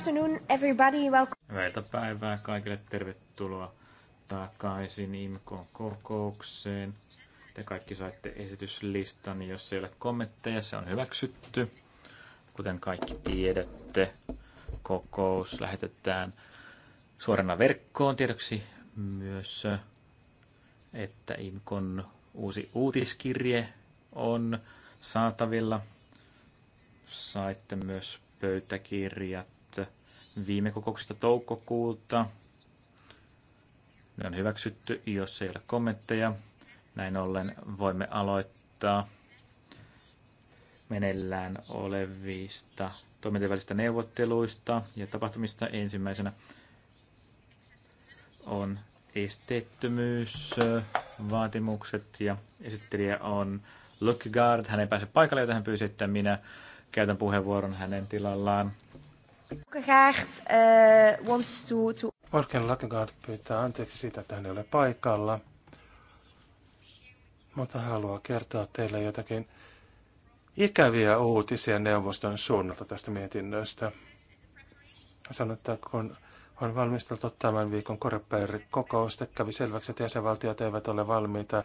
afternoon everybody, welcome. Hyvää päivää kaikille, tervetuloa takaisin IMKon kokoukseen. Te kaikki saitte esityslistan, jos ei ole kommentteja, se on hyväksytty. Kuten kaikki tiedätte, kokous lähetetään suorana verkkoon tiedoksi myös, että IMKon uusi uutiskirje on saatavilla. Saitte myös pöytäkirjat viime kokouksesta toukokuuta. Ne on hyväksytty, jos ei ole kommentteja. Näin ollen voimme aloittaa meneillään olevista toimintavälistä neuvotteluista ja tapahtumista. Ensimmäisenä on esteettömyysvaatimukset ja esittelijä on Lukgard. Hän ei pääse paikalle, joten hän pyysi, että minä käytän puheenvuoron hänen tilallaan. Lockegaard uh, wants to, to... Morgan Lockegaard pyytää anteeksi siitä, että hän ei ole paikalla, mutta haluaa kertoa teille jotakin ikäviä uutisia neuvoston suunnalta tästä mietinnöstä. Hän että kun on valmisteltu tämän viikon korepääri kävi selväksi, että jäsenvaltiot eivät ole valmiita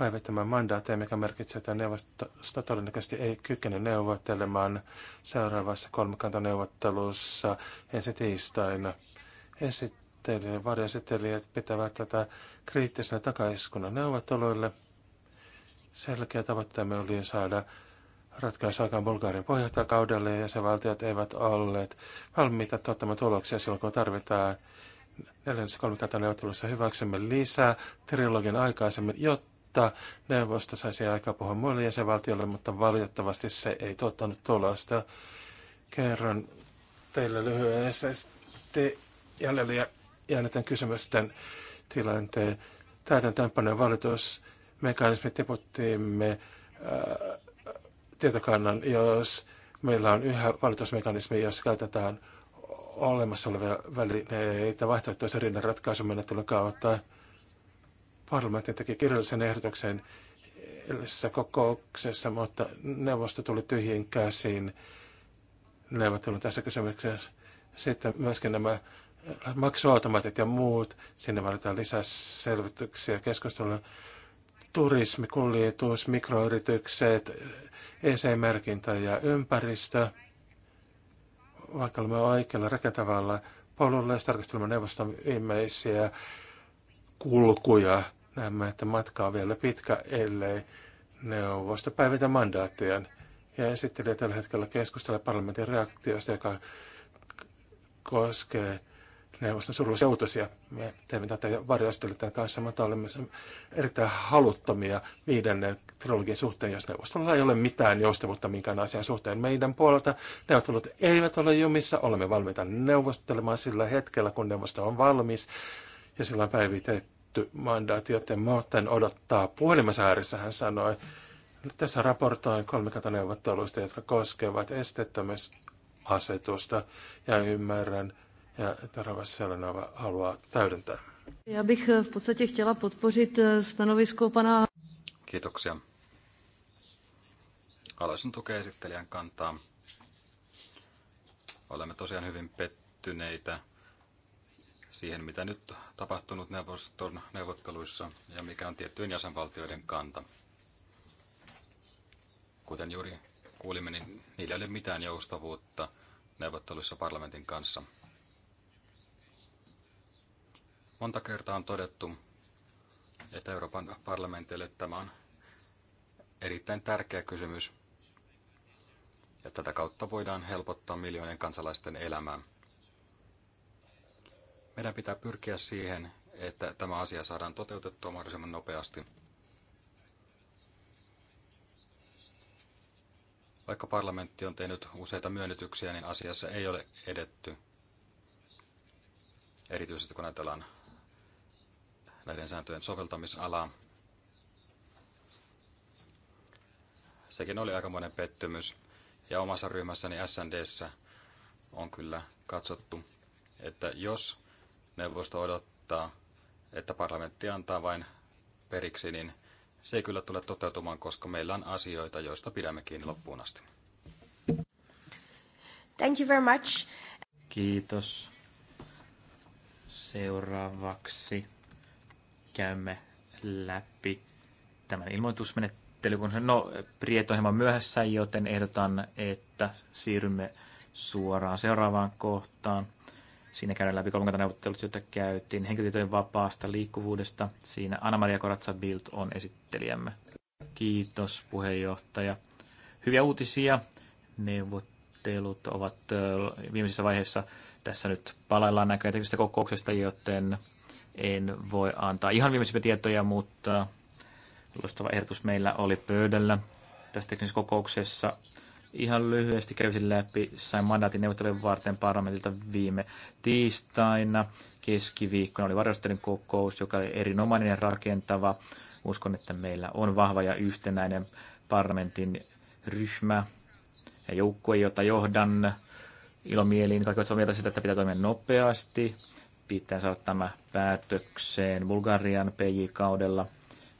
päivittämään mandaatteja, mikä merkitsee, että neuvosto todennäköisesti ei kykene neuvottelemaan seuraavassa kolmikantaneuvottelussa ensi tiistaina. Esittelijät, varjoesittelijät pitävät tätä kriittisenä takaiskuna neuvotteluille. Selkeä tavoitteemme oli saada ratkaisu aikaan Bulgarian puheenjohtajakaudelle ja valtiot eivät olleet valmiita tuottamaan tuloksia silloin, kun tarvitaan neljännessä kolmikantaneuvottelussa hyväksymme lisää trilogin aikaisemmin, jotta mutta neuvosto saisi aika puhua muille jäsenvaltioille, mutta valitettavasti se ei tuottanut tulosta. Kerron teille lyhyesti jäljellä jääneiden kysymysten tilanteen. Täytäntöönpanojen valitusmekanismi tiputtiimme äh, tietokannan, jos meillä on yhä valitusmekanismi, jos käytetään olemassa olevia välineitä vaihtoehtoisen rinnan ratkaisumenettelyn kautta parlamentti teki kirjallisen ehdotuksen edellisessä kokouksessa, mutta neuvosto tuli tyhjin käsiin neuvottelun tässä kysymyksessä. Sitten myöskin nämä maksuautomaatit ja muut, sinne valitaan lisää selvityksiä keskustelua. Turismi, kuljetus, mikroyritykset, esimerkintä ja ympäristö. Vaikka olemme oikealla rakentavalla polulla, ja tarkastelemme neuvoston viimeisiä kulkuja Näemme, että matka on vielä pitkä, ellei neuvosto päivitä mandaattejaan ja esittelijä tällä hetkellä keskustella parlamentin reaktiosta, joka koskee neuvoston surullisia uutisia. Me teemme tätä varjoistelijoiden kanssa, mutta olemme erittäin haluttomia viidennen trilogian suhteen, jos neuvostolla ei ole mitään joustavuutta minkään asian suhteen. Meidän puolelta neuvottelut eivät ole jumissa, olemme valmiita neuvottelemaan sillä hetkellä, kun neuvosto on valmis, ja silloin päivitetty tietty mandaatti, joten Morten odottaa puhelimessa ääressä, hän sanoi. Nyt tässä raportoin kolmikantaneuvotteluista, jotka koskevat esteettömyysasetusta ja ymmärrän, ja Tarava Selenova haluaa täydentää. Ja bych eh, v podstatě chtěla podpořit eh, stanovisko pana... Kiitoksia. Haluaisin tukea esittelijän kantaa. Olemme tosiaan hyvin pettyneitä siihen, mitä nyt tapahtunut neuvoston neuvotteluissa ja mikä on tiettyjen jäsenvaltioiden kanta. Kuten juuri kuulimme, niin niillä ei ole mitään joustavuutta neuvotteluissa parlamentin kanssa. Monta kertaa on todettu, että Euroopan parlamentille tämä on erittäin tärkeä kysymys, ja tätä kautta voidaan helpottaa miljoonien kansalaisten elämää. Meidän pitää pyrkiä siihen, että tämä asia saadaan toteutettua mahdollisimman nopeasti. Vaikka parlamentti on tehnyt useita myönnytyksiä, niin asiassa ei ole edetty. Erityisesti kun ajatellaan näiden sääntöjen soveltamisalaa. Sekin oli aikamoinen pettymys. Ja omassa ryhmässäni SNDssä on kyllä katsottu, että jos neuvosto odottaa, että parlamentti antaa vain periksi, niin se ei kyllä tule toteutumaan, koska meillä on asioita, joista pidämme kiinni loppuun asti. Thank you very much. Kiitos. Seuraavaksi käymme läpi tämän ilmoitusmenettelykunnassa. No, Priet on hieman myöhässä, joten ehdotan, että siirrymme suoraan seuraavaan kohtaan – Siinä käydään läpi kolmikantaneuvottelut, joita käytiin henkilötietojen vapaasta liikkuvuudesta. Siinä Anna-Maria Koratsa Bild on esittelijämme. Kiitos puheenjohtaja. Hyviä uutisia. Neuvottelut ovat viimeisessä vaiheessa. Tässä nyt palaillaan näköjään teknisestä kokouksesta, joten en voi antaa ihan viimeisimpiä tietoja, mutta loistava ehdotus meillä oli pöydällä tässä teknisessä kokouksessa Ihan lyhyesti kävisin läpi, sain mandaatin neuvottelujen varten parlamentilta viime tiistaina. Keskiviikkona oli varjostelun kokous, joka oli erinomainen ja rakentava. Uskon, että meillä on vahva ja yhtenäinen parlamentin ryhmä ja joukkue, jota johdan ilomieliin. Kaikki ovat mieltä sitä, että pitää toimia nopeasti. Pitää saada tämä päätökseen Bulgarian PJ-kaudella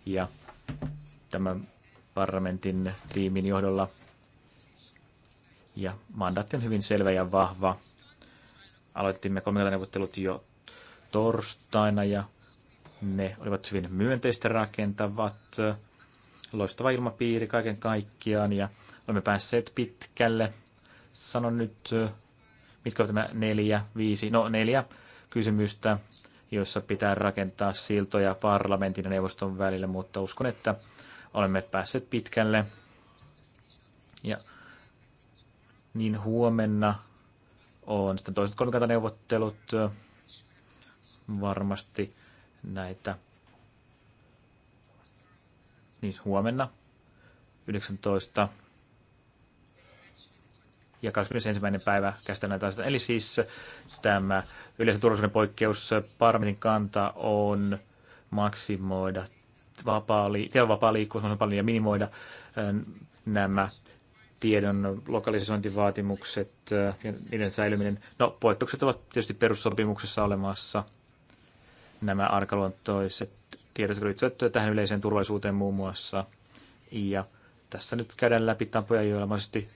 ja tämän parlamentin tiimin johdolla – ja mandaatti on hyvin selvä ja vahva. Aloitimme neuvottelut jo torstaina ja ne olivat hyvin myönteistä rakentavat. Loistava ilmapiiri kaiken kaikkiaan ja olemme päässeet pitkälle. Sanon nyt, mitkä ovat nämä neljä, viisi, no neljä kysymystä, joissa pitää rakentaa siltoja parlamentin ja neuvoston välillä, mutta uskon, että olemme päässeet pitkälle. Ja niin huomenna on sitten toiset kolmikantaneuvottelut varmasti näitä. Niin huomenna 19 ja 21. päivä käsitellään tästä. Eli siis tämä yleisen turvallisuuden poikkeus Parmenin kanta on maksimoida vapaa, tiedon vapaa liikkuvuus paljon ja minimoida nämä tiedon lokalisointivaatimukset äh, ja niiden säilyminen. No, poikkeukset ovat tietysti perussopimuksessa olemassa. Nämä arkaluontoiset tiedot liittyvät tähän yleiseen turvallisuuteen muun muassa. Ja tässä nyt käydään läpi tapoja, joilla mahdollisesti,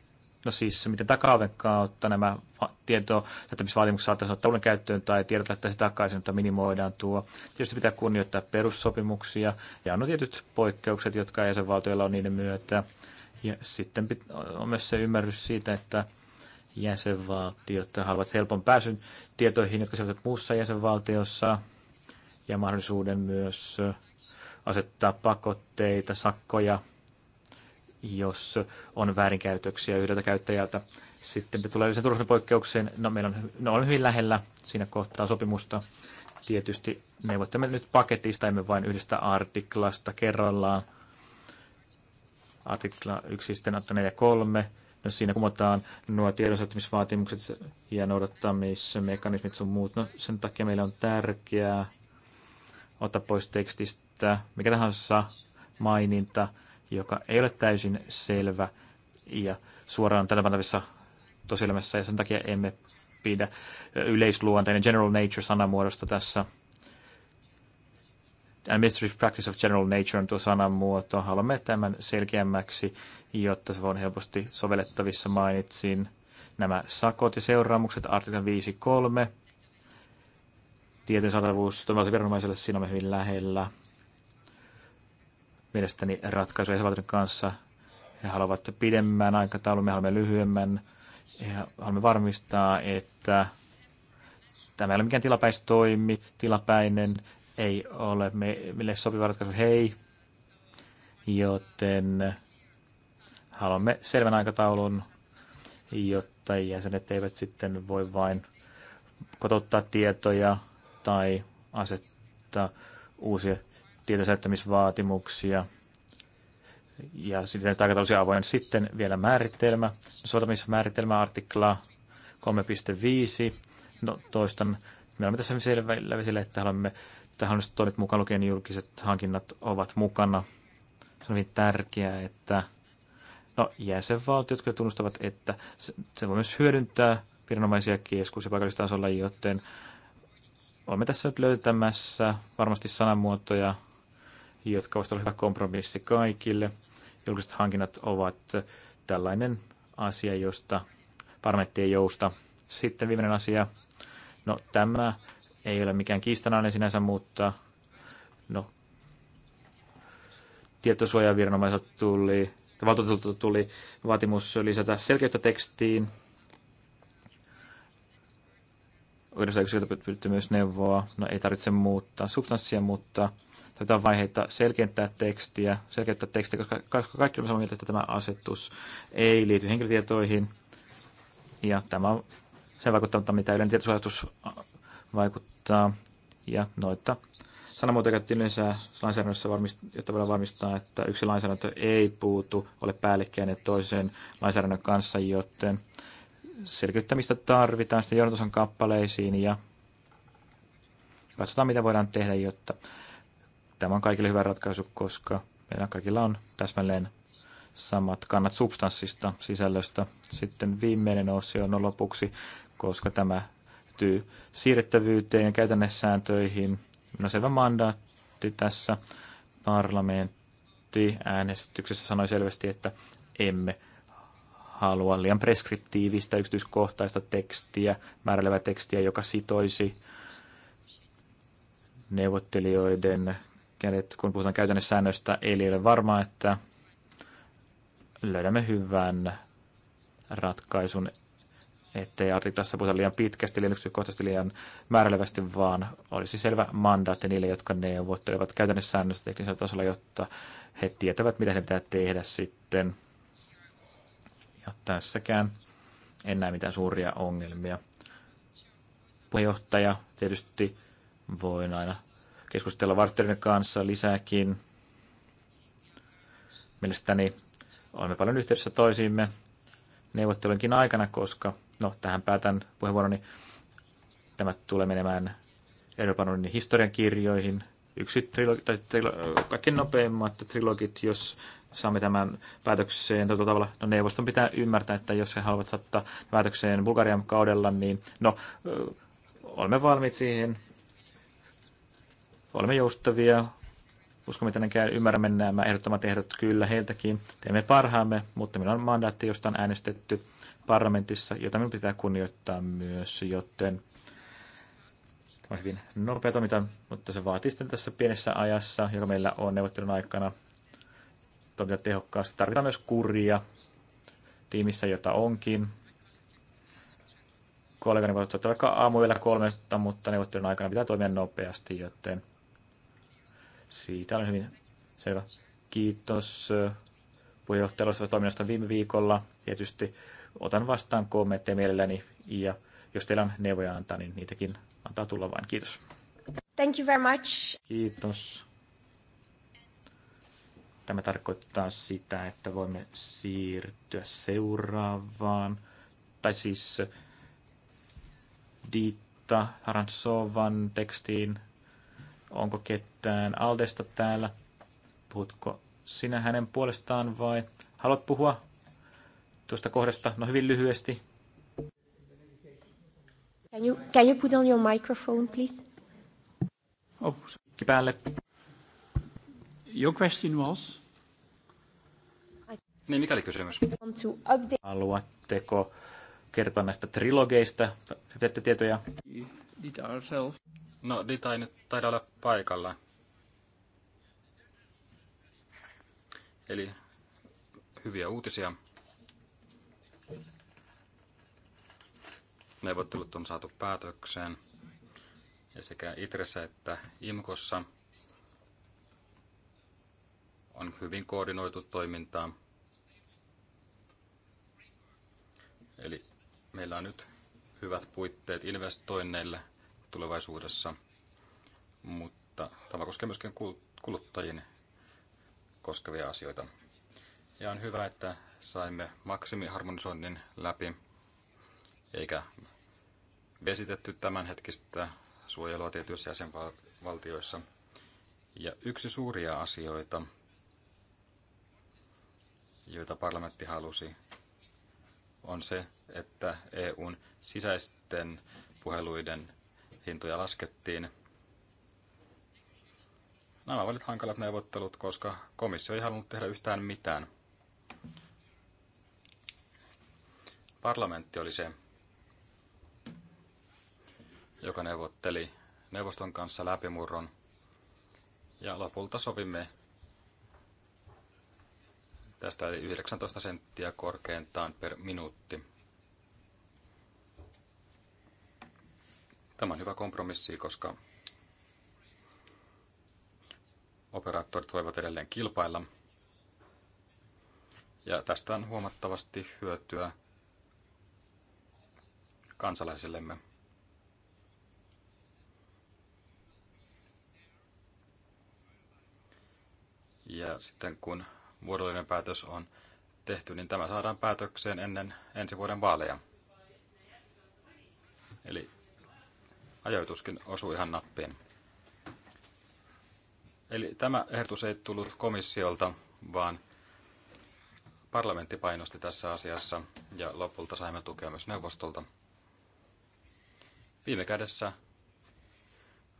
no siis miten takaoven kautta nämä tieto- jättämisvaatimukset saattaa ottaa uuden käyttöön tai tiedot lähtee takaisin, että minimoidaan tuo. Tietysti pitää kunnioittaa perussopimuksia ja on no tietyt poikkeukset, jotka jäsenvaltioilla on niiden myötä ja sitten on myös se ymmärrys siitä, että jäsenvaltiot haluavat helpon pääsyn tietoihin, jotka sijaitsevat muussa jäsenvaltiossa, ja mahdollisuuden myös asettaa pakotteita, sakkoja, jos on väärinkäytöksiä yhdeltä käyttäjältä. Sitten tulee sen turvallisuuden poikkeukseen, no meillä on, no on hyvin lähellä siinä kohtaa sopimusta. Tietysti neuvottelemme nyt paketista, emme vain yhdestä artiklasta kerrallaan, artikla 1, sitten 4.3. No siinä kumotaan nuo tiedonsaattimisvaatimukset ja noudattamismekanismit sun muut. No sen takia meillä on tärkeää ottaa pois tekstistä mikä tahansa maininta, joka ei ole täysin selvä ja suoraan tällä tavalla tosielämässä ja sen takia emme pidä yleisluonteinen general nature sanamuodosta tässä administrative practice of general nature on tuo sanamuoto. Haluamme tämän selkeämmäksi, jotta se on helposti sovellettavissa. Mainitsin nämä sakot ja seuraamukset, artiklan 5.3. Tietojen saatavuus toimivalle viranomaiselle, siinä on hyvin lähellä. Mielestäni ratkaisu jäsenvaltion kanssa. He haluavat pidemmän aikataulun, me haluamme lyhyemmän. Ja haluamme varmistaa, että tämä ei ole mikään tilapäistoimi, tilapäinen ei ole meille sopiva ratkaisu hei, joten haluamme selvän aikataulun, jotta jäsenet eivät sitten voi vain kotouttaa tietoja tai asettaa uusia tietosäyttämisvaatimuksia. Ja sitten aikataulusia avoin sitten vielä määritelmä, soveltamismääritelmä artikla 3.5. No toistan, me olemme tässä selvä, että haluamme tähän todet mukaan lukien julkiset hankinnat ovat mukana. Se on hyvin tärkeää, että no, jäsenvaltiot kyllä tunnustavat, että se, se voi myös hyödyntää viranomaisia keskus- ja paikallistasolla, joten olemme tässä nyt löytämässä varmasti sanamuotoja, jotka voisivat olla hyvä kompromissi kaikille. Julkiset hankinnat ovat tällainen asia, josta parlamentti ei jousta. Sitten viimeinen asia, no tämä ei ole mikään kiistanainen sinänsä, mutta no, tietosuojaviranomaiset tuli, valtuutetulta tuli vaatimus lisätä selkeyttä tekstiin. Yhdessä yksilöltä myös neuvoa. No ei tarvitse muuttaa substanssia, mutta tätä vaiheita selkeyttää tekstiä, selkeyttää tekstiä, koska kaikki on samaa mieltä, että tämä asetus ei liity henkilötietoihin. Ja tämä se vaikuttaa, mitä yleinen tietosuojatus vaikuttaa tota, ja noita sanamuotoja käytettiin yleensä lainsäädännössä, jotta voidaan varmistaa, että yksi lainsäädäntö ei puutu, ole päällekkäinen toiseen lainsäädännön kanssa, joten selkeyttämistä tarvitaan sitten johdatuson kappaleisiin ja katsotaan, mitä voidaan tehdä, jotta tämä on kaikille hyvä ratkaisu, koska meillä kaikilla on täsmälleen samat kannat substanssista, sisällöstä. Sitten viimeinen osio on no lopuksi, koska tämä liittyy siirrettävyyteen ja käytännössääntöihin. No selvä mandaatti tässä parlamentti äänestyksessä sanoi selvästi, että emme halua liian preskriptiivistä yksityiskohtaista tekstiä, määrälevää tekstiä, joka sitoisi neuvottelijoiden kädet, kun puhutaan käytännössä säännöistä, eli ei ole varmaa, että löydämme hyvän ratkaisun ettei artiklassa puhuta liian pitkästi, liian yksityiskohtaisesti, liian määräilevästi, vaan olisi selvä mandaatti niille, jotka neuvottelevat käytännössä säännöstä teknisellä tasolla, jotta he tietävät, mitä he pitää tehdä sitten. Ja tässäkään en näe mitään suuria ongelmia. Puheenjohtaja tietysti voin aina keskustella vartijoiden kanssa lisääkin. Mielestäni olemme paljon yhteydessä toisiimme neuvottelunkin aikana, koska No, tähän päätän puheenvuoroni. Tämä tulee menemään Euroopan unionin historian kirjoihin. Yksi trilogi, tai trilo- kaikkein nopeimmat trilogit, jos saamme tämän päätökseen toisella tavalla. No neuvoston pitää ymmärtää, että jos he haluavat saattaa päätökseen Bulgarian kaudella, niin no, olemme valmiit siihen. Olemme joustavia. Uskomme tännenkään ymmärrämme nämä ehdottomat ehdot kyllä heiltäkin. Teemme parhaamme, mutta meillä on mandaatti, josta on äänestetty parlamentissa, jota minun pitää kunnioittaa myös, joten on hyvin nopea toiminta, mutta se vaatii sitten tässä pienessä ajassa, joka meillä on neuvottelun aikana toiminta tehokkaasti. Tarvitaan myös kuria tiimissä, jota onkin. Kollegani voivat soittaa vaikka vielä kolmetta, mutta neuvottelun aikana pitää toimia nopeasti, joten siitä on hyvin selvä. Kiitos äh, puheenjohtajalle toiminnasta viime viikolla. Tietysti otan vastaan kommentteja mielelläni ja jos teillä on neuvoja antaa, niin niitäkin antaa tulla vain. Kiitos. Thank you very much. Kiitos. Tämä tarkoittaa sitä, että voimme siirtyä seuraavaan. Tai siis Diitta Haransovan tekstiin. Onko ketään Aldesta täällä? Puhutko sinä hänen puolestaan vai haluat puhua? tuosta kohdasta? No hyvin lyhyesti. Can you, can you put on your microphone, please? Oh, päälle. Your question was? Niin, mikä oli kysymys? Haluatteko kertoa näistä trilogeista? Pidätte tietoja? Dita ourselves. No, Dita ei nyt taida olla paikalla. Eli hyviä uutisia. Neuvottelut on saatu päätökseen ja sekä Itressä että Imkossa on hyvin koordinoitu toimintaa. Eli meillä on nyt hyvät puitteet investoinneille tulevaisuudessa, mutta tämä koskee myöskin kuluttajien koskevia asioita. Ja on hyvä, että saimme maksimiharmonisoinnin läpi, eikä vesitetty tämänhetkistä suojelua tietyissä jäsenvaltioissa. Ja yksi suuria asioita, joita parlamentti halusi, on se, että EUn sisäisten puheluiden hintoja laskettiin. Nämä olivat hankalat neuvottelut, koska komissio ei halunnut tehdä yhtään mitään. Parlamentti oli se, joka neuvotteli neuvoston kanssa läpimurron. Ja lopulta sovimme tästä 19 senttiä korkeintaan per minuutti. Tämä on hyvä kompromissi, koska operaattorit voivat edelleen kilpailla. Ja tästä on huomattavasti hyötyä kansalaisillemme. Ja sitten kun muodollinen päätös on tehty, niin tämä saadaan päätökseen ennen ensi vuoden vaaleja. Eli ajoituskin osui ihan nappiin. Eli tämä ehdotus ei tullut komissiolta, vaan parlamentti painosti tässä asiassa ja lopulta saimme tukea myös neuvostolta. Viime kädessä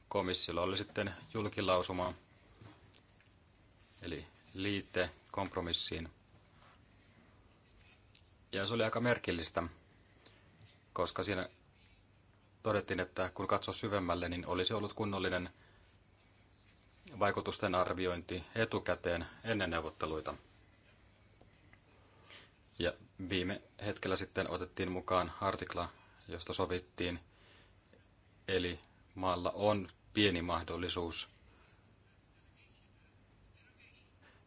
komissiolla oli sitten julkilausuma eli liite kompromissiin. Ja se oli aika merkillistä, koska siinä todettiin, että kun katsoo syvemmälle, niin olisi ollut kunnollinen vaikutusten arviointi etukäteen ennen neuvotteluita. Ja viime hetkellä sitten otettiin mukaan artikla, josta sovittiin, eli maalla on pieni mahdollisuus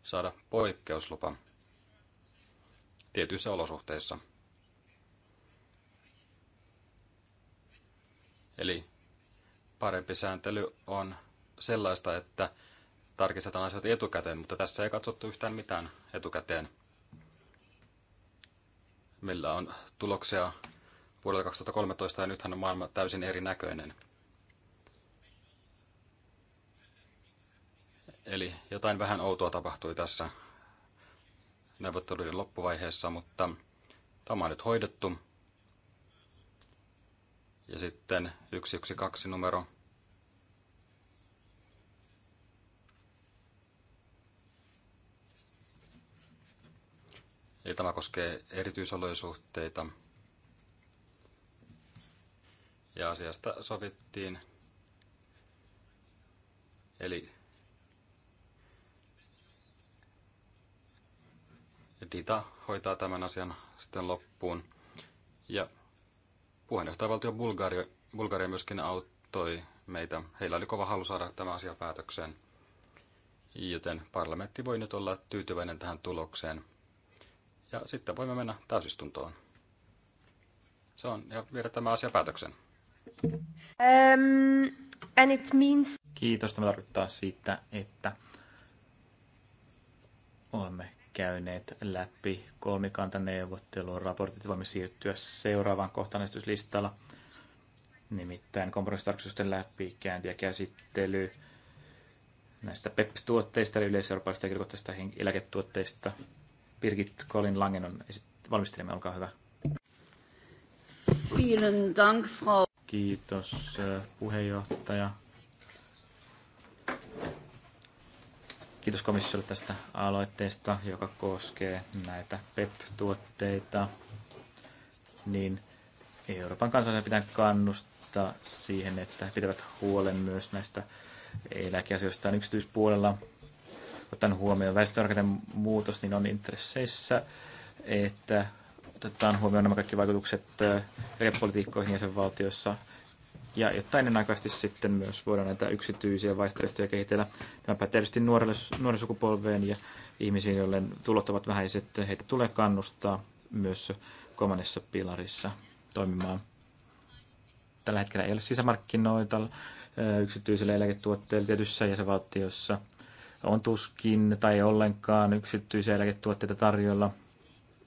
saada poikkeuslupa tietyissä olosuhteissa. Eli parempi sääntely on sellaista, että tarkistetaan asioita etukäteen, mutta tässä ei katsottu yhtään mitään etukäteen. Meillä on tuloksia vuodelta 2013 ja nythän on maailma täysin erinäköinen. Eli jotain vähän outoa tapahtui tässä neuvotteluiden loppuvaiheessa, mutta tämä on nyt hoidettu. Ja sitten 112 numero. Eli tämä koskee erityisolosuhteita. Ja asiasta sovittiin. Eli Dita hoitaa tämän asian sitten loppuun. Ja puheenjohtajavaltio Bulgaria, Bulgaria myöskin auttoi meitä. Heillä oli kova halu saada tämä asia päätökseen. Joten parlamentti voi nyt olla tyytyväinen tähän tulokseen. Ja sitten voimme mennä täysistuntoon. Se on, ja viedä tämä asia päätöksen. Um, and it means... Kiitos. Tämä tarkoittaa siitä, että olemme käyneet läpi kolmikantaneuvottelun raportit. Voimme siirtyä seuraavaan kohtaan esityslistalla, nimittäin kompromissitarkistusten läpikäynti ja käsittely näistä PEP-tuotteista, eli yleiseurooppalaisista ja eläketuotteista. Birgit Colin Langen on valmistelemme, olkaa hyvä. Vielen Dank, Frau. Kiitos äh, puheenjohtaja. Kiitos komissiolle tästä aloitteesta, joka koskee näitä PEP-tuotteita. Niin Euroopan kansalaisia pitää kannustaa siihen, että he pitävät huolen myös näistä eläkeasioista yksityispuolella. Ottaen huomioon väestörakenteen muutos, niin on intresseissä, että otetaan huomioon nämä kaikki vaikutukset äh, eläkepolitiikkoihin valtiossa ja jotta ennenaikaisesti sitten myös voidaan näitä yksityisiä vaihtoehtoja kehitellä. Tämä pätee tietysti nuorelle, nuorelle sukupolveen ja ihmisiin, joille tulot ovat vähäiset, heitä tulee kannustaa myös kolmannessa pilarissa toimimaan. Tällä hetkellä ei ole sisämarkkinoita yksityisille eläketuotteille tietyissä jäsenvaltioissa. On tuskin tai ei ollenkaan yksityisiä eläketuotteita tarjolla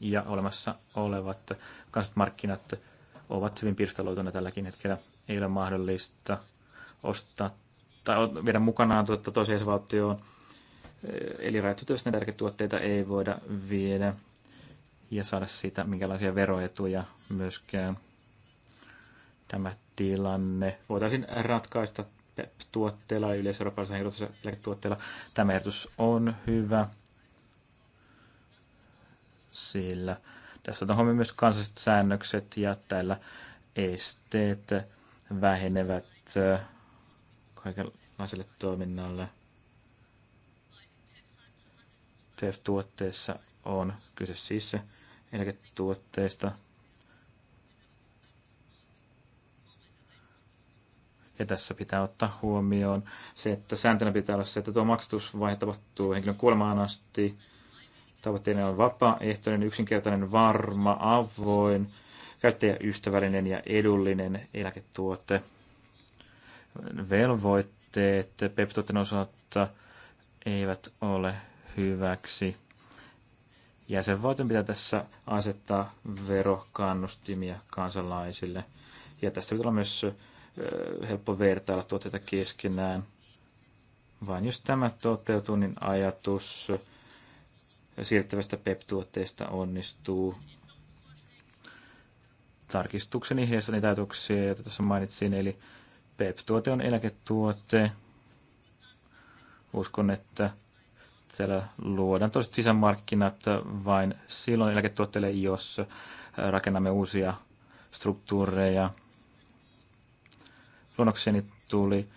ja olemassa olevat kansat markkinat ovat hyvin pirstaloituneet tälläkin hetkellä. Ei ole mahdollista ostaa tai viedä mukanaan tuotta toiseen valtioon. Eli rajoitettavasti tärkeitä tuotteita ei voida viedä ja saada siitä minkälaisia veroetuja myöskään. Tämä tilanne voitaisiin ratkaista e tuotteella ja yleiseurooppalaisella tuotteella. Tämä ehdotus on hyvä, sillä tässä on myös kansalliset säännökset ja täällä esteet vähenevät äh, kaikenlaiselle toiminnalle. TEF-tuotteessa on kyse siis eläketuotteista. Ja tässä pitää ottaa huomioon se, että sääntönä pitää olla se, että tuo maksatusvaihe tapahtuu henkilön kuolemaan asti. Tavoitteena on vapaaehtoinen, yksinkertainen, varma, avoin, käyttäjäystävällinen ja edullinen eläketuote. Velvoitteet peptoten osalta eivät ole hyväksi. Jäsenvaltion pitää tässä asettaa verokannustimia kansalaisille. Ja tästä pitää olla myös helppo vertailla tuotteita keskenään. Vain jos tämä toteutuu, niin ajatus siirrettävästä PEP-tuotteesta onnistuu. Tarkistuksen ihjeessä niitä ajatuksia, joita tässä mainitsin, eli PEP-tuote on eläketuote. Uskon, että siellä luodaan toiset sisämarkkinat vain silloin eläketuotteille, jos rakennamme uusia struktuureja. Luonnokseni tuli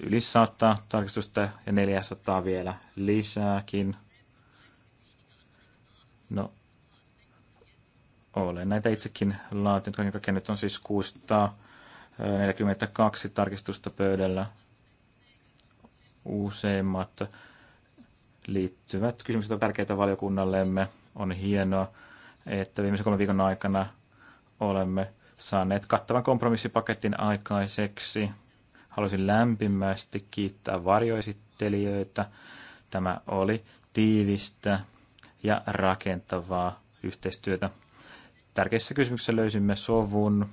yli 100 tarkistusta ja 400 vielä lisääkin. No, olen näitä itsekin laatinut. Kaiken kaikkiaan nyt on siis 642 tarkistusta pöydällä. Useimmat liittyvät kysymykset ovat tärkeitä valiokunnallemme. On hienoa, että viimeisen kolmen viikon aikana olemme saaneet kattavan kompromissipaketin aikaiseksi. Haluaisin lämpimästi kiittää varjoesittelijöitä. Tämä oli tiivistä ja rakentavaa yhteistyötä. Tärkeissä kysymyksissä löysimme sovun.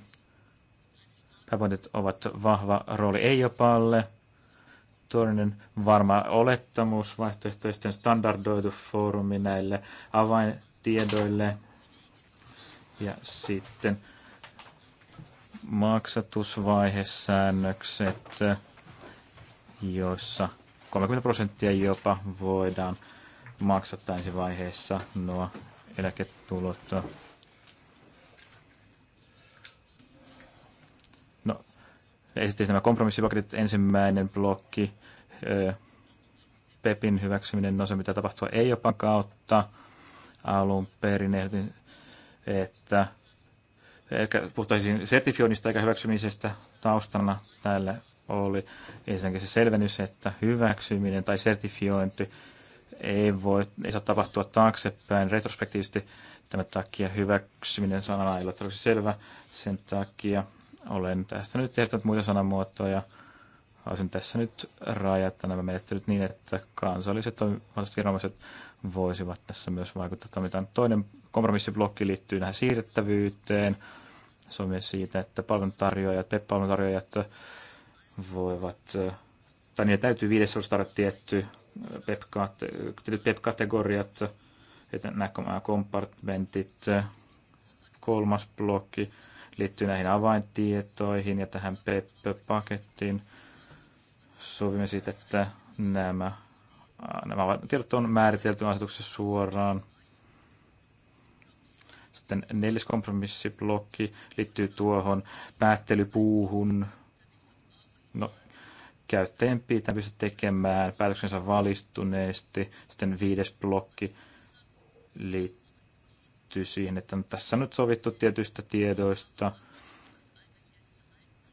Pääpointit ovat vahva rooli jopalle. toinen varma olettamus vaihtoehtoisten standardoitu foorumi näille avaintiedoille ja sitten maksatusvaihesäännökset, joissa 30 prosenttia jopa voidaan maksattaisi ensi vaiheessa nuo eläketulot. No, esitin nämä kompromissipaketit, ensimmäinen blokki, PEPin hyväksyminen, no se mitä tapahtua ei jopa kautta. Alun perin ehdotin, että ehkä puhuttaisiin sertifioinnista eikä hyväksymisestä taustana täällä oli ensinnäkin se selvennys, että hyväksyminen tai sertifiointi ei, voi, ei saa tapahtua taaksepäin retrospektiivisesti. Tämän takia hyväksyminen sanana ei ole tarpeeksi selvä. Sen takia olen tästä nyt tehtänyt muita sanamuotoja. Haluaisin tässä nyt rajata nämä menettelyt niin, että kansalliset toimivaltaiset viranomaiset voisivat tässä myös vaikuttaa Tämä Toinen kompromissiblokki liittyy tähän siirrettävyyteen. Se on myös siitä, että palveluntarjoajat, palveluntarjoajat voivat, tai niitä täytyy viidessä tarjota tietty PEP-kategoriat, nämä kompartmentit, kolmas blokki liittyy näihin avaintietoihin ja tähän PEP-pakettiin. Sovimme siitä, että nämä, nämä tiedot on määritelty asetuksessa suoraan. Sitten neljäs kompromissiblokki liittyy tuohon päättelypuuhun, käyttäjien pitää pystyä tekemään päätöksensä valistuneesti. Sitten viides blokki liittyy siihen, että on tässä on nyt sovittu tietyistä tiedoista,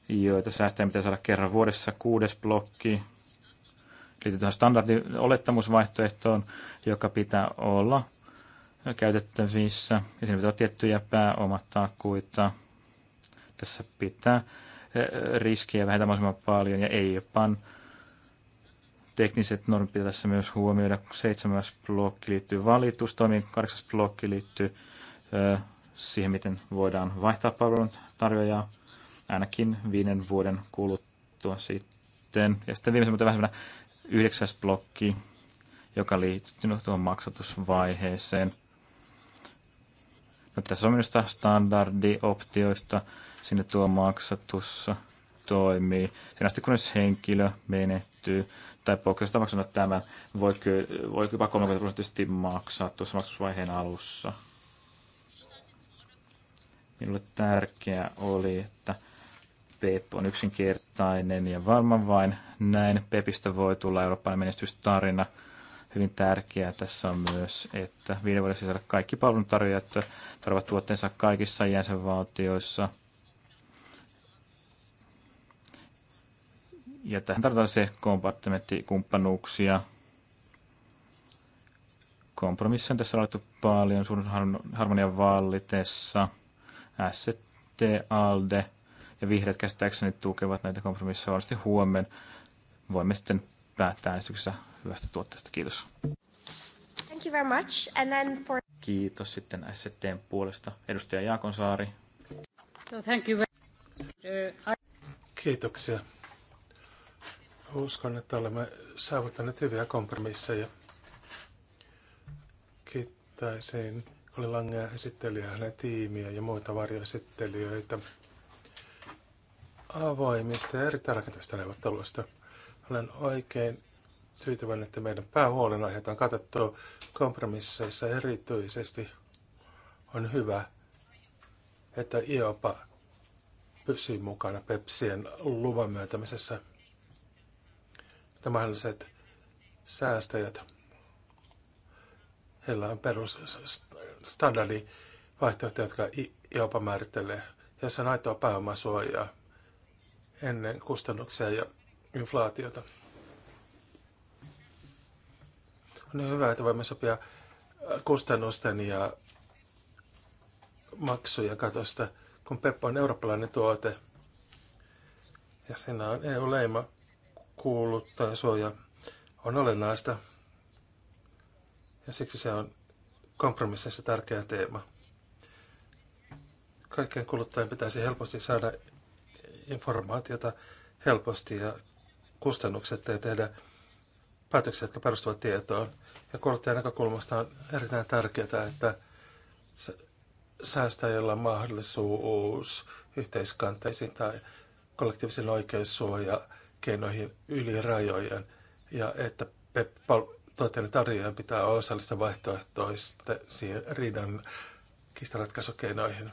joita säästäjä pitää saada kerran vuodessa. Kuudes blokki liittyy tähän olettamusvaihtoehtoon, joka pitää olla käytettävissä. Ja siinä pitää olla tiettyjä pääomatakuita. Tässä pitää Eh, riskiä vähentää mahdollisimman paljon ja ei EIOPan tekniset normit pitää tässä myös huomioida. Seitsemäs blokki liittyy valitustoimiin, kahdeksas blokki liittyy eh, siihen, miten voidaan vaihtaa palvelun tarjoajaa ainakin viiden vuoden kuluttua sitten. Ja sitten viimeisen, mutta vähän yhdeksäs blokki, joka liittyy tuohon maksatusvaiheeseen. No, tässä on minusta standardioptioista. Sinne tuo maksatussa toimii. Sen asti kunnes henkilö menehtyy tai poikkeusta maksana tämä voi, ky- voi jopa 30 prosenttisesti maksaa tuossa maksusvaiheen alussa. Minulle tärkeää oli, että PEP on yksinkertainen ja varmaan vain näin PEPistä voi tulla eurooppalainen menestystarina – Hyvin tärkeää tässä on myös, että viiden vuoden sisällä kaikki palveluntarjoajat tarvitsevat tuotteensa kaikissa jäsenvaltioissa. Ja tähän tarvitaan se kompartimenttikumppanuuksia. Kompromissi on tässä laitettu paljon suurin harmonian vallitessa. ST, ALDE ja vihreät käsittääkseni tukevat näitä kompromisseja varmasti huomenna. Voimme sitten päättää äänestyksessä hyvästä tuotteesta. Kiitos. Thank you very much. And then for... Kiitos sitten STn puolesta. Edustaja Jaakonsaari. No, thank you very... uh, I... Kiitoksia. Uskon, että olemme saavuttaneet hyviä kompromisseja. Kiittäisin oli Langea esittelijä, hänen tiimiä ja muita varjoesittelijöitä avoimista ja erittäin rakentavista neuvotteluista. Olen oikein tyytyväinen, että meidän päähuolenaiheet on katettu kompromisseissa erityisesti. On hyvä, että IOPA pysyy mukana Pepsien luvan myöntämisessä. Että mahdolliset säästäjät, heillä on perusstandardi vaihtoehto, jotka IOPA määrittelee, jossa on aitoa pääomasuojaa ennen kustannuksia ja inflaatiota. On niin hyvä, että voimme sopia äh, kustannusten ja maksujen katosta, kun Peppo on eurooppalainen tuote. Ja siinä on EU-leima kuuluttaa suoja on olennaista. Ja siksi se on kompromississa tärkeä teema. Kaikkien kuluttajien pitäisi helposti saada informaatiota helposti ja kustannukset ja tehdä päätöksiä, jotka perustuvat tietoon. Ja kuluttajan näkökulmasta on erittäin tärkeää, että säästäjillä on mahdollisuus yhteiskanteisiin tai kollektiivisen oikeussuoja keinoihin yli rajojen ja että tuotteiden tarjoajan pitää osallistua vaihtoehtoisiin riidan kistaratkaisukeinoihin.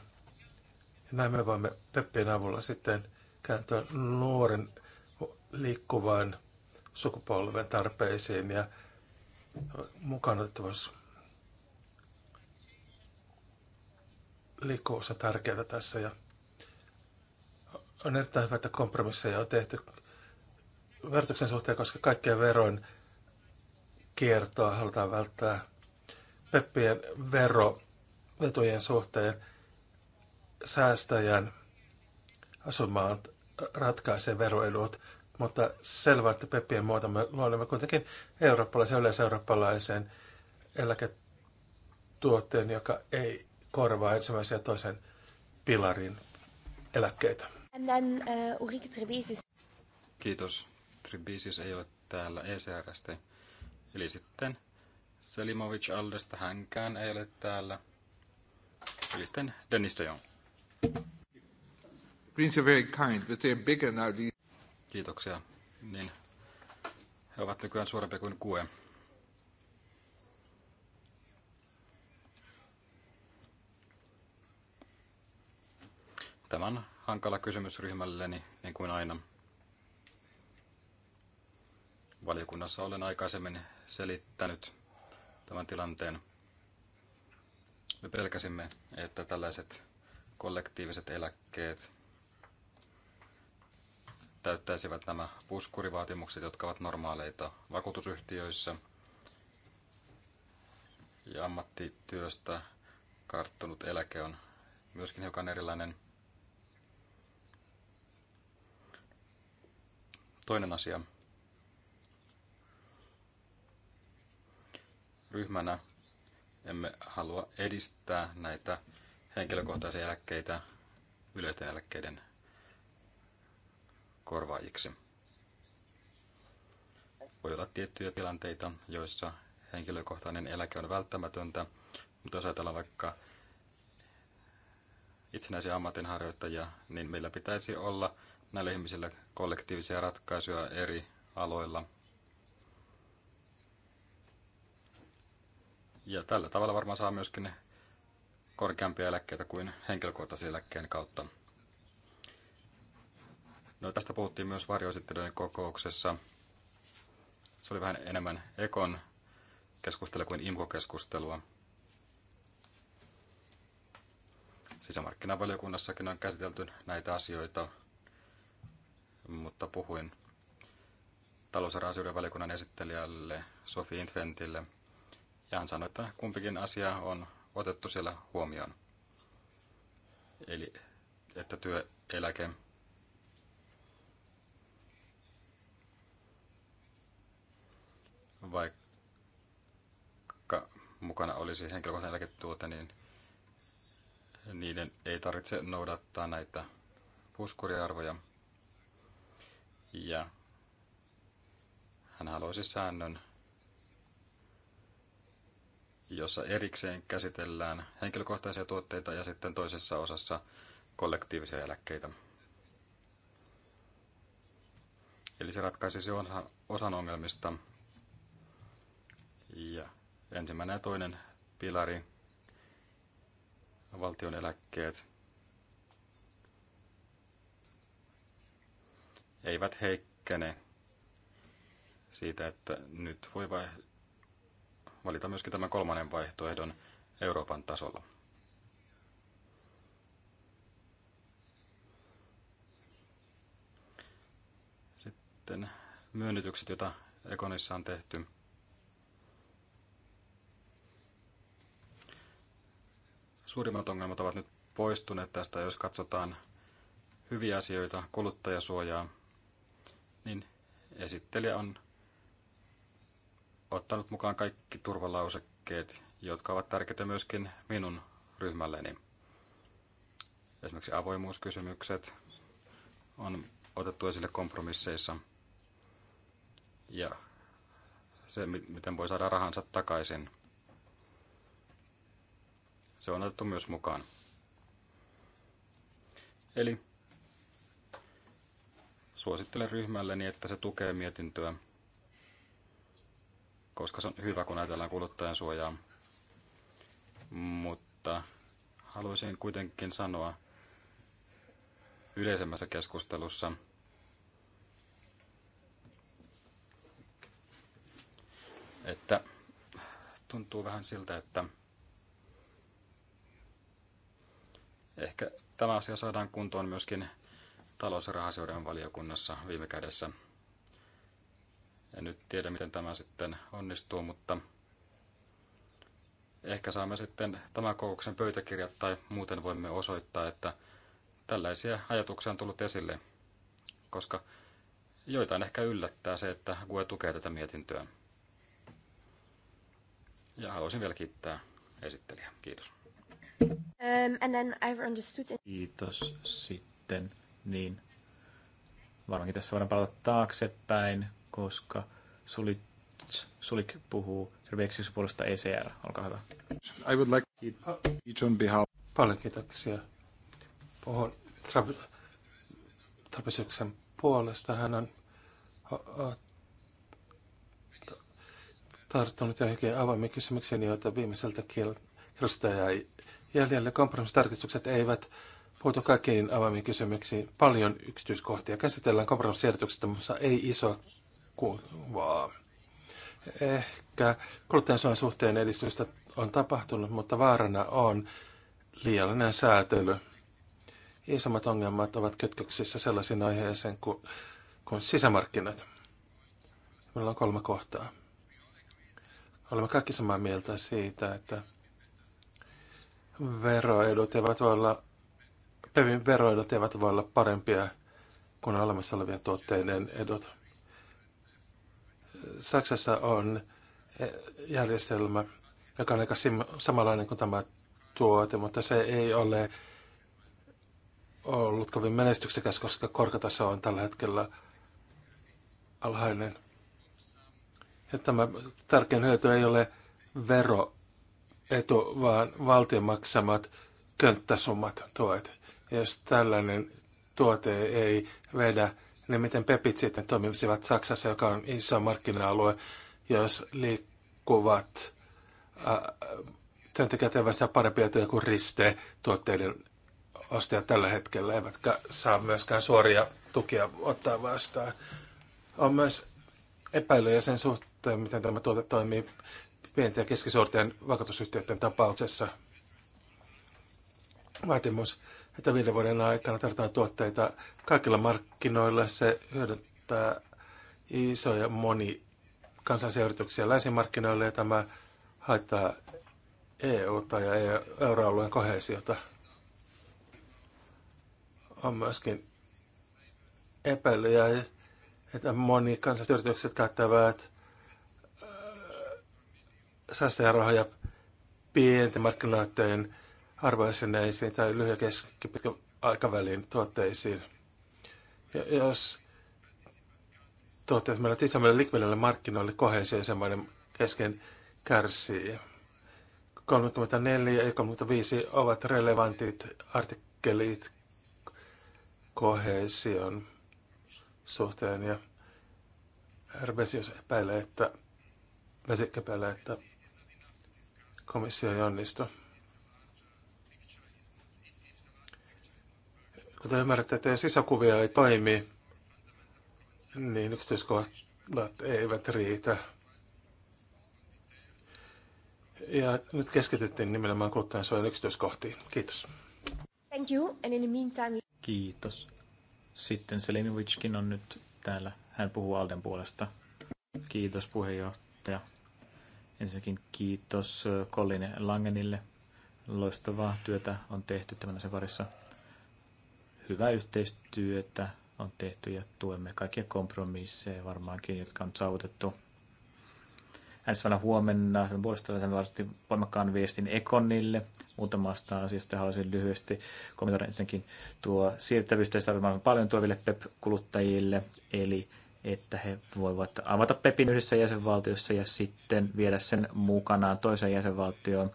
Ja näin me voimme PEPPien avulla sitten kääntyä nuoren liikkuvan sukupolven tarpeisiin ja mukaan otettavuus likoossa tärkeää tässä ja on erittäin hyvä, että kompromisseja on tehty verotuksen suhteen, koska kaikkien veron kiertoa halutaan välttää peppien verovetujen suhteen säästäjän asumaan ratkaisee veroedut mutta selvää, että Peppien muoto me luonnemme kuitenkin eurooppalaisen, yleiseurooppalaisen eläketuotteen, joka ei korvaa ensimmäisen ja toisen pilarin eläkkeitä. And then, uh, Kiitos. Tribisis ei ole täällä ECRstä. Eli sitten Selimovic Aldesta hänkään ei ole täällä. Eli sitten Dennis de Jong. Prince are very kind, but they're bigger now. Kiitoksia. Niin, he ovat nykyään suurempia kuin kue. Tämä on hankala kysymys ryhmälleni, niin kuin aina. Valiokunnassa olen aikaisemmin selittänyt tämän tilanteen. Me pelkäsimme, että tällaiset kollektiiviset eläkkeet – täyttäisivät nämä puskurivaatimukset, jotka ovat normaaleita vakuutusyhtiöissä. Ja ammattityöstä karttunut eläke on myöskin hiukan erilainen. Toinen asia. Ryhmänä emme halua edistää näitä henkilökohtaisia eläkkeitä yleisten eläkkeiden korvaajiksi. Voi olla tiettyjä tilanteita, joissa henkilökohtainen eläke on välttämätöntä, mutta jos ajatellaan vaikka itsenäisiä ammatinharjoittajia, niin meillä pitäisi olla näillä ihmisillä kollektiivisia ratkaisuja eri aloilla. Ja tällä tavalla varmaan saa myöskin korkeampia eläkkeitä kuin henkilökohtaisen eläkkeen kautta. No, tästä puhuttiin myös varjoesittelyiden kokouksessa. Se oli vähän enemmän Ekon keskustelua kuin IMKO-keskustelua. Sisämarkkinavaliokunnassakin on käsitelty näitä asioita, mutta puhuin talousarvoasioiden valiokunnan esittelijälle Sofi Intventille ja hän sanoi, että kumpikin asia on otettu siellä huomioon. Eli että työeläke vaikka mukana olisi henkilökohtainen eläketuote, niin niiden ei tarvitse noudattaa näitä puskuriarvoja. Ja hän haluaisi säännön, jossa erikseen käsitellään henkilökohtaisia tuotteita ja sitten toisessa osassa kollektiivisia eläkkeitä. Eli se ratkaisisi osan ongelmista, ja ensimmäinen ja toinen pilari, valtion eläkkeet, eivät heikkene siitä, että nyt voi vai valita myöskin tämän kolmannen vaihtoehdon Euroopan tasolla. Sitten myönnytykset, joita Ekonissa on tehty. Suurimmat ongelmat ovat nyt poistuneet tästä, jos katsotaan hyviä asioita, kuluttajasuojaa, niin esittelijä on ottanut mukaan kaikki turvalausekkeet, jotka ovat tärkeitä myöskin minun ryhmälleni. Esimerkiksi avoimuuskysymykset on otettu esille kompromisseissa ja se, miten voi saada rahansa takaisin – se on otettu myös mukaan. Eli suosittelen ryhmälleni, että se tukee mietintöä, koska se on hyvä, kun ajatellaan kuluttajan suojaa. Mutta haluaisin kuitenkin sanoa yleisemmässä keskustelussa, että tuntuu vähän siltä, että Ehkä tämä asia saadaan kuntoon myöskin talous- ja rahasioiden valiokunnassa viime kädessä. En nyt tiedä, miten tämä sitten onnistuu, mutta ehkä saamme sitten tämän kokouksen pöytäkirjat tai muuten voimme osoittaa, että tällaisia ajatuksia on tullut esille, koska joitain ehkä yllättää se, että GUE tukee tätä mietintöä. Ja haluaisin vielä kiittää esittelijää. Kiitos. Um, and then I've understood Kiitos sitten. Niin. Varmaankin tässä voidaan palata taaksepäin, koska Sulik, Sulik puhuu Terveeksisyn puolesta ECR. Olkaa hyvä. I would like each on behalf. Paljon kiitoksia. Puhun Trapesyksän puolesta. Hän on tarttunut joihinkin avoimiin kysymyksiin, joita viimeiseltä kierrosta jäi jäljellä kompromissitarkistukset eivät puutu kaikkiin avoimiin kysymyksiin. Paljon yksityiskohtia käsitellään kompromissiehdotuksesta, mutta ei iso kuvaa. Ehkä kuluttajansuojan suhteen edistystä on tapahtunut, mutta vaarana on liiallinen säätely. Isommat ongelmat ovat kytköksissä sellaisiin aiheeseen kuin, kuin sisämarkkinat. Meillä on kolme kohtaa. Olemme kaikki samaa mieltä siitä, että veroedut eivät voi olla, Pevin veroedut eivät voi olla parempia kuin olemassa olevien tuotteiden edut. Saksassa on eh, järjestelmä, joka on aika samanlainen kuin tämä tuote, mutta se ei ole ollut kovin menestyksekäs, koska korkotaso on tällä hetkellä alhainen. Ja tämä tärkein hyöty ei ole vero etu, vaan valtion maksamat könttäsummat tuet. Ja jos tällainen tuote ei vedä, niin miten pepit sitten toimisivat Saksassa, joka on iso markkina-alue, jos liikkuvat ää, työntekijät eivät saa parempia työtä kuin riste tuotteiden ostajat tällä hetkellä, eivätkä saa myöskään suoria tukia ottaa vastaan. On myös epäilyjä sen suhteen, miten tämä tuote toimii pienten ja keskisuorten vakuutusyhtiöiden tapauksessa vaatimus, että viiden vuoden aikana tarvitaan tuotteita kaikilla markkinoilla. Se hyödyttää isoja moni kansallisia länsimarkkinoille ja tämä haittaa EU-ta ja e- euroalueen kohesiota. On myöskin epäilyjä, että moni kansalliset yritykset käyttävät säästäjärahoja pienten markkinoiden arvoisineisiin tai lyhyen keskipitkän aikavälin tuotteisiin. Ja jos tuotteet menevät isommille likvidille markkinoille, kohesio jäsenmaiden kesken kärsii. 34 ja 35 ovat relevantit artikkelit kohesion suhteen ja jos epäilee, että että komissio ei onnistu. Kuten ymmärrätte, että sisäkuvia ei toimi, niin yksityiskohdat eivät riitä. Ja nyt keskityttiin nimenomaan kuluttajansuojan yksityiskohtiin. Kiitos. Thank you, and in the meantime... Kiitos. Sitten Selinovickin on nyt täällä. Hän puhuu Alden puolesta. Kiitos puheenjohtaja Ensinnäkin kiitos Colin Langenille. Loistavaa työtä on tehty tämän asian parissa. Hyvää yhteistyötä on tehty ja tuemme kaikkia kompromisseja varmaankin, jotka on saavutettu. Äänestävänä huomenna puolesta varmasti voimakkaan viestin Ekonille muutamasta asiasta haluaisin lyhyesti kommentoida ensinnäkin tuo siirtävyys, paljon tuleville PEP-kuluttajille, eli että he voivat avata PEPin yhdessä jäsenvaltiossa ja sitten viedä sen mukanaan toiseen jäsenvaltioon,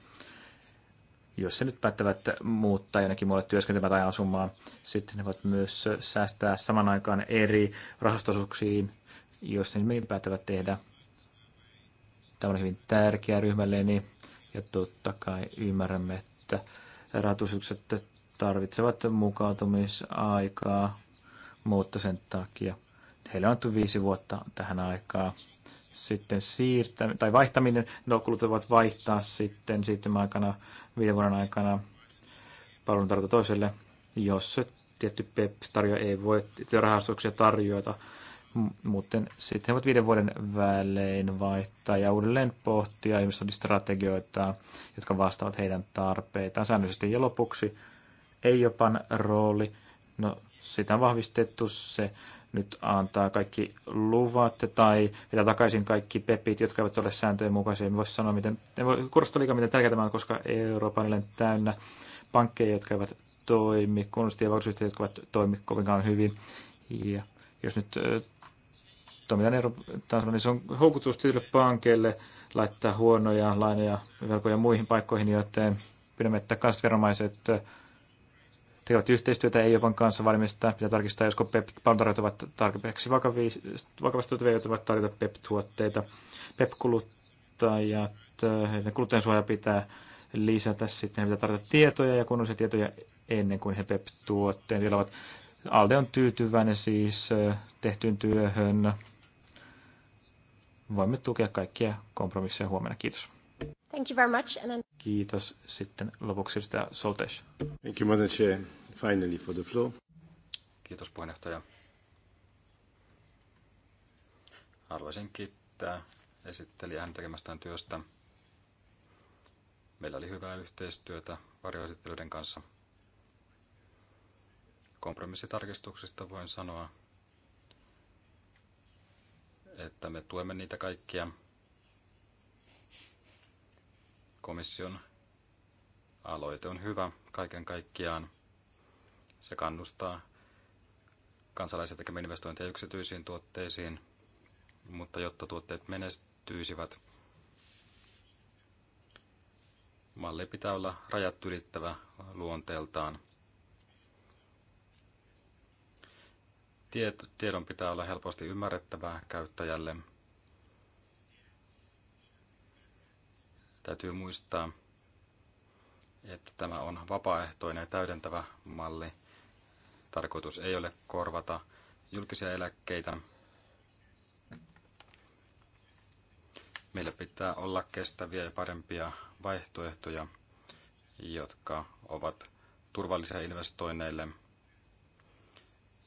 jos se nyt päättävät muuttaa jonnekin muualle työskentelemään tai asumaan. Sitten ne voivat myös säästää saman aikaan eri rahastosuuksiin, jos ne niin päättävät tehdä. Tämä on hyvin tärkeä ryhmälleni ja totta kai ymmärrämme, että rahoitusyksykset tarvitsevat mukautumisaikaa, mutta sen takia – heillä on annettu viisi vuotta tähän aikaa. Sitten siirtä, tai vaihtaminen, no kulut voivat vaihtaa sitten siirtymäaikana, viiden vuoden aikana palvelun tarjota toiselle, jos se tietty PEP e tarjoaa, ei voi rahastuksia tarjota, mutta sitten he voivat viiden vuoden välein vaihtaa ja uudelleen pohtia investointistrategioita, jotka vastaavat heidän tarpeitaan säännöllisesti. Ja lopuksi ei jopan rooli, no sitä on vahvistettu, se nyt antaa kaikki luvat tai pitää takaisin kaikki pepit, jotka eivät ole sääntöjen mukaisia. voisi sanoa, miten, en voi korostaa liikaa, miten tärkeää tämä on, koska Euroopan on täynnä pankkeja, jotka eivät toimi, kunnosti ja vakuutusyhtiöt, jotka eivät toimi kovinkaan hyvin. Ja jos nyt toimitaan Euroopan niin se on houkutus tietylle pankeille laittaa huonoja lainoja velkoja muihin paikkoihin, joten pidämme, että kansveromaiset tekevät yhteistyötä jopa e kanssa varmistaa, pitää tarkistaa, josko pep pandarat ovat tarpeeksi vakavasti voivat tarjota PEP-tuotteita. PEP-kuluttajat, eh, kuluttajansuoja pitää lisätä sitten, he pitää tarjota tietoja ja kunnollisia tietoja ennen kuin he PEP-tuotteen tilavat. Alde on tyytyväinen siis eh, tehtyyn työhön. Voimme tukea kaikkia kompromisseja huomenna. Kiitos. Thank you very much. And then... Kiitos. Sitten lopuksi sitä Soltes. Thank you, Madam Chair. Finally for the floor. Kiitos puheenjohtaja. Haluaisin kiittää esittelijä hänen tekemästään työstä. Meillä oli hyvää yhteistyötä varjoesittelyiden kanssa. Kompromissitarkistuksista voin sanoa, että me tuemme niitä kaikkia – komission aloite on hyvä kaiken kaikkiaan. Se kannustaa kansalaisia tekemään investointeja yksityisiin tuotteisiin, mutta jotta tuotteet menestyisivät, malli pitää olla rajat ylittävä luonteeltaan. Tiedon pitää olla helposti ymmärrettävää käyttäjälle Täytyy muistaa, että tämä on vapaaehtoinen ja täydentävä malli. Tarkoitus ei ole korvata julkisia eläkkeitä. Meillä pitää olla kestäviä ja parempia vaihtoehtoja, jotka ovat turvallisia investoinneille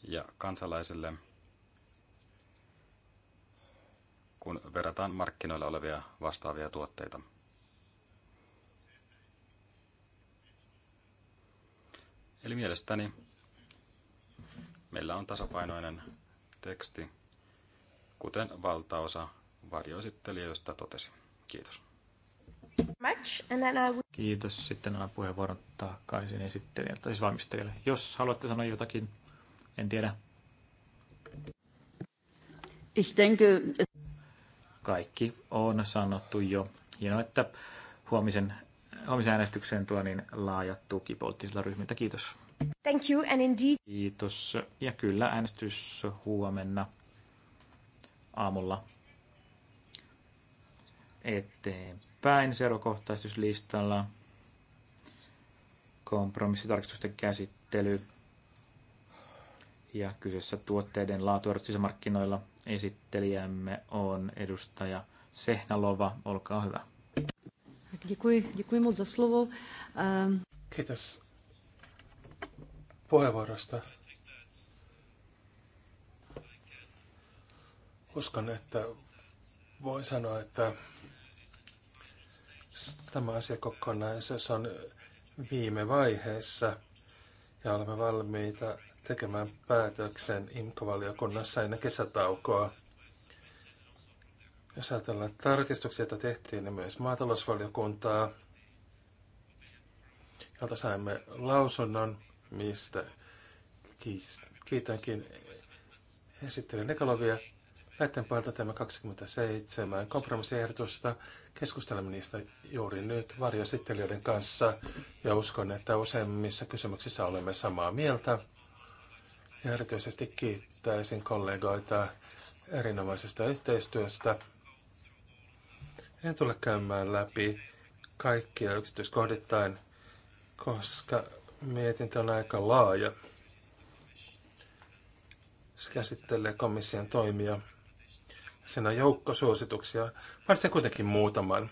ja kansalaisille, kun verrataan markkinoilla olevia vastaavia tuotteita. Eli mielestäni meillä on tasapainoinen teksti, kuten valtaosa varjoesittelijöistä totesi. Kiitos. Kiitos. Sitten annan puheenvuoron takaisin esittelijälle, tai siis valmistelijalle. Jos haluatte sanoa jotakin, en tiedä. Ich denke... Kaikki on sanottu jo. Hienoa, että huomisen huomisäänestykseen tuo niin laaja tuki poliittisilta ryhmiltä. Kiitos. Thank you and indeed. Kiitos. Ja kyllä äänestys huomenna aamulla eteenpäin seurakohtaistuslistalla. Kompromissitarkistusten käsittely ja kyseessä tuotteiden laatu sisämarkkinoilla. Esittelijämme on edustaja Sehnalova. Olkaa hyvä. Děkuji, děkuji moc za slovo. Um... Kiitos puheenvuorosta. Uskon, että voi sanoa, että tämä asiakokonaisuus on viime vaiheessa ja olemme valmiita tekemään päätöksen imkovaliokunnassa ennen kesätaukoa. Jos ajatellaan tarkistuksia, joita tehtiin, niin myös maatalousvaliokuntaa, jolta saimme lausunnon, mistä kiitänkin esittelen Nekalovia. Näiden puolelta tämä 27 kompromissiehdotusta. Keskustelemme niistä juuri nyt varjoesittelijöiden kanssa ja uskon, että useimmissa kysymyksissä olemme samaa mieltä. Ja erityisesti kiittäisin kollegoita erinomaisesta yhteistyöstä. En tule käymään läpi kaikkia yksityiskohdittain, koska mietintö on aika laaja. Se käsittelee komission toimia. Sen on joukko suosituksia, varsin kuitenkin muutaman.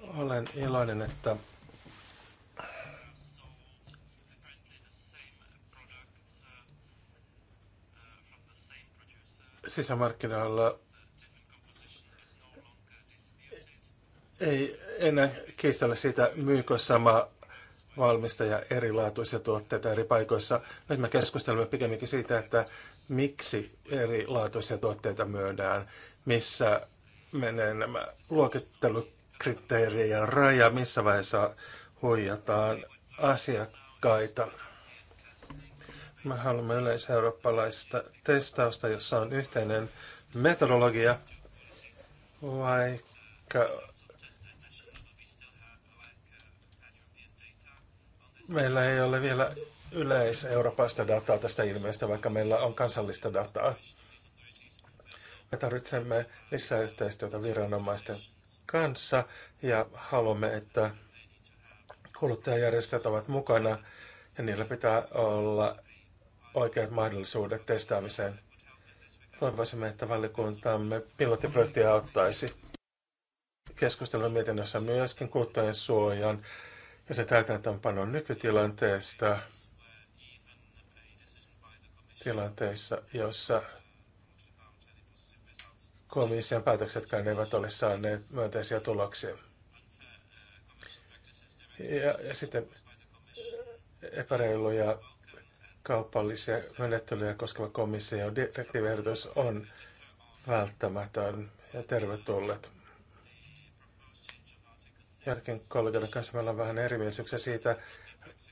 Olen iloinen, että sisämarkkinoilla Ei enää kiistellä siitä, myykö sama valmistaja erilaatuisia tuotteita eri paikoissa. Nyt me keskustelemme pikemminkin siitä, että miksi erilaatuisia tuotteita myydään, missä menee nämä luokittelukriteerien raja, missä vaiheessa huijataan asiakkaita. Me haluamme yleiseurooppalaista testausta, jossa on yhteinen metodologia, vaikka Meillä ei ole vielä yleiseurooppalaista dataa tästä ilmeestä, vaikka meillä on kansallista dataa. Me tarvitsemme lisää yhteistyötä viranomaisten kanssa ja haluamme, että kuluttajajärjestöt ovat mukana ja niillä pitää olla oikeat mahdollisuudet testaamiseen. Toivoisimme, että valikuntamme pilottiprojektia ottaisi. Keskustelun mietinnössä myöskin kuluttajan suojan ja sen täytäntöönpanon nykytilanteesta tilanteissa, joissa komission päätöksetkään eivät ole saaneet myönteisiä tuloksia. Ja, ja sitten epäreiluja kaupallisia menettelyjä koskeva komission direktiiviehdotus on välttämätön ja tervetullut. Jälkeen kollegoiden kanssa meillä on vähän erimielisyyksiä siitä,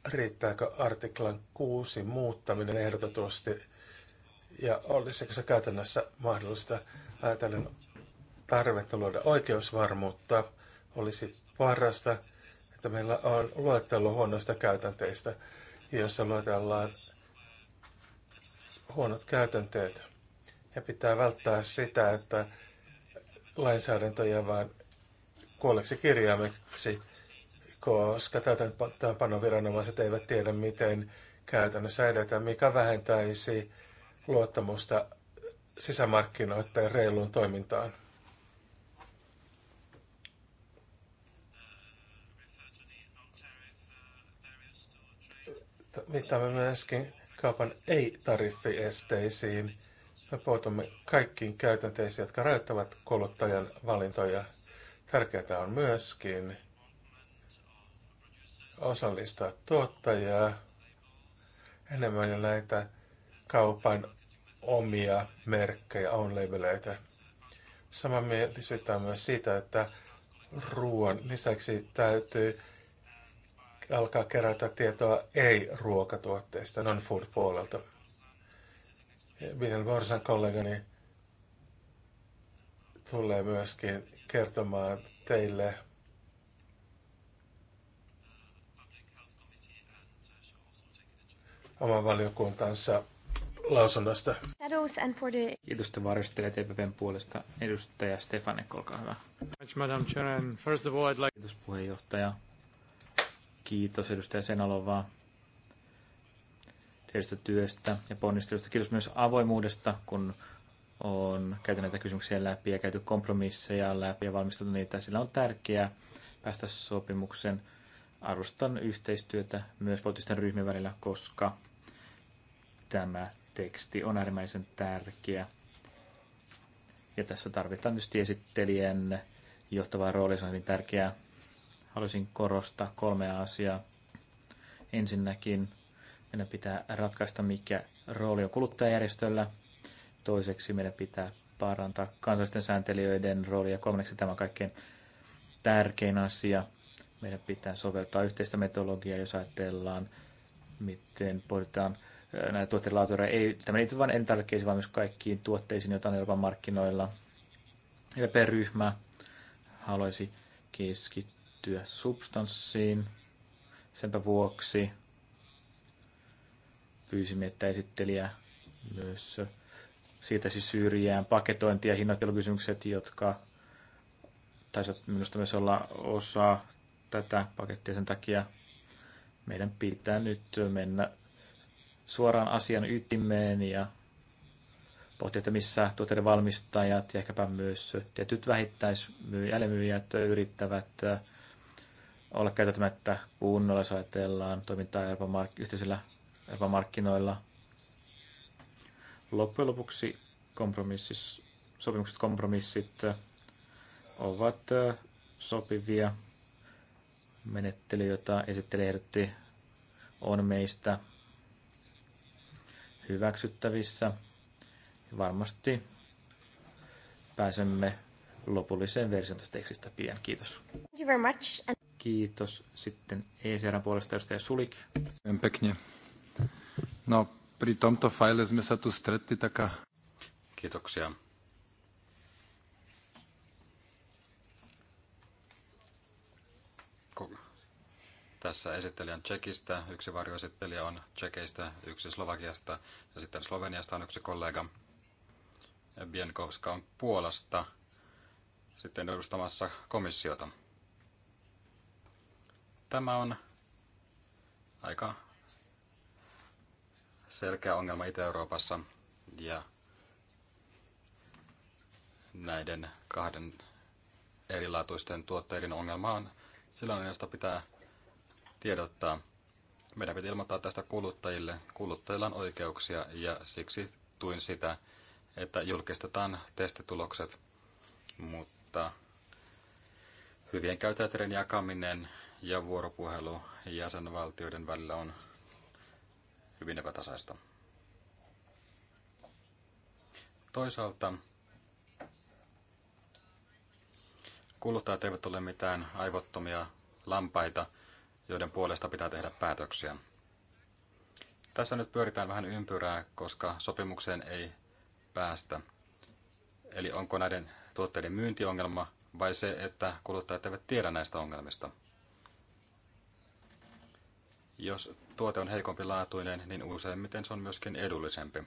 riittääkö artiklan 6 muuttaminen ehdotetusti ja olisiko se käytännössä mahdollista ajatellen tarvetta luoda oikeusvarmuutta, olisi parasta, että meillä on luettelo huonoista käytänteistä, jossa luetellaan huonot käytänteet. Ja pitää välttää sitä, että lainsäädäntö jää vain kuolleeksi kirjaimeksi, koska viranomaiset eivät tiedä, miten käytännössä edetään, mikä vähentäisi luottamusta sisämarkkinoiden reiluun toimintaan. viittaamme myöskin kaupan ei-tariffiesteisiin. Me puutumme kaikkiin käytänteisiin, jotka rajoittavat kuluttajan valintoja. Tärkeää on myöskin osallistaa tuottajaa enemmän ja näitä kaupan omia merkkejä, on labeleitä. mielisyyttä on myös siitä, että ruoan lisäksi täytyy alkaa kerätä tietoa ei-ruokatuotteista, non-food puolelta. Bill Borsan kollegani tulee myöskin kertomaan teille oman valiokuntansa lausunnosta. Kiitos te varjostelijat EPPn puolesta. Edustaja Stefane, olkaa hyvä. Kiitos puheenjohtaja. Kiitos edustaja Senalovaa tehdystä työstä ja ponnistelusta. Kiitos myös avoimuudesta, kun on käyty näitä kysymyksiä läpi ja käyty kompromisseja läpi ja valmisteltu niitä. Sillä on tärkeää päästä sopimuksen. Arvostan yhteistyötä myös poliittisten ryhmien välillä, koska tämä teksti on äärimmäisen tärkeä. Ja tässä tarvitaan tietysti esittelijän johtava rooli, se on hyvin tärkeää. Haluaisin korostaa kolmea asiaa. Ensinnäkin meidän pitää ratkaista, mikä rooli on kuluttajajärjestöllä – Toiseksi meidän pitää parantaa kansallisten sääntelijöiden roolia. Kolmanneksi tämä on kaikkein tärkein asia. Meidän pitää soveltaa yhteistä metodologiaa, jos ajatellaan, miten pohditaan näitä tuotteiden Ei, tämä ei vain elintarvikkeisiin, vaan myös kaikkiin tuotteisiin, joita on Euroopan markkinoilla. EP-ryhmä haluaisi keskittyä substanssiin. Senpä vuoksi pyysimme, että esittelijä myös siitä siis syrjään, paketointi ja hinnoittelukysymykset, jotka taisivat minusta myös olla osa tätä pakettia. Sen takia meidän pitää nyt mennä suoraan asian ytimeen ja pohtia, että missä tuotteiden valmistajat ja ehkäpä myös tietyt vähittäismyyjät yrittävät äh, olla käytettämättä kunnolla, jos ajatellaan toimintaa Euroopan mark- yhteisillä Euroopan markkinoilla – Loppujen lopuksi sopimukset, kompromissit äh, ovat äh, sopivia menettely, jota esittelijä ehdotti, on meistä hyväksyttävissä. Varmasti pääsemme lopulliseen versioon tästä tekstistä pian. Kiitos. Thank you very much. Kiitos. Sitten ECR puolesta edustaja Sulik. No, pri tomto fajle sme sa tu stretli taká... Kiitoksia. Tässä esittelijän Tsekistä, yksi varjoesittelijä on Tsekeistä, yksi Slovakiasta ja sitten Sloveniasta on yksi kollega. Bienkovska on Puolasta sitten edustamassa komissiota. Tämä on aika selkeä ongelma Itä-Euroopassa ja näiden kahden erilaatuisten tuotteiden ongelma on sellainen, josta pitää tiedottaa. Meidän pitää ilmoittaa tästä kuluttajille. Kuluttajilla on oikeuksia ja siksi tuin sitä, että julkistetaan testitulokset, mutta hyvien käytäntöjen jakaminen ja vuoropuhelu jäsenvaltioiden välillä on hyvin epätasaista. Toisaalta kuluttajat eivät ole mitään aivottomia lampaita, joiden puolesta pitää tehdä päätöksiä. Tässä nyt pyöritään vähän ympyrää, koska sopimukseen ei päästä. Eli onko näiden tuotteiden myyntiongelma vai se, että kuluttajat eivät tiedä näistä ongelmista? Jos tuote on heikompi laatuinen, niin useimmiten se on myöskin edullisempi.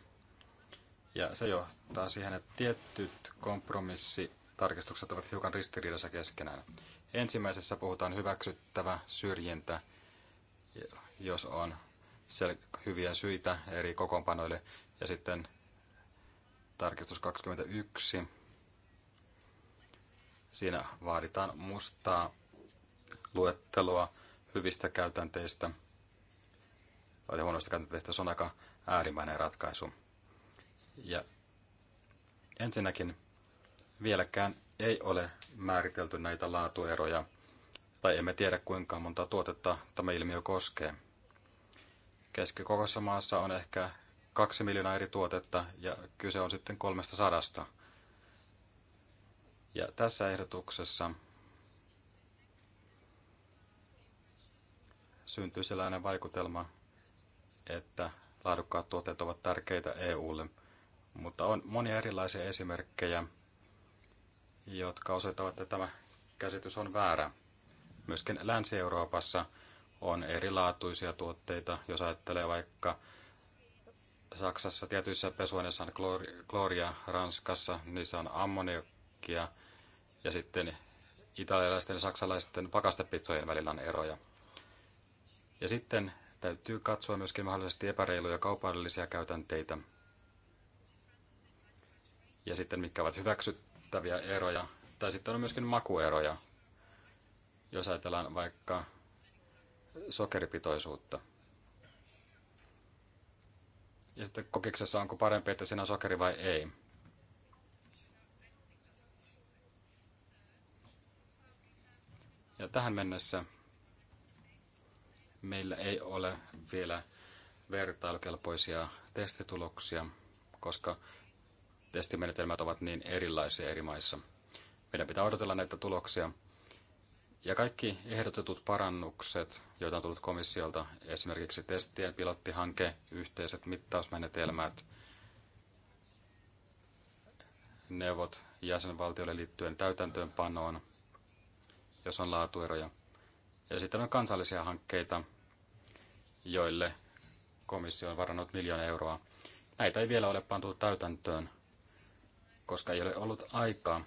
Ja se johtaa siihen, että tietyt kompromissitarkistukset ovat hiukan ristiriidassa keskenään. Ensimmäisessä puhutaan hyväksyttävä syrjintä, jos on sel- hyviä syitä eri kokoonpanoille. Ja sitten tarkistus 21. Siinä vaaditaan mustaa luetteloa hyvistä käytänteistä – tai huonosta kantateista, se on aika äärimmäinen ratkaisu. Ja ensinnäkin vieläkään ei ole määritelty näitä laatueroja, tai emme tiedä kuinka monta tuotetta tämä ilmiö koskee. Keskikokoisessa maassa on ehkä kaksi miljoonaa eri tuotetta, ja kyse on sitten kolmesta sadasta. Ja tässä ehdotuksessa syntyy sellainen vaikutelma, että laadukkaat tuotteet ovat tärkeitä EUlle, mutta on monia erilaisia esimerkkejä, jotka osoittavat, että tämä käsitys on väärä. Myöskin Länsi-Euroopassa on erilaatuisia tuotteita, jos ajattelee vaikka Saksassa tietyissä pesuaineissa on klooria, Ranskassa niissä on ammoniakkia ja sitten italialaisten ja saksalaisten pakastepitsojen välillä on eroja. Ja sitten Täytyy katsoa myöskin mahdollisesti epäreiluja kaupallisia käytänteitä. Ja sitten mitkä ovat hyväksyttäviä eroja. Tai sitten on myöskin makueroja, jos ajatellaan vaikka sokeripitoisuutta. Ja sitten kokiksessa onko parempi, että siinä on sokeri vai ei. Ja tähän mennessä meillä ei ole vielä vertailukelpoisia testituloksia, koska testimenetelmät ovat niin erilaisia eri maissa. Meidän pitää odotella näitä tuloksia. Ja kaikki ehdotetut parannukset, joita on tullut komissiolta, esimerkiksi testien pilottihanke, yhteiset mittausmenetelmät, neuvot jäsenvaltioille liittyen täytäntöönpanoon, jos on laatueroja. Ja sitten on kansallisia hankkeita, joille komissio on varannut miljoona euroa. Näitä ei vielä ole pantu täytäntöön, koska ei ole ollut aikaa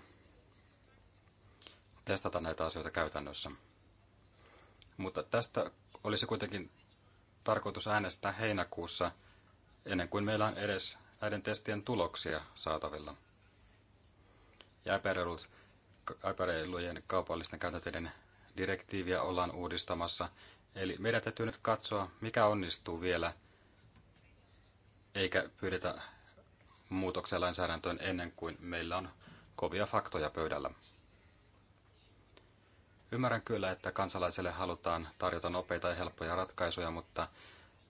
testata näitä asioita käytännössä. Mutta tästä olisi kuitenkin tarkoitus äänestää heinäkuussa, ennen kuin meillä on edes näiden testien tuloksia saatavilla. Ja epäreilujen kaupallisten käytänteiden direktiiviä ollaan uudistamassa Eli meidän täytyy nyt katsoa, mikä onnistuu vielä, eikä pyydetä muutoksia lainsäädäntöön ennen kuin meillä on kovia faktoja pöydällä. Ymmärrän kyllä, että kansalaiselle halutaan tarjota nopeita ja helppoja ratkaisuja, mutta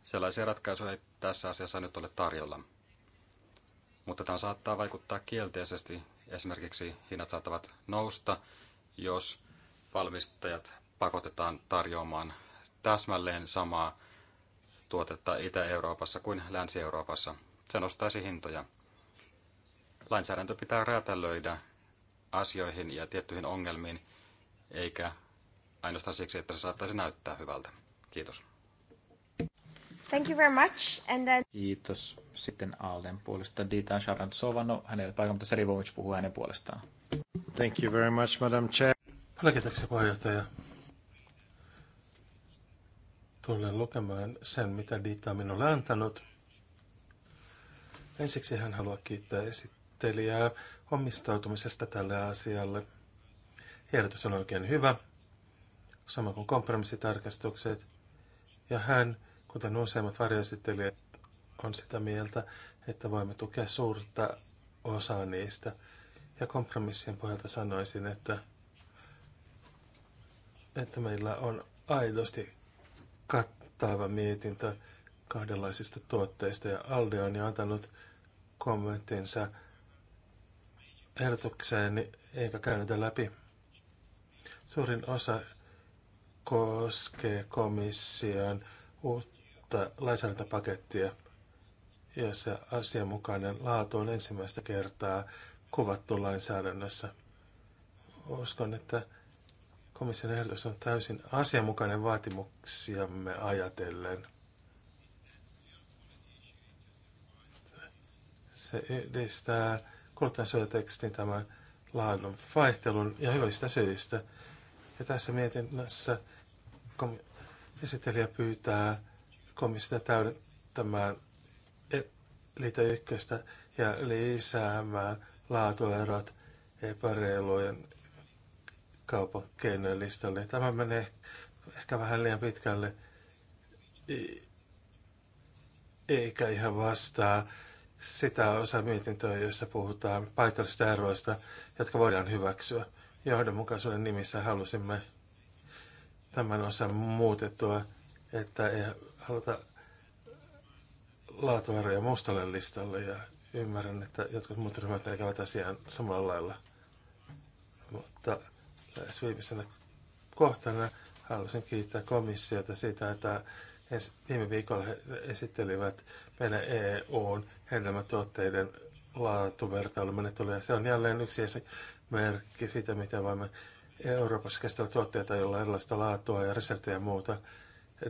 sellaisia ratkaisuja ei tässä asiassa nyt ole tarjolla. Mutta tämä saattaa vaikuttaa kielteisesti. Esimerkiksi hinnat saattavat nousta, jos valmistajat pakotetaan tarjoamaan täsmälleen samaa tuotetta Itä-Euroopassa kuin Länsi-Euroopassa. Se nostaisi hintoja. Lainsäädäntö pitää räätälöidä asioihin ja tiettyihin ongelmiin, eikä ainoastaan siksi, että se saattaisi näyttää hyvältä. Kiitos. Thank you very much. And then... Kiitos. Sitten Aalden puolesta Dita Sharantsova. No, hänelle paikalla, mutta Serivovic puhuu hänen puolestaan. Thank you very much, Madam Chair. Paljon kiitoksia puheenjohtaja tulen lukemaan sen, mitä Diitta on minulle antanut. Ensiksi hän haluaa kiittää esittelijää omistautumisesta tälle asialle. Hiedotus on oikein hyvä, sama kuin kompromissitarkastukset. Ja hän, kuten useimmat varjoesittelijät, on sitä mieltä, että voimme tukea suurta osaa niistä. Ja kompromissien pohjalta sanoisin, että, että meillä on aidosti kattava mietintö kahdenlaisista tuotteista ja Alde on jo antanut kommenttinsa ehdotukseen eikä käynyt läpi. Suurin osa koskee komission uutta lainsäädäntöpakettia, jossa asianmukainen laatu on ensimmäistä kertaa kuvattu lainsäädännössä. Uskon, että Komission ehdotus on täysin asianmukainen vaatimuksiamme ajatellen. Se edistää kuluttajansuojatekstin tämän laadun vaihtelun ja hyvistä syistä. Ja tässä mietinnässä kom- esittelijä pyytää komissiota täydentämään liitä ykköstä ja lisäämään laatuerot epäreilujen kaupakeinojen listalle. Tämä menee ehkä vähän liian pitkälle, eikä ihan vastaa sitä osa mietintöä, joissa puhutaan paikallisista eroista, jotka voidaan hyväksyä. Johdonmukaisuuden nimissä halusimme tämän osan muutettua, että ei haluta laatuarvoja mustalle listalle ja ymmärrän, että jotkut muut ryhmät näkevät asian samalla lailla. Mutta kiitettäisiin. Viimeisenä kohtana haluaisin kiittää komissiota siitä, että viime viikolla he esittelivät meidän EUn hedelmätuotteiden laatuvertailumenettelyä. Se on jälleen yksi merkki siitä, mitä voimme Euroopassa kestävät tuotteita, joilla on erilaista laatua ja reseptejä ja muuta.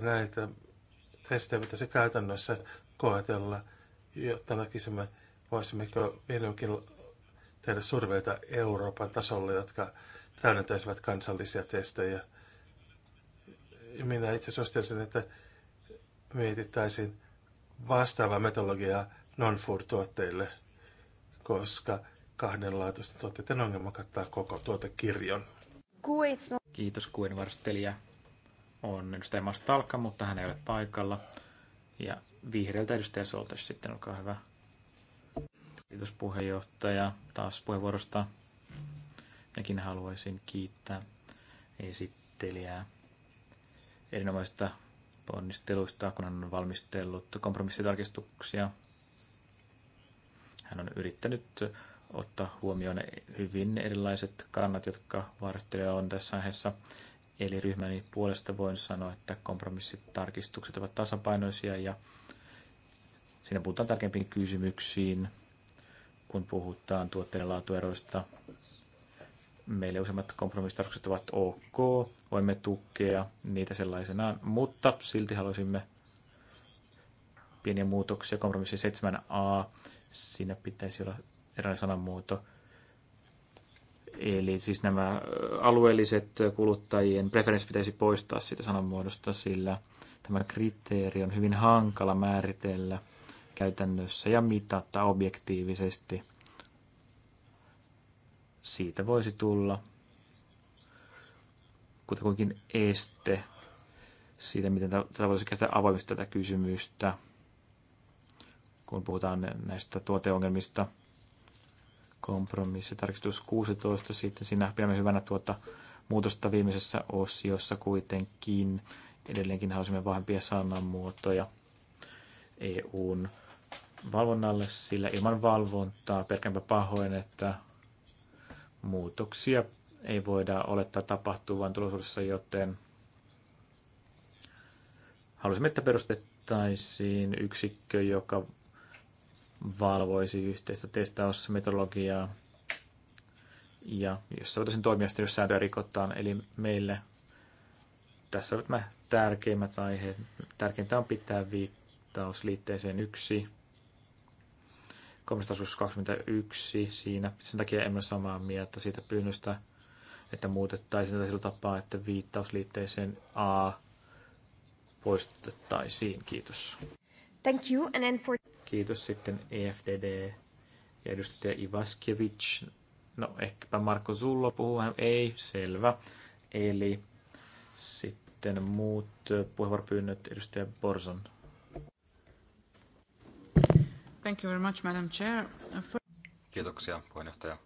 Näitä testejä pitäisi käytännössä koetella, jotta näkisimme, voisimmeko vihdoinkin tehdä surveita Euroopan tasolla, jotka täydentäisivät kansallisia testejä. Minä itse suosittelisin, että mietittäisin vastaavaa metodologiaa non-food-tuotteille, koska kahdenlaatuisten tuotteiden ongelma kattaa koko tuotekirjon. Kiitos kuin varustelija on edustaja talka, mutta hän ei ole paikalla. Ja vihreältä edustaja Soltes sitten, olkaa hyvä. Kiitos puheenjohtaja taas puheenvuorosta. Minäkin haluaisin kiittää esittelijää erinomaisista ponnisteluista, kun hän on valmistellut kompromissitarkistuksia. Hän on yrittänyt ottaa huomioon hyvin erilaiset kannat, jotka varastelijoilla on tässä aiheessa. Eli ryhmäni puolesta voin sanoa, että kompromissitarkistukset ovat tasapainoisia ja siinä puhutaan tarkempiin kysymyksiin, kun puhutaan tuotteiden laatueroista, meille useimmat kompromissitarkoitukset ovat ok, voimme tukea niitä sellaisenaan, mutta silti haluaisimme pieniä muutoksia. Kompromissi 7a, siinä pitäisi olla eräänlainen sanamuoto. Eli siis nämä alueelliset kuluttajien preferenssi pitäisi poistaa siitä sanamuodosta, sillä tämä kriteeri on hyvin hankala määritellä käytännössä ja mitata objektiivisesti – siitä voisi tulla kuitenkin este siitä, miten tätä voisi käsitellä avoimesti tätä kysymystä, kun puhutaan näistä tuoteongelmista. Kompromissi, tarkistus 16, sitten siinä pidämme hyvänä tuota muutosta viimeisessä osiossa kuitenkin. Edelleenkin halusimme vahvempia sanamuotoja EUn valvonnalle, sillä ilman valvontaa pelkäänpä pahoin, että muutoksia ei voida olettaa tapahtuvan tulosuudessa, joten halusimme, että perustettaisiin yksikkö, joka valvoisi yhteistä testausmetodologiaa ja jossa voitaisiin toimia sitten, jos sääntöjä rikotaan. Eli meille tässä ovat nämä tärkeimmät aiheet. Tärkeintä on pitää viittaus liitteeseen yksi 321 siinä. Sen takia emme ole samaa mieltä siitä pyynnöstä, että muutettaisiin tätä sillä tapaa, että viittausliitteeseen A poistettaisiin. Kiitos. Thank you. And then for... Kiitos sitten EFDD ja edustaja Ivaskevich, No ehkäpä Marko Zullo puhuu hän Ei, selvä. Eli sitten muut eh, puheenvuoropyynnöt edustaja Borson. Thank you very much, Madam Chair. Kiitoksia, puheenjohtaja.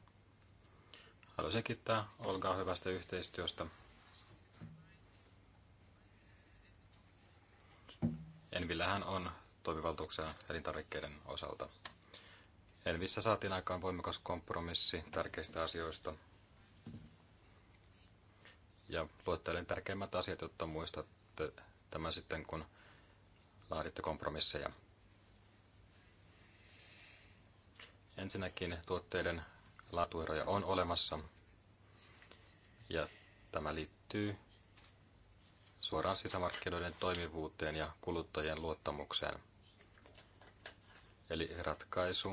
Haluaisin kiittää Olgaa hyvästä yhteistyöstä. Envillähän on toimivaltuuksia elintarvikkeiden osalta. Envissä saatiin aikaan voimakas kompromissi tärkeistä asioista. Ja luettelen tärkeimmät asiat, jotta muistatte tämän sitten, kun laaditte kompromisseja. Ensinnäkin tuotteiden laatueroja on olemassa ja tämä liittyy suoraan sisämarkkinoiden toimivuuteen ja kuluttajien luottamukseen. Eli ratkaisu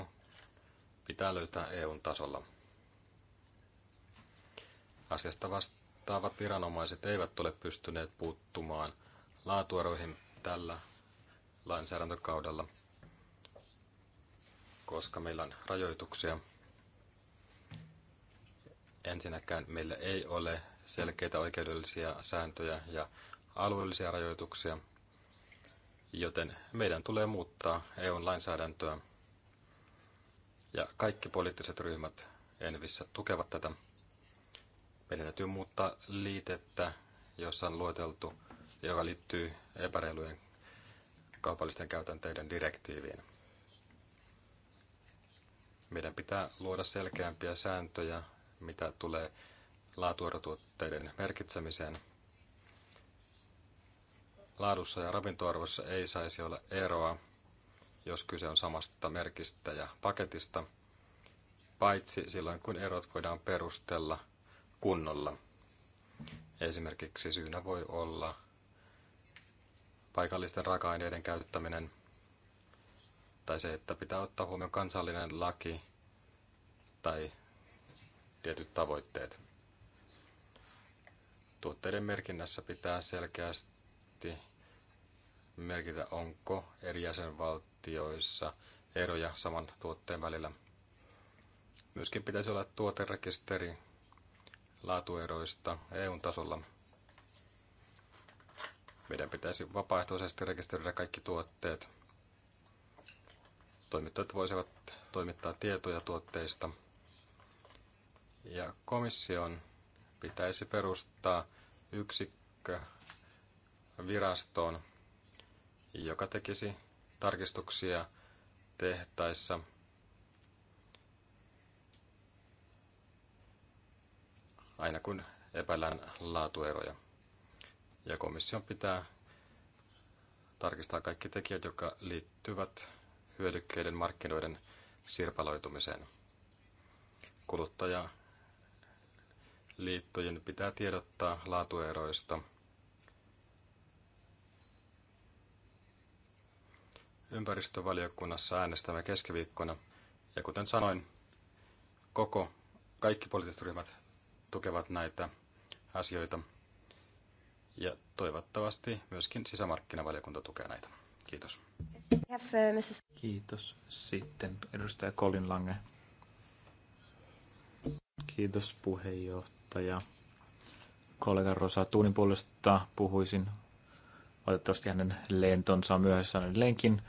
pitää löytää EUn tasolla. Asiasta vastaavat viranomaiset eivät ole pystyneet puuttumaan laatueroihin tällä lainsäädäntökaudella – koska meillä on rajoituksia. Ensinnäkään meillä ei ole selkeitä oikeudellisia sääntöjä ja alueellisia rajoituksia, joten meidän tulee muuttaa EUn lainsäädäntöä. Ja kaikki poliittiset ryhmät Envissä tukevat tätä. Meidän täytyy muuttaa liitettä, jossa on lueteltu, joka liittyy epäreilujen kaupallisten käytänteiden direktiiviin. Meidän pitää luoda selkeämpiä sääntöjä, mitä tulee laatuerotuotteiden merkitsemiseen. Laadussa ja ravintoarvossa ei saisi olla eroa, jos kyse on samasta merkistä ja paketista, paitsi silloin kun erot voidaan perustella kunnolla. Esimerkiksi syynä voi olla paikallisten raaka-aineiden käyttäminen – tai se, että pitää ottaa huomioon kansallinen laki tai tietyt tavoitteet. Tuotteiden merkinnässä pitää selkeästi merkitä, onko eri jäsenvaltioissa eroja saman tuotteen välillä. Myöskin pitäisi olla tuoterekisteri laatueroista EU-tasolla. Meidän pitäisi vapaaehtoisesti rekisteröidä kaikki tuotteet – Toimittajat voisivat toimittaa tietoja tuotteista. Ja komission pitäisi perustaa yksikkö virastoon, joka tekisi tarkistuksia tehtaissa aina kun epäillään laatueroja. Ja komission pitää tarkistaa kaikki tekijät, jotka liittyvät hyödykkeiden markkinoiden sirpaloitumiseen. Kuluttajaliittojen pitää tiedottaa laatueroista. Ympäristövaliokunnassa äänestämme keskiviikkona, ja kuten sanoin, koko, kaikki poliittiset ryhmät tukevat näitä asioita, ja toivottavasti myöskin sisämarkkinavaliokunta tukee näitä. Kiitos. Uh, Kiitos. Sitten edustaja Colin Lange. Kiitos puheenjohtaja. Kollega Rosa Tuunin puolesta puhuisin. Valitettavasti hänen lentonsa on myöhässä hänen lenkin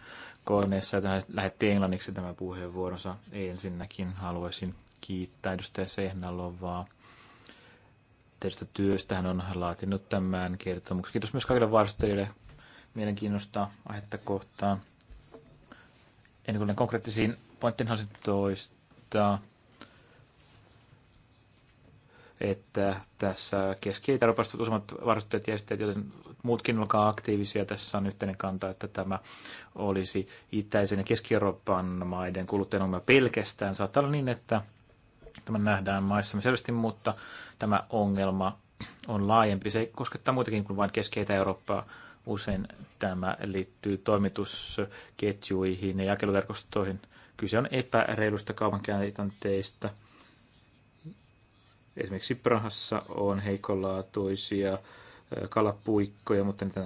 koneessa, hän lähetti englanniksi tämä puheenvuoronsa. Ensinnäkin haluaisin kiittää edustaja Sehnalovaa tästä työstä. Hän on laatinut tämän kertomuksen. Kiitos myös kaikille varustelijoille mielenkiinnosta aihetta kohtaan. Ennen kuin konkreettisiin pointtiin haluaisin toistaa, että tässä keski- ja useimmat varusteet ja esteet, joten muutkin olkaa aktiivisia. Tässä on yhteinen kanta, että tämä olisi itäisen ja keski-Euroopan maiden kuluttajan ongelma pelkästään. Saattaa olla niin, että tämä nähdään maissa selvästi, mutta tämä ongelma on laajempi. Se koskettaa muitakin kuin vain keski- Eurooppaa Usein tämä liittyy toimitusketjuihin ja jakeluverkostoihin. Kyse on epäreilusta kaupankäytänteistä. Esimerkiksi Prahassa on heikolaatuisia kalapuikkoja, mutta niitä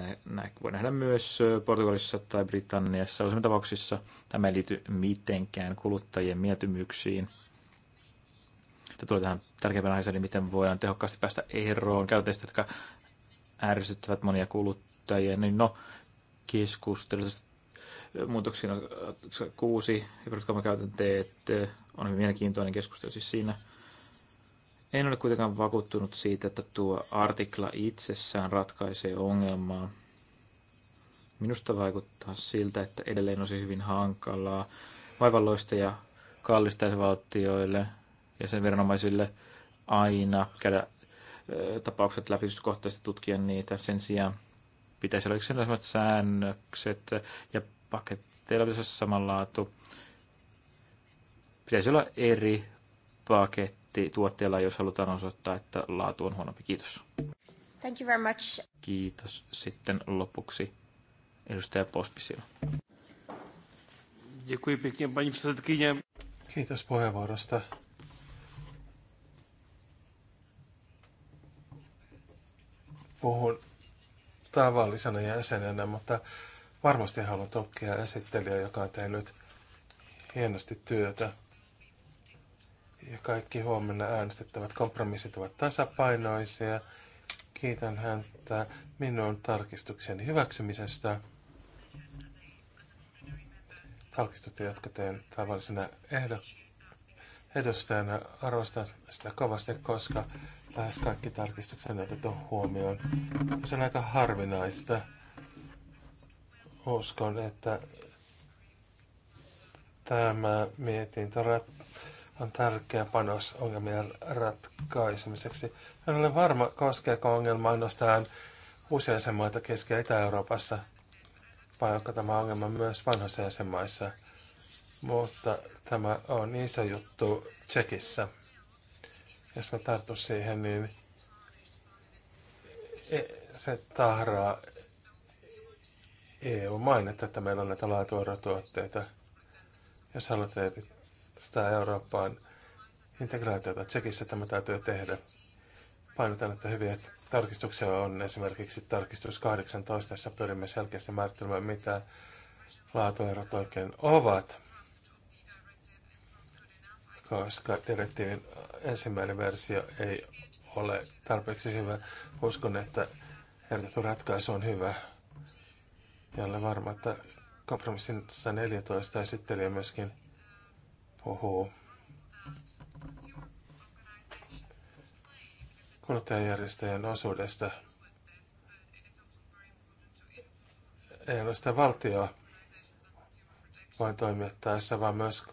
voi nähdä myös Portugalissa tai Britanniassa. Useimmissa tapauksissa tämä ei liity mitenkään kuluttajien mieltymyksiin. Tämä tulee tähän tärkeimpään aiheeseen, miten voidaan tehokkaasti päästä eroon käyteistä, jotka ärsyttävät monia kuluttajia käyttäjiä, niin no, keskustelusta muutoksina kuusi teet on hyvin mielenkiintoinen keskustelu siis siinä. En ole kuitenkaan vakuuttunut siitä, että tuo artikla itsessään ratkaisee ongelmaa. Minusta vaikuttaa siltä, että edelleen on se hyvin hankalaa, vaivalloista ja kallista valtioille ja sen viranomaisille aina käydä tapaukset läpi, tutkia niitä sen sijaan, pitäisi olla yksilöllisemmät säännökset ja paketteilla pitäisi olla samanlaatu. Pitäisi olla eri paketti tuotteella, jos halutaan osoittaa, että laatu on huonompi. Kiitos. Thank you very much. Kiitos. Sitten lopuksi edustaja Pospisilla. Kiitos puheenvuorosta. Puhun tavallisena jäsenenä, mutta varmasti haluan tukea esittelijä, joka on tehnyt hienosti työtä. Ja kaikki huomenna äänestettävät kompromissit ovat tasapainoisia. Kiitän häntä minun tarkistuksen hyväksymisestä. Tarkistusta, jotka teen tavallisena ehdo, edustajana arvostan sitä kovasti, koska lähes kaikki tarkistuksen on otettu huomioon. Se on aika harvinaista. Uskon, että tämä mietintö on tärkeä panos ongelmien ratkaisemiseksi. En ole varma, koskeeko ongelma ainoastaan uusia jäsenmaita Keski- ja Itä-Euroopassa, vai onko tämä ongelma myös vanhoissa jäsenmaissa. Mutta tämä on iso juttu Tsekissä jos mä tartun siihen, niin e, se tahraa EU-mainetta, että meillä on näitä laatuorotuotteita. Jos haluat sitä Eurooppaan integraatiota Tsekissä, tämä täytyy tehdä. Painotan, että hyviä tarkistuksia on esimerkiksi tarkistus 18, jossa pyrimme selkeästi määrittelemään, mitä laatuerot oikein ovat koska direktiivin ensimmäinen versio ei ole tarpeeksi hyvä. Uskon, että ehdotettu ratkaisu on hyvä. Ja olen varma, että kompromississa 14 esittelijä myöskin puhuu kuluttajajärjestöjen osuudesta. Ei ole sitä valtioa voi toimia tässä, vaan myös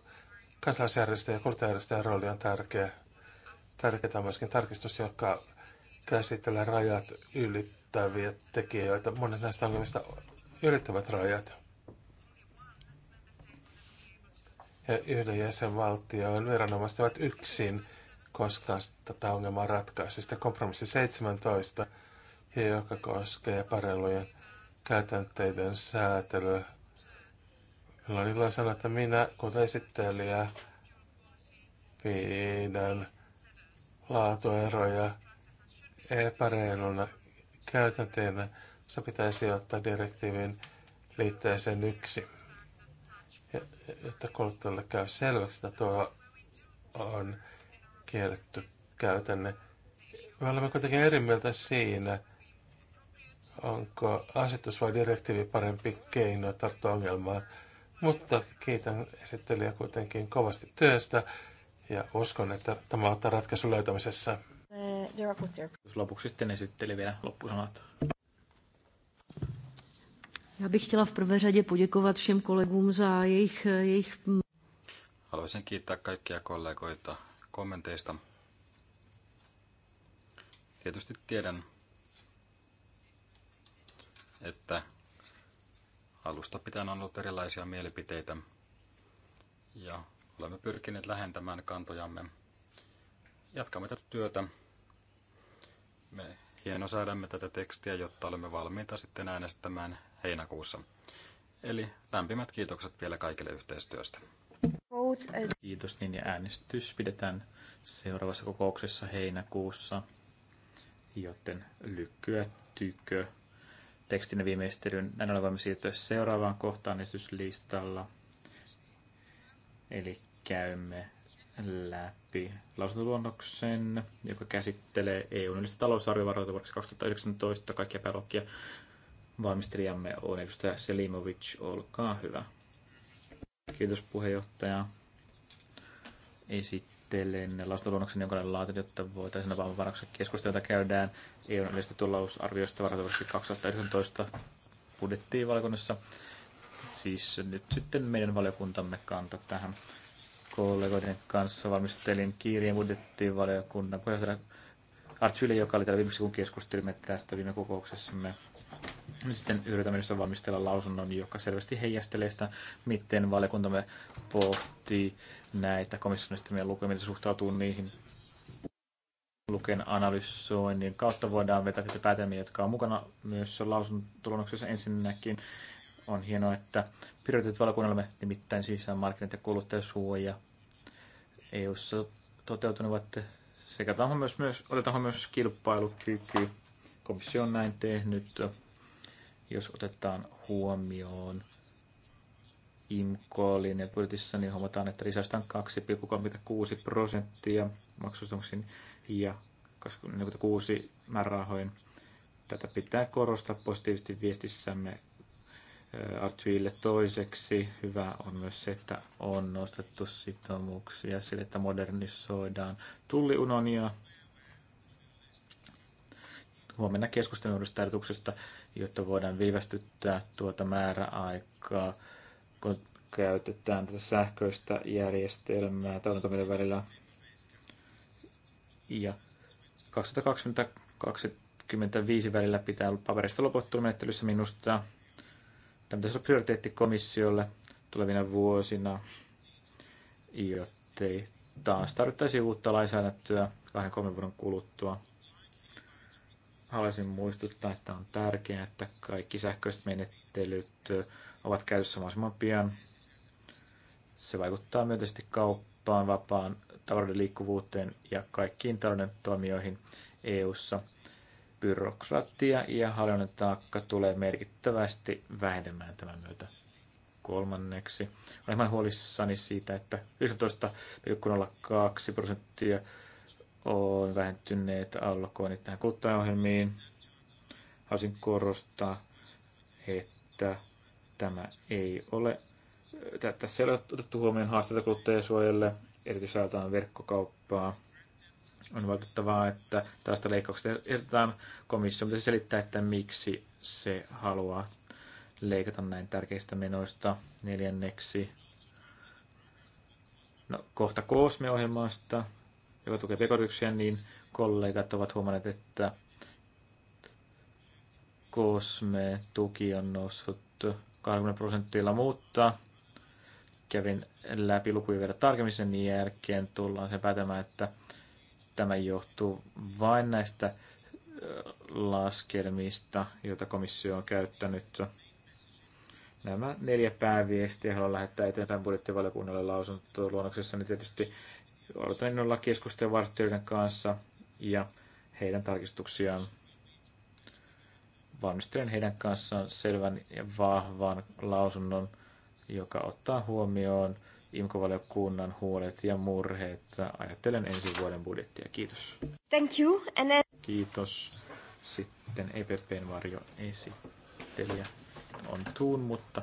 Kansalaisjärjestöjen ja kuluttajajärjestöjen rooli on tärkeä. Tärkeää on myöskin tarkistus, joka käsittelee rajat ylittäviä tekijöitä. Monet näistä ongelmista ylittävät rajat. Ja yhden jäsenvaltion viranomaiset ovat yksin koskaan tätä ongelmaa ratkaisi. Sitten kompromissi 17, joka koskee parelujen käytänteiden säätelyä Minulla oli ilo sanoa, että minä, kun esittelijä, pidän laatueroja epäreiluna käytänteenä. Se pitäisi ottaa direktiivin liitteeseen yksi, jotta kuluttajalle käy selväksi, että tuo on kielletty käytänne. Me olemme kuitenkin eri mieltä siinä, onko asetus vai direktiivi parempi keino tarttua ongelmaan. Mutta kiitän esittelijä kuitenkin kovasti työstä ja uskon, että tämä auttaa ratkaisun löytämisessä. Lopuksi sitten esitteli vielä loppusanat. Já bych chtěla v prvé řadě poděkovat všem kolegům za jejich, jejich... Haluaisin kiittää kaikkia kollegoita kommenteista. Tietysti tiedän, että Alusta pitäen on ollut erilaisia mielipiteitä ja olemme pyrkineet lähentämään kantojamme. Jatkamme tätä työtä. Me hienosäädämme tätä tekstiä, jotta olemme valmiita sitten äänestämään heinäkuussa. Eli lämpimät kiitokset vielä kaikille yhteistyöstä. Kiitos, niin ja äänestys pidetään seuraavassa kokouksessa heinäkuussa, joten lykkyä tykö tekstin viimeistelyyn. Näin ollen voimme siirtyä seuraavaan kohtaan esityslistalla. Eli käymme läpi lausuntoluonnoksen, joka käsittelee EUn yleistä talousarviovaroita vuodeksi 2019 kaikkia pääluokkia. Valmistelijamme on edustaja Selimovic, olkaa hyvä. Kiitos puheenjohtaja. Esit- valmistelen lausuntoluonnoksen, jonka olen laatin, jotta voitaisiin avaamaan varauksessa keskustelua, jota käydään EUn yleisestä tulousarviosta varatuvaksi 2019 budjettiin valiokunnassa. Siis nyt sitten meidän valiokuntamme kanta tähän kollegoiden kanssa valmistelin budjettiin valiokunnan. puheenjohtaja Artsyli, joka oli täällä viimeksi, kun keskustelimme tästä viime kokouksessamme. Nyt sitten yritämme valmistella lausunnon, joka selvästi heijastelee sitä, miten valiokuntamme pohtii näitä komissionista lukuja, miten suhtautuu niihin luken analysoinnin kautta voidaan vetää tätä päätelmiä, jotka on mukana myös lausuntolonnoksessa ensinnäkin. On hienoa, että prioriteetit valiokunnallamme, nimittäin markkinat ja kuluttajasuoja EU-ssa toteutuneet sekä myös, myös, otetaan myös kilpailukyky. Komissio on näin tehnyt jos otetaan huomioon imko ja budjetissa, niin huomataan, että lisäystä on 2,36 prosenttia maksustamuksiin ja 46 määrärahoin. Tätä pitää korostaa positiivisesti viestissämme Artuille toiseksi. Hyvä on myös se, että on nostettu sitoumuksia sille, että modernisoidaan tulliunonia. Huomenna keskustelun uudesta jotta voidaan viivästyttää tuota määräaikaa, kun käytetään tätä sähköistä järjestelmää tallentaminen välillä. Ja 2020-2025 välillä pitää olla paperista loputtelumenettelyssä minusta. Tämä pitäisi olla prioriteetti komissiolle tulevina vuosina, jottei taas tarvittaisi uutta lainsäädäntöä kahden kolmen vuoden kuluttua haluaisin muistuttaa, että on tärkeää, että kaikki sähköiset menettelyt ovat käytössä mahdollisimman pian. Se vaikuttaa myönteisesti kauppaan, vapaan talouden liikkuvuuteen ja kaikkiin talouden toimijoihin EU-ssa. Byrokratia ja hallinnon taakka tulee merkittävästi vähenemään tämän myötä kolmanneksi. Olen huolissani siitä, että 11,02 prosenttia on vähentyneet allokoinnit tähän kuluttajaohjelmiin. Haluaisin korostaa, että tämä ei ole, tässä ei ole otettu huomioon haasteita kuluttajasuojelle, erityisesti ajatellaan verkkokauppaa. On valitettavaa, että tästä leikkauksesta ehdotetaan komissio, mutta se selittää, että miksi se haluaa leikata näin tärkeistä menoista neljänneksi. No, kohta koosmeohjelmasta, joka tukee pekoryksiä, niin kollegat ovat huomanneet, että Cosme-tuki on noussut 20 prosentilla, mutta kävin läpi lukuja vielä tarkemmin sen jälkeen, tullaan sen päätämään, että tämä johtuu vain näistä laskelmista, joita komissio on käyttänyt. Nämä neljä pääviestiä haluan lähettää eteenpäin budjettivaliokunnalle lausuntoluonnoksessa, niin tietysti Odotan innolla keskustelua vartijoiden kanssa ja heidän tarkistuksiaan. Valmistelen heidän kanssaan selvän ja vahvan lausunnon, joka ottaa huomioon imkovaliokunnan huolet ja murheet. Ajattelen ensi vuoden budjettia. Kiitos. Thank you. And then... Kiitos. Sitten EPPn varjo esittelijä on Tuun, mutta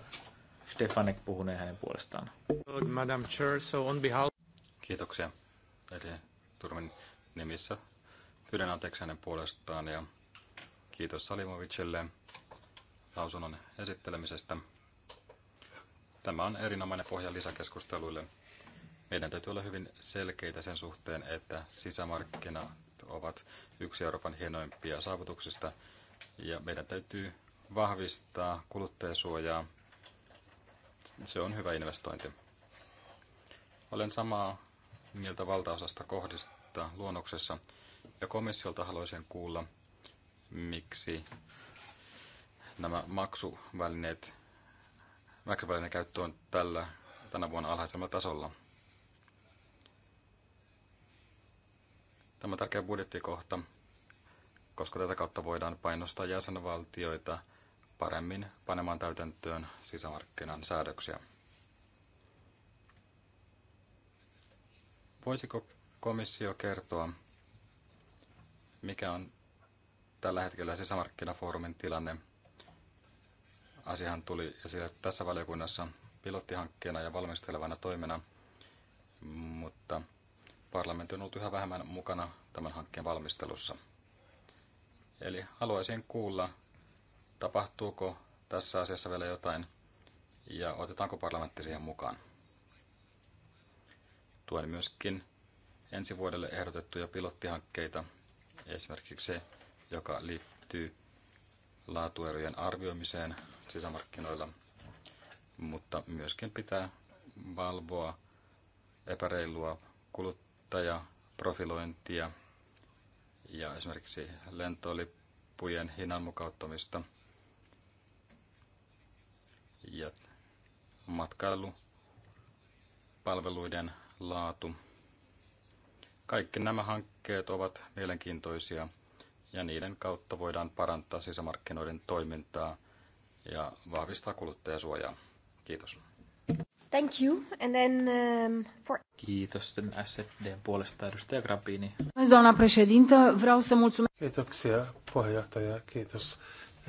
Stefanek puhunee hänen puolestaan. Madam Chair, so on behalf... Kiitoksia. Eli Turmin nimissä pyydän anteeksi hänen puolestaan ja kiitos Salimovicille lausunnon esittelemisestä. Tämä on erinomainen pohja lisäkeskusteluille. Meidän täytyy olla hyvin selkeitä sen suhteen, että sisämarkkinat ovat yksi Euroopan hienoimpia saavutuksista ja meidän täytyy vahvistaa kuluttajasuojaa. Se on hyvä investointi. Olen samaa miltä valtaosasta kohdista luonnoksessa. Ja komissiolta haluaisin kuulla, miksi nämä maksuvälineet, maksuvälineen käyttö on tällä, tänä vuonna alhaisemmalla tasolla. Tämä on tärkeä budjettikohta, koska tätä kautta voidaan painostaa jäsenvaltioita paremmin panemaan täytäntöön sisämarkkinan säädöksiä. Voisiko komissio kertoa, mikä on tällä hetkellä sisämarkkinafoorumin tilanne? Asiahan tuli esille tässä valiokunnassa pilottihankkeena ja valmistelevana toimena, mutta parlamentti on ollut yhä vähemmän mukana tämän hankkeen valmistelussa. Eli haluaisin kuulla, tapahtuuko tässä asiassa vielä jotain ja otetaanko parlamentti siihen mukaan. Tuen myöskin ensi vuodelle ehdotettuja pilottihankkeita, esimerkiksi se, joka liittyy laatuerojen arvioimiseen sisämarkkinoilla, mutta myöskin pitää valvoa epäreilua kuluttajaprofilointia ja esimerkiksi lentolippujen hinnan mukauttamista ja matkailupalveluiden laatu. Kaikki nämä hankkeet ovat mielenkiintoisia ja niiden kautta voidaan parantaa sisämarkkinoiden toimintaa ja vahvistaa kuluttajasuojaa. Kiitos. Thank you. And then, um, for... Kiitos sitten SDn puolesta edustaja Grabini. Kiitoksia puheenjohtaja. Kiitos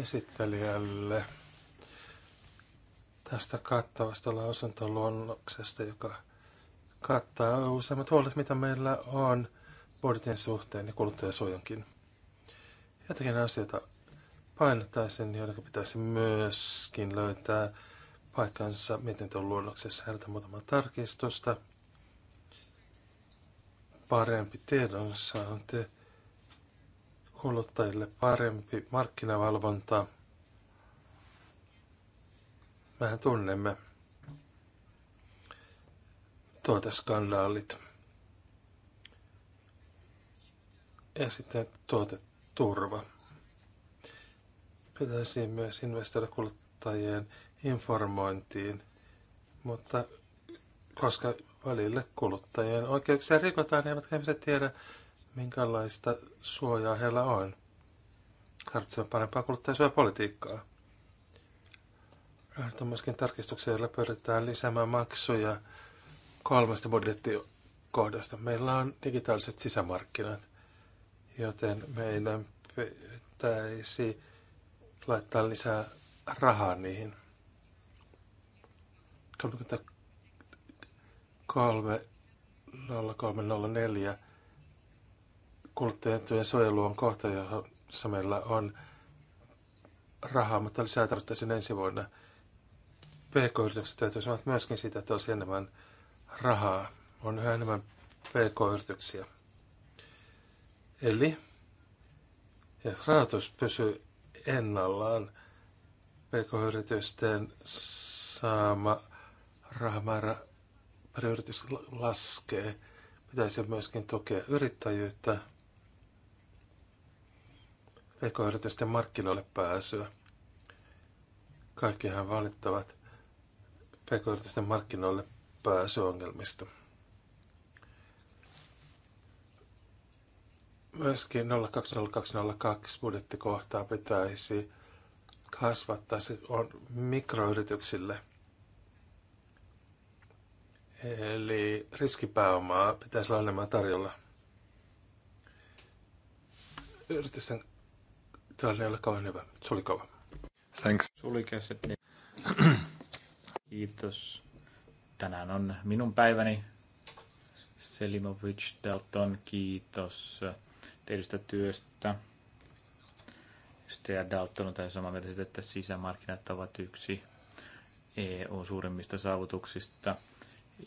esittelijälle tästä kattavasta lausuntoluonnoksesta, joka kattaa useimmat huolet, mitä meillä on budjetin suhteen ja kuluttajasuojankin. Jotakin asioita painottaisin, joiden pitäisi myöskin löytää paikkansa mietintön luonnoksessa. Herätä muutama tarkistusta. Parempi tiedonsaanti, kuluttajille parempi markkinavalvonta. Mehän tunnemme skandaalit ja sitten tuoteturva. Pitäisi myös investoida kuluttajien informointiin, mutta koska välillä kuluttajien oikeuksia rikotaan, niin eivätkä ihmiset tiedä, minkälaista suojaa heillä on. Tarvitsemme parempaa kuluttajasuojapolitiikkaa. Rahoitetaan myöskin tarkistuksia, joilla pyritään lisäämään maksuja kolmesta budjettikohdasta. Meillä on digitaaliset sisämarkkinat, joten meidän pitäisi laittaa lisää rahaa niihin. 33.03.04 0304 kuluttajien suojelu on kohta, jossa meillä on rahaa, mutta lisää tarvittaisiin ensi vuonna. PK-yritykset myöskin sitä, että olisi enemmän rahaa, on yhä enemmän pk-yrityksiä. Eli jos rahoitus pysyy ennallaan, pk-yritysten saama rahamäärä per yritys laskee. Pitäisi myöskin tukea yrittäjyyttä, pk-yritysten markkinoille pääsyä. Kaikkihan valittavat pk-yritysten markkinoille pääsyongelmista. Myöskin 020202 budjettikohtaa pitäisi kasvattaa. Se on mikroyrityksille. Eli riskipääomaa pitäisi olla enemmän tarjolla. Yritysten tilanne ei ole kauhean hyvä. kova. Thanks. Sulikäset. Kiitos. Tänään on minun päiväni. Selimovic Dalton, kiitos tehdystä työstä. Edustaja Dalton on täysin samaa mieltä siitä, että sisämarkkinat ovat yksi EUn suurimmista saavutuksista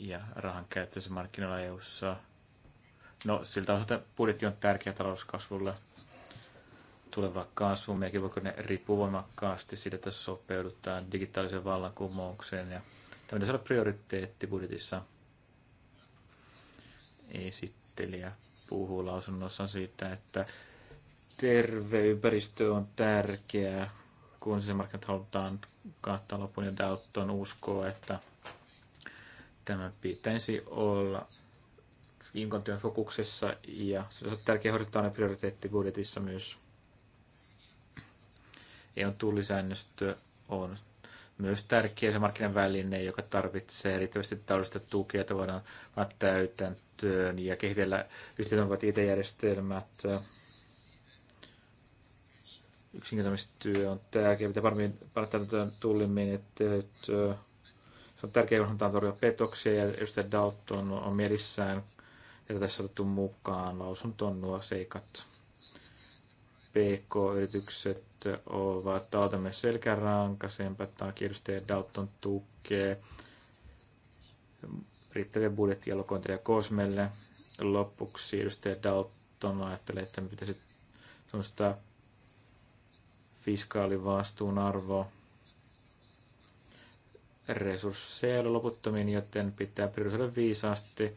ja rahan käyttössä markkinoilla EUssa. No siltä osalta budjetti on tärkeä talouskasvulle. Tuleva kasvu, mekin voiko ne riippuu voimakkaasti siitä, että sopeudutaan digitaaliseen vallankumoukseen ja Tämä pitäisi olla prioriteetti budjetissa. Esittelijä puhuu lausunnossaan siitä, että terve ympäristö on tärkeää, kun markkinat halutaan kattaa lopun ja Dalton uskoo, että tämä pitäisi olla Inkon työn fokuksessa ja se on tärkeä ne prioriteetti budjetissa myös. Ei on tullisäännöstö on myös tärkeä se markkinaväline, joka tarvitsee riittävästi taloudellista tukea, että voidaan panna täytäntöön ja kehitellä yhteentoimivat IT-järjestelmät. Yksinkertaistyö on tärkeä, mitä paremmin panna tullin Se on tärkeää, kun halutaan torjua petoksia ja edustaja Dalton on mielissään, että tässä on otettu mukaan lausuntoon nuo seikat. PK-yritykset ovat Daltamme selkärankaisempaa, taakki edustaja Dalton tukee riittäviä ja Kosmelle. Lopuksi edustaja Dalton ajattelee, että me pitäisi tuosta fiskaalivastuun arvo resursseja loputtomiin, joten pitää priorisoida viisaasti.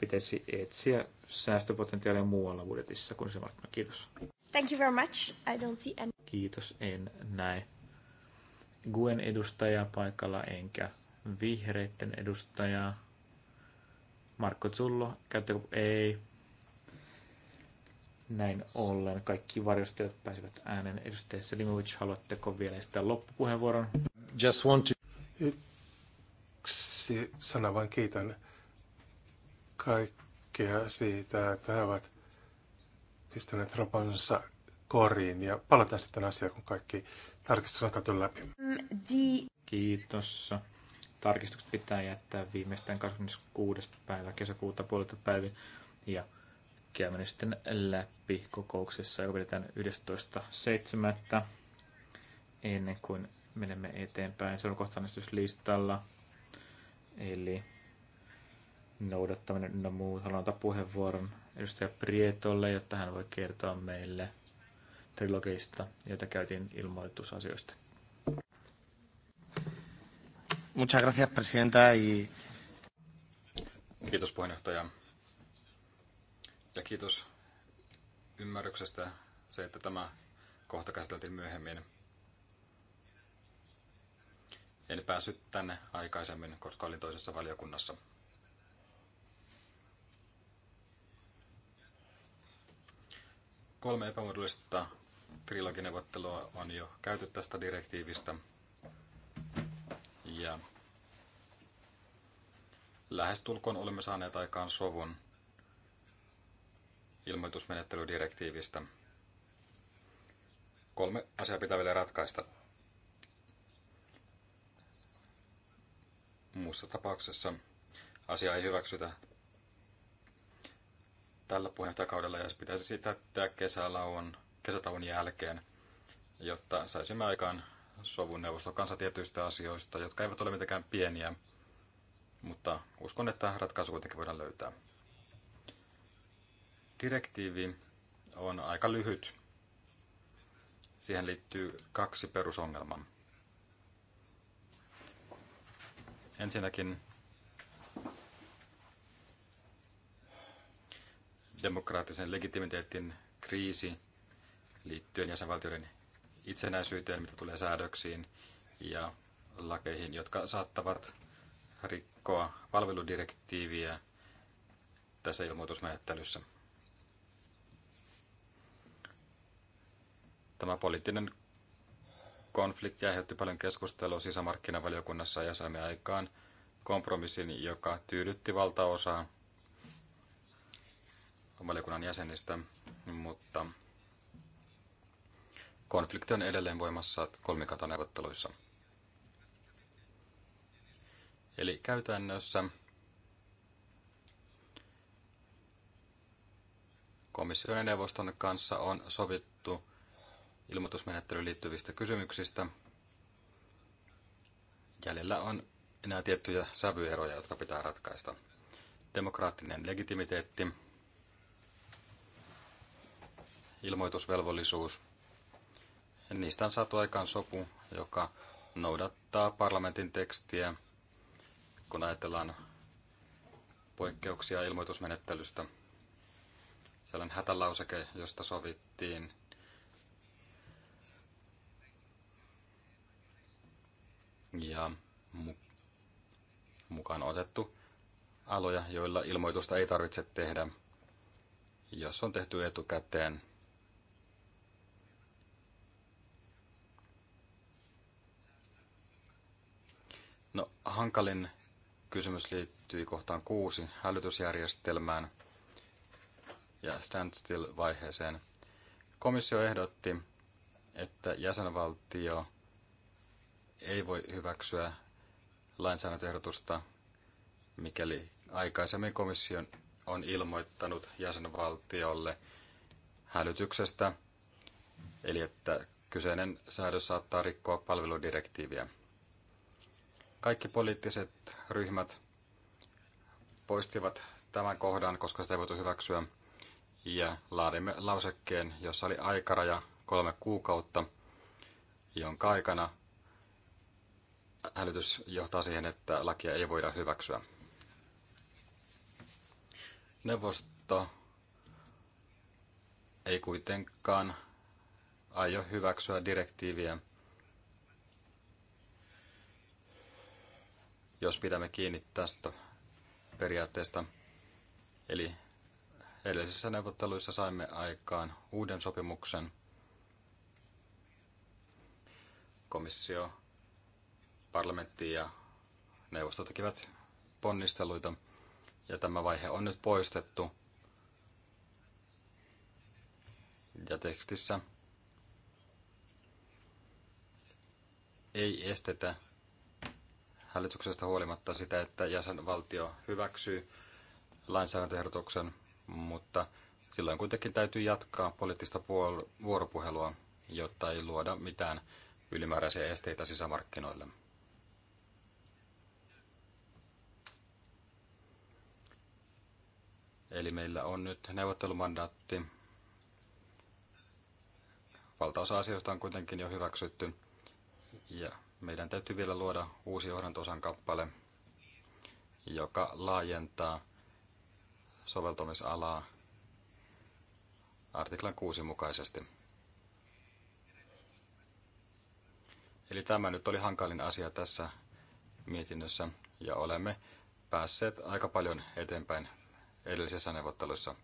Pitäisi etsiä säästöpotentiaalia muualla budjetissa kuin se markkina. Kiitos. Thank you very much. I don't see any... Kiitos, en näe. Guen edustajaa paikalla enkä vihreitten edustajaa. Marko Zullo, käyttäkö? Ei. Näin ollen kaikki varjostajat pääsivät äänen Edustaja Selimovic, haluatteko vielä sitä loppupuheenvuoron? Just want to... Yksi sana vain kiitän kaikkea siitä, että he ovat pistäneet ropansa koriin ja palataan sitten asiaan, kun kaikki tarkistus on katsottu läpi. Kiitos. Tarkistukset pitää jättää viimeistään 26. päivä kesäkuuta puolelta päivin ja käymme sitten läpi kokouksessa, joka pidetään 11.7. ennen kuin menemme eteenpäin. Se on listalla, eli noudattaminen ja no muut. Haluan ottaa puheenvuoron edustaja Prietolle, jotta hän voi kertoa meille trilogista, jota käytiin ilmoitusasioista. Muchas gracias, presidenta. Y... Kiitos puheenjohtaja. Ja kiitos ymmärryksestä se, että tämä kohta käsiteltiin myöhemmin. En päässyt tänne aikaisemmin, koska olin toisessa valiokunnassa. Kolme epämuodollista trilogineuvottelua on jo käyty tästä direktiivistä. Ja lähestulkoon olemme saaneet aikaan sovun ilmoitusmenettelydirektiivistä. Kolme asiaa pitää vielä ratkaista. Muussa tapauksessa asia ei hyväksytä tällä puheenjohtajakaudella ja se pitäisi sitä tehdä kesälauon, kesätauon jälkeen, jotta saisimme aikaan sovun neuvoston kanssa tietyistä asioista, jotka eivät ole mitenkään pieniä, mutta uskon, että ratkaisu kuitenkin voidaan löytää. Direktiivi on aika lyhyt. Siihen liittyy kaksi perusongelmaa. Ensinnäkin demokraattisen legitimiteetin kriisi liittyen jäsenvaltioiden itsenäisyyteen, mitä tulee säädöksiin ja lakeihin, jotka saattavat rikkoa palveludirektiiviä tässä ilmoitusmenettelyssä. Tämä poliittinen konflikti aiheutti paljon keskustelua sisämarkkinavaliokunnassa ja saimme aikaan kompromissin, joka tyydytti valtaosaa valiokunnan jäsenistä, mutta konflikti on edelleen voimassa kolmikantaneuvotteluissa. Eli käytännössä komission ja neuvoston kanssa on sovittu ilmoitusmenettelyyn liittyvistä kysymyksistä. Jäljellä on enää tiettyjä sävyeroja, jotka pitää ratkaista. Demokraattinen legitimiteetti, ilmoitusvelvollisuus. Niistä on saatu aikaan sopu, joka noudattaa parlamentin tekstiä, kun ajatellaan poikkeuksia ilmoitusmenettelystä. Sellainen hätälauseke, josta sovittiin ja mukaan otettu aloja, joilla ilmoitusta ei tarvitse tehdä, jos on tehty etukäteen No, hankalin kysymys liittyi kohtaan kuusi hälytysjärjestelmään ja standstill-vaiheeseen. Komissio ehdotti, että jäsenvaltio ei voi hyväksyä lainsäädäntöehdotusta, mikäli aikaisemmin komissio on ilmoittanut jäsenvaltiolle hälytyksestä, eli että kyseinen säädös saattaa rikkoa palveludirektiiviä. Kaikki poliittiset ryhmät poistivat tämän kohdan, koska sitä ei voitu hyväksyä. Ja laadimme lausekkeen, jossa oli aikaraja kolme kuukautta, jonka aikana hälytys johtaa siihen, että lakia ei voida hyväksyä. Neuvosto ei kuitenkaan aio hyväksyä direktiiviä, jos pidämme kiinni tästä periaatteesta. Eli edellisissä neuvotteluissa saimme aikaan uuden sopimuksen. Komissio, parlamentti ja neuvosto tekivät ponnisteluita ja tämä vaihe on nyt poistettu. Ja tekstissä ei estetä hälytyksestä huolimatta sitä, että jäsenvaltio hyväksyy lainsäädäntöehdotuksen, mutta silloin kuitenkin täytyy jatkaa poliittista puol- vuoropuhelua, jotta ei luoda mitään ylimääräisiä esteitä sisämarkkinoille. Eli meillä on nyt neuvottelumandaatti. Valtaosa asioista on kuitenkin jo hyväksytty. Ja meidän täytyy vielä luoda uusi johdantosan kappale, joka laajentaa soveltamisalaa artiklan 6 mukaisesti. Eli tämä nyt oli hankalin asia tässä mietinnössä ja olemme päässeet aika paljon eteenpäin edellisessä neuvottelussa.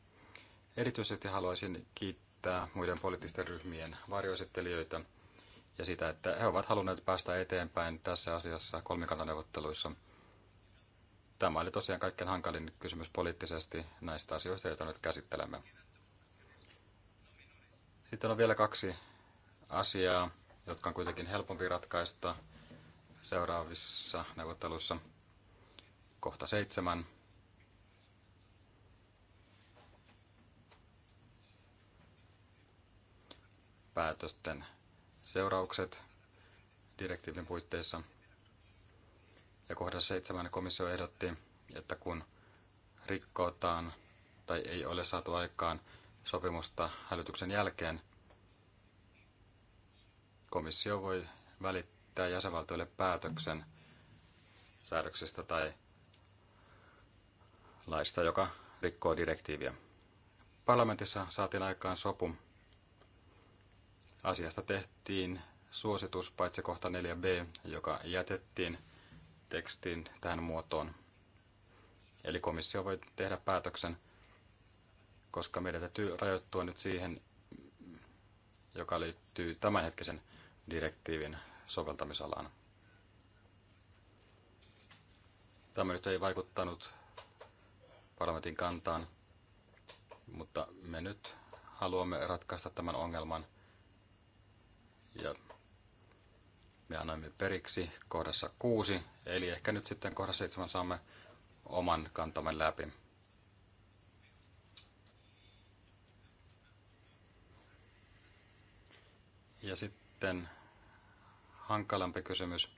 Erityisesti haluaisin kiittää muiden poliittisten ryhmien varjoesittelijöitä – ja sitä, että he ovat halunneet päästä eteenpäin tässä asiassa kolmikantaneuvotteluissa. Tämä oli tosiaan kaikkein hankalin kysymys poliittisesti näistä asioista, joita nyt käsittelemme. Sitten on vielä kaksi asiaa, jotka on kuitenkin helpompi ratkaista seuraavissa neuvotteluissa. Kohta seitsemän. Päätösten seuraukset direktiivin puitteissa. Ja kohdassa 7 komissio ehdotti, että kun rikkotaan tai ei ole saatu aikaan sopimusta hälytyksen jälkeen, komissio voi välittää jäsenvaltioille päätöksen säädöksestä tai laista, joka rikkoo direktiiviä. Parlamentissa saatiin aikaan sopu Asiasta tehtiin suositus paitsi kohta 4b, joka jätettiin tekstin tähän muotoon. Eli komissio voi tehdä päätöksen, koska meidän täytyy rajoittua nyt siihen, joka liittyy tämänhetkisen direktiivin soveltamisalaan. Tämä nyt ei vaikuttanut parlamentin kantaan, mutta me nyt haluamme ratkaista tämän ongelman – ja me annamme periksi kohdassa kuusi, eli ehkä nyt sitten kohdassa 7 saamme oman kantamme läpi. Ja sitten hankalampi kysymys.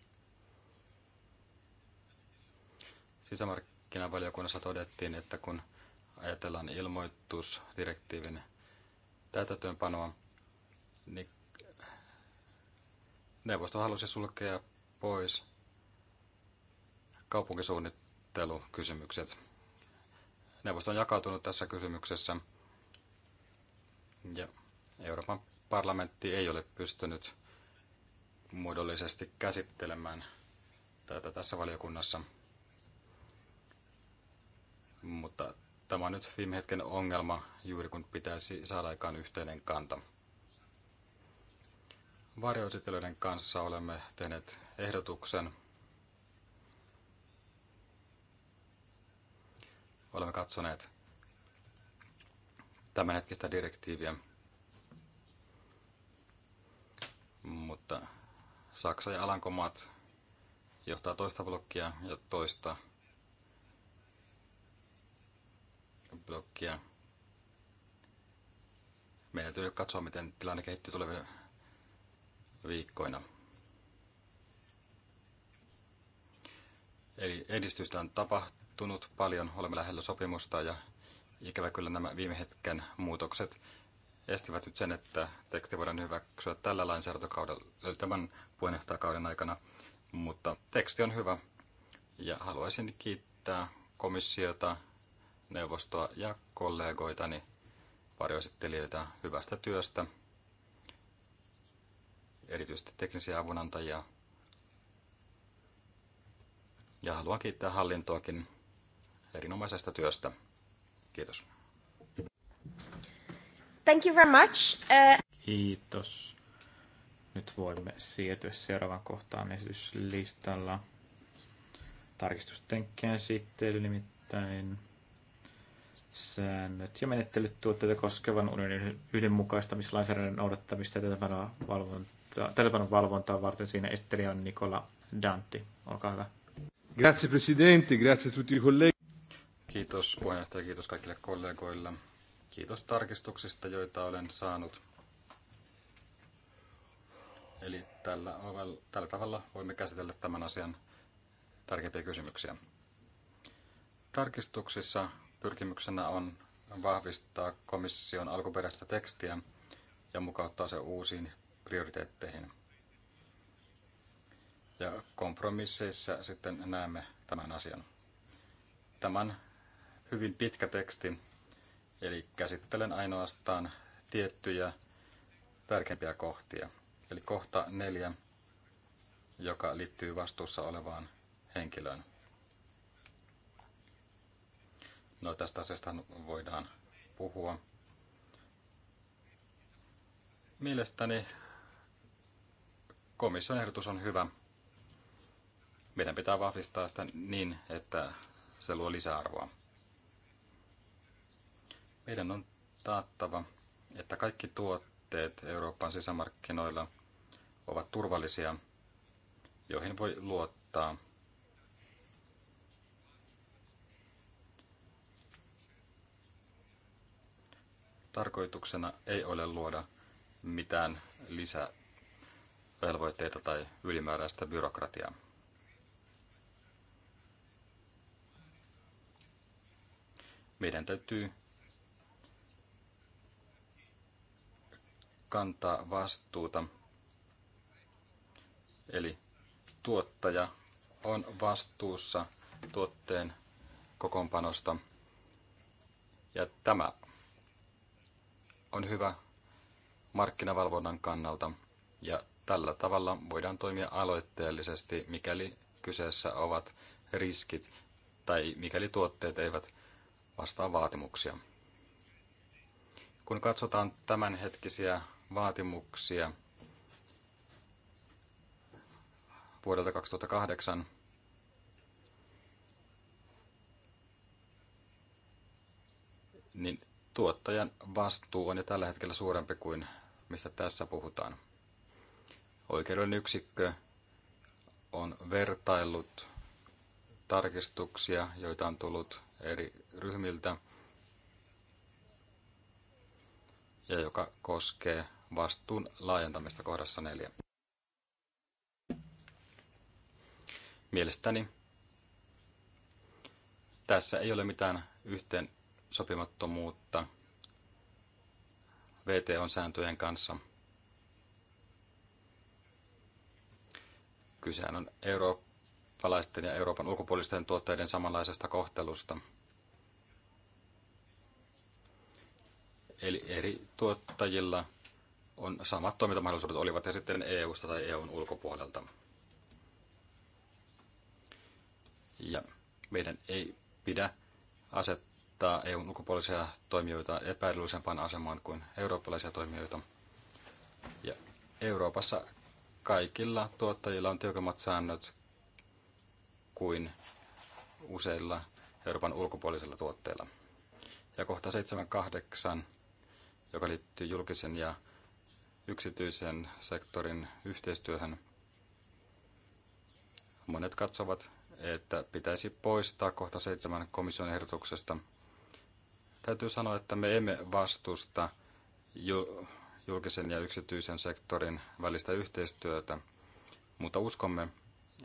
Sisämarkkinavaliokunnassa todettiin, että kun ajatellaan ilmoitusdirektiivin täytäntöönpanoa, niin neuvosto halusi sulkea pois kaupunkisuunnittelukysymykset. Neuvosto on jakautunut tässä kysymyksessä ja Euroopan parlamentti ei ole pystynyt muodollisesti käsittelemään tätä tässä valiokunnassa. Mutta tämä on nyt viime hetken ongelma, juuri kun pitäisi saada aikaan yhteinen kanta varjoesittelyiden kanssa olemme tehneet ehdotuksen. Olemme katsoneet tämänhetkistä direktiiviä, mutta Saksa ja Alankomaat johtaa toista blokkia ja toista blokkia. Meidän täytyy katsoa, miten tilanne kehittyy tuleville viikkoina. Eli edistystä on tapahtunut paljon, olemme lähellä sopimusta ja ikävä kyllä nämä viime hetken muutokset estivät nyt sen, että teksti voidaan hyväksyä tällä lainsäädäntökaudella, tämän puheenjohtajakauden aikana, mutta teksti on hyvä ja haluaisin kiittää komissiota, neuvostoa ja kollegoitani varjoesittelijöitä hyvästä työstä – erityisesti teknisiä avunantajia. Ja haluan kiittää hallintoakin erinomaisesta työstä. Kiitos. Thank you very much. Uh... Kiitos. Nyt voimme siirtyä seuraavaan kohtaan esityslistalla. Tarkistusten käsittely nimittäin säännöt ja menettelyt tuotteita koskevan unionin yhdenmukaistamislainsäädännön noudattamista ja tätä valvontaa täytäntöpanon valvontaa varten. Siinä esitteli on Nikola Dantti. Olkaa hyvä. Grazie Presidente, grazie tutti i colleghi. Kiitos puheenjohtaja, kiitos kaikille kollegoille. Kiitos tarkistuksista, joita olen saanut. Eli tällä, tällä tavalla voimme käsitellä tämän asian tärkeitä kysymyksiä. Tarkistuksissa pyrkimyksenä on vahvistaa komission alkuperäistä tekstiä ja mukauttaa se uusiin prioriteetteihin. Ja kompromisseissa sitten näemme tämän asian. Tämän hyvin pitkä teksti, eli käsittelen ainoastaan tiettyjä tärkeimpiä kohtia. Eli kohta neljä, joka liittyy vastuussa olevaan henkilöön. No tästä asiasta voidaan puhua. Mielestäni komission ehdotus on hyvä. Meidän pitää vahvistaa sitä niin, että se luo lisäarvoa. Meidän on taattava, että kaikki tuotteet Euroopan sisämarkkinoilla ovat turvallisia, joihin voi luottaa. Tarkoituksena ei ole luoda mitään lisää velvoitteita tai ylimääräistä byrokratiaa. Meidän täytyy kantaa vastuuta. Eli tuottaja on vastuussa tuotteen kokoonpanosta. Ja tämä on hyvä markkinavalvonnan kannalta ja Tällä tavalla voidaan toimia aloitteellisesti, mikäli kyseessä ovat riskit tai mikäli tuotteet eivät vastaa vaatimuksia. Kun katsotaan tämänhetkisiä vaatimuksia vuodelta 2008, niin tuottajan vastuu on jo tällä hetkellä suurempi kuin mistä tässä puhutaan. Oikeuden yksikkö on vertaillut tarkistuksia, joita on tullut eri ryhmiltä ja joka koskee vastuun laajentamista kohdassa neljä. Mielestäni tässä ei ole mitään yhteen sopimattomuutta VTO-sääntöjen kanssa – Kysehän on eurooppalaisten ja Euroopan ulkopuolisten tuotteiden samanlaisesta kohtelusta. Eli eri tuottajilla on samat toimintamahdollisuudet, olivat he sitten EU-sta tai EUn ulkopuolelta. Ja meidän ei pidä asettaa EUn ulkopuolisia toimijoita epäedullisempaan asemaan kuin eurooppalaisia toimijoita. Ja Euroopassa kaikilla tuottajilla on tiukemmat säännöt kuin useilla Euroopan ulkopuolisilla tuotteilla. Ja kohta 78, joka liittyy julkisen ja yksityisen sektorin yhteistyöhön. Monet katsovat, että pitäisi poistaa kohta 7 komission ehdotuksesta. Täytyy sanoa, että me emme vastusta julkisen ja yksityisen sektorin välistä yhteistyötä, mutta uskomme,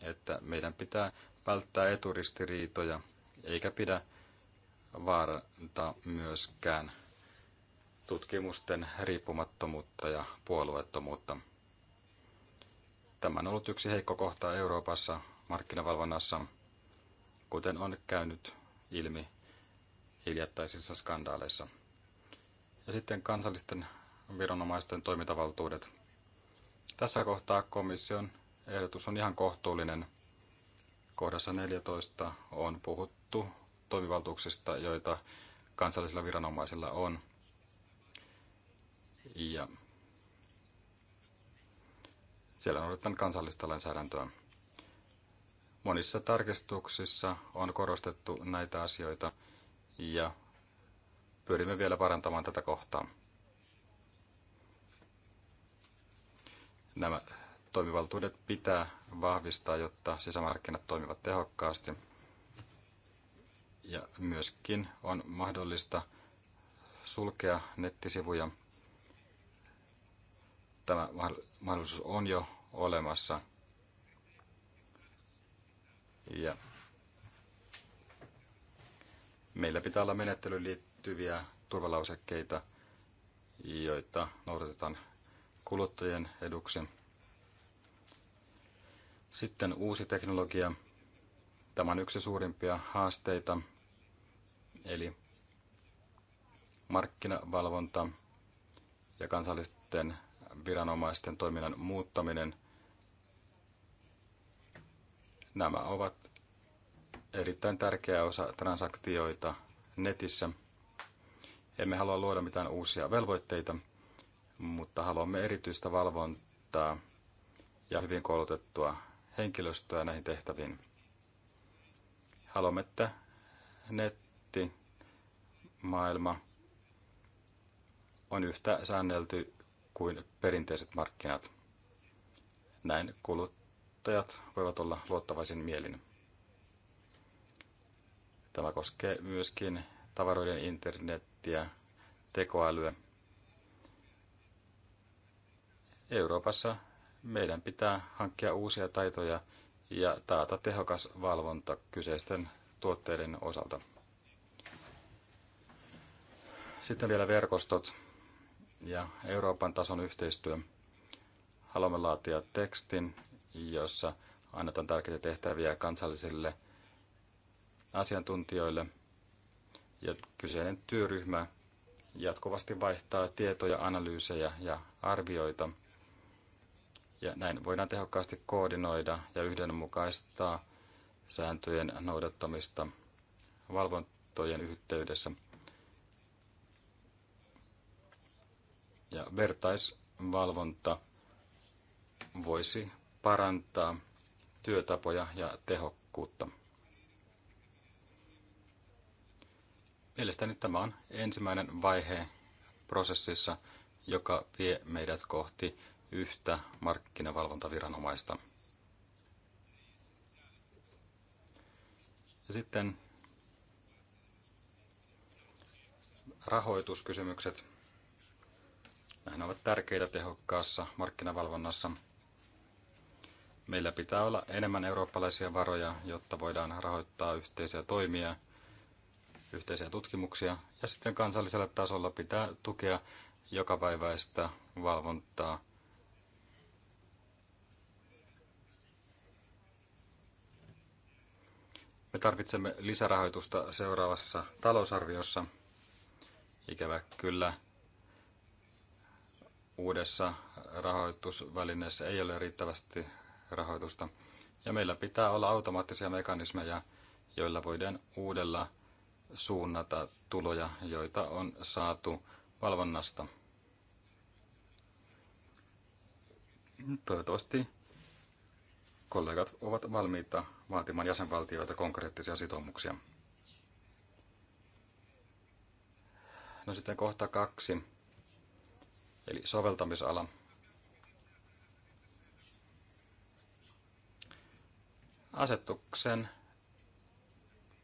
että meidän pitää välttää eturistiriitoja eikä pidä vaarata myöskään tutkimusten riippumattomuutta ja puolueettomuutta. Tämä on ollut yksi heikko kohta Euroopassa markkinavalvonnassa, kuten on käynyt ilmi hiljattaisissa skandaaleissa. Ja sitten kansallisten viranomaisten toimintavaltuudet. Tässä kohtaa komission ehdotus on ihan kohtuullinen. Kohdassa 14 on puhuttu toimivaltuuksista, joita kansallisilla viranomaisilla on. Ja siellä noudatetaan kansallista lainsäädäntöä. Monissa tarkistuksissa on korostettu näitä asioita ja pyrimme vielä parantamaan tätä kohtaa. Nämä toimivaltuudet pitää vahvistaa, jotta sisämarkkinat toimivat tehokkaasti. Ja myöskin on mahdollista sulkea nettisivuja. Tämä mahdollisuus on jo olemassa. Ja meillä pitää olla menettelyyn liittyviä turvalausekkeita, joita noudatetaan kuluttajien eduksi. Sitten uusi teknologia. Tämä on yksi suurimpia haasteita, eli markkinavalvonta ja kansallisten viranomaisten toiminnan muuttaminen. Nämä ovat erittäin tärkeä osa transaktioita netissä. Emme halua luoda mitään uusia velvoitteita, mutta haluamme erityistä valvontaa ja hyvin koulutettua henkilöstöä näihin tehtäviin. Haluamme, että netti, maailma on yhtä säännelty kuin perinteiset markkinat. Näin kuluttajat voivat olla luottavaisin mielin. Tämä koskee myöskin tavaroiden internettiä, tekoälyä Euroopassa meidän pitää hankkia uusia taitoja ja taata tehokas valvonta kyseisten tuotteiden osalta. Sitten vielä verkostot ja Euroopan tason yhteistyö. Haluamme laatia tekstin, jossa annetaan tärkeitä tehtäviä kansallisille asiantuntijoille. Ja kyseinen työryhmä jatkuvasti vaihtaa tietoja, analyysejä ja arvioita – ja näin voidaan tehokkaasti koordinoida ja yhdenmukaistaa sääntöjen noudattamista valvontojen yhteydessä. Ja vertaisvalvonta voisi parantaa työtapoja ja tehokkuutta. Mielestäni tämä on ensimmäinen vaihe prosessissa, joka vie meidät kohti yhtä markkinavalvontaviranomaista. Ja sitten rahoituskysymykset. Nämä ovat tärkeitä tehokkaassa markkinavalvonnassa. Meillä pitää olla enemmän eurooppalaisia varoja, jotta voidaan rahoittaa yhteisiä toimia, yhteisiä tutkimuksia. Ja sitten kansallisella tasolla pitää tukea jokapäiväistä valvontaa Me tarvitsemme lisärahoitusta seuraavassa talousarviossa. Ikävä kyllä uudessa rahoitusvälineessä ei ole riittävästi rahoitusta. Ja meillä pitää olla automaattisia mekanismeja, joilla voidaan uudella suunnata tuloja, joita on saatu valvonnasta. Toivottavasti kollegat ovat valmiita vaatimaan jäsenvaltioita konkreettisia sitoumuksia. No sitten kohta kaksi, eli soveltamisala. Asetuksen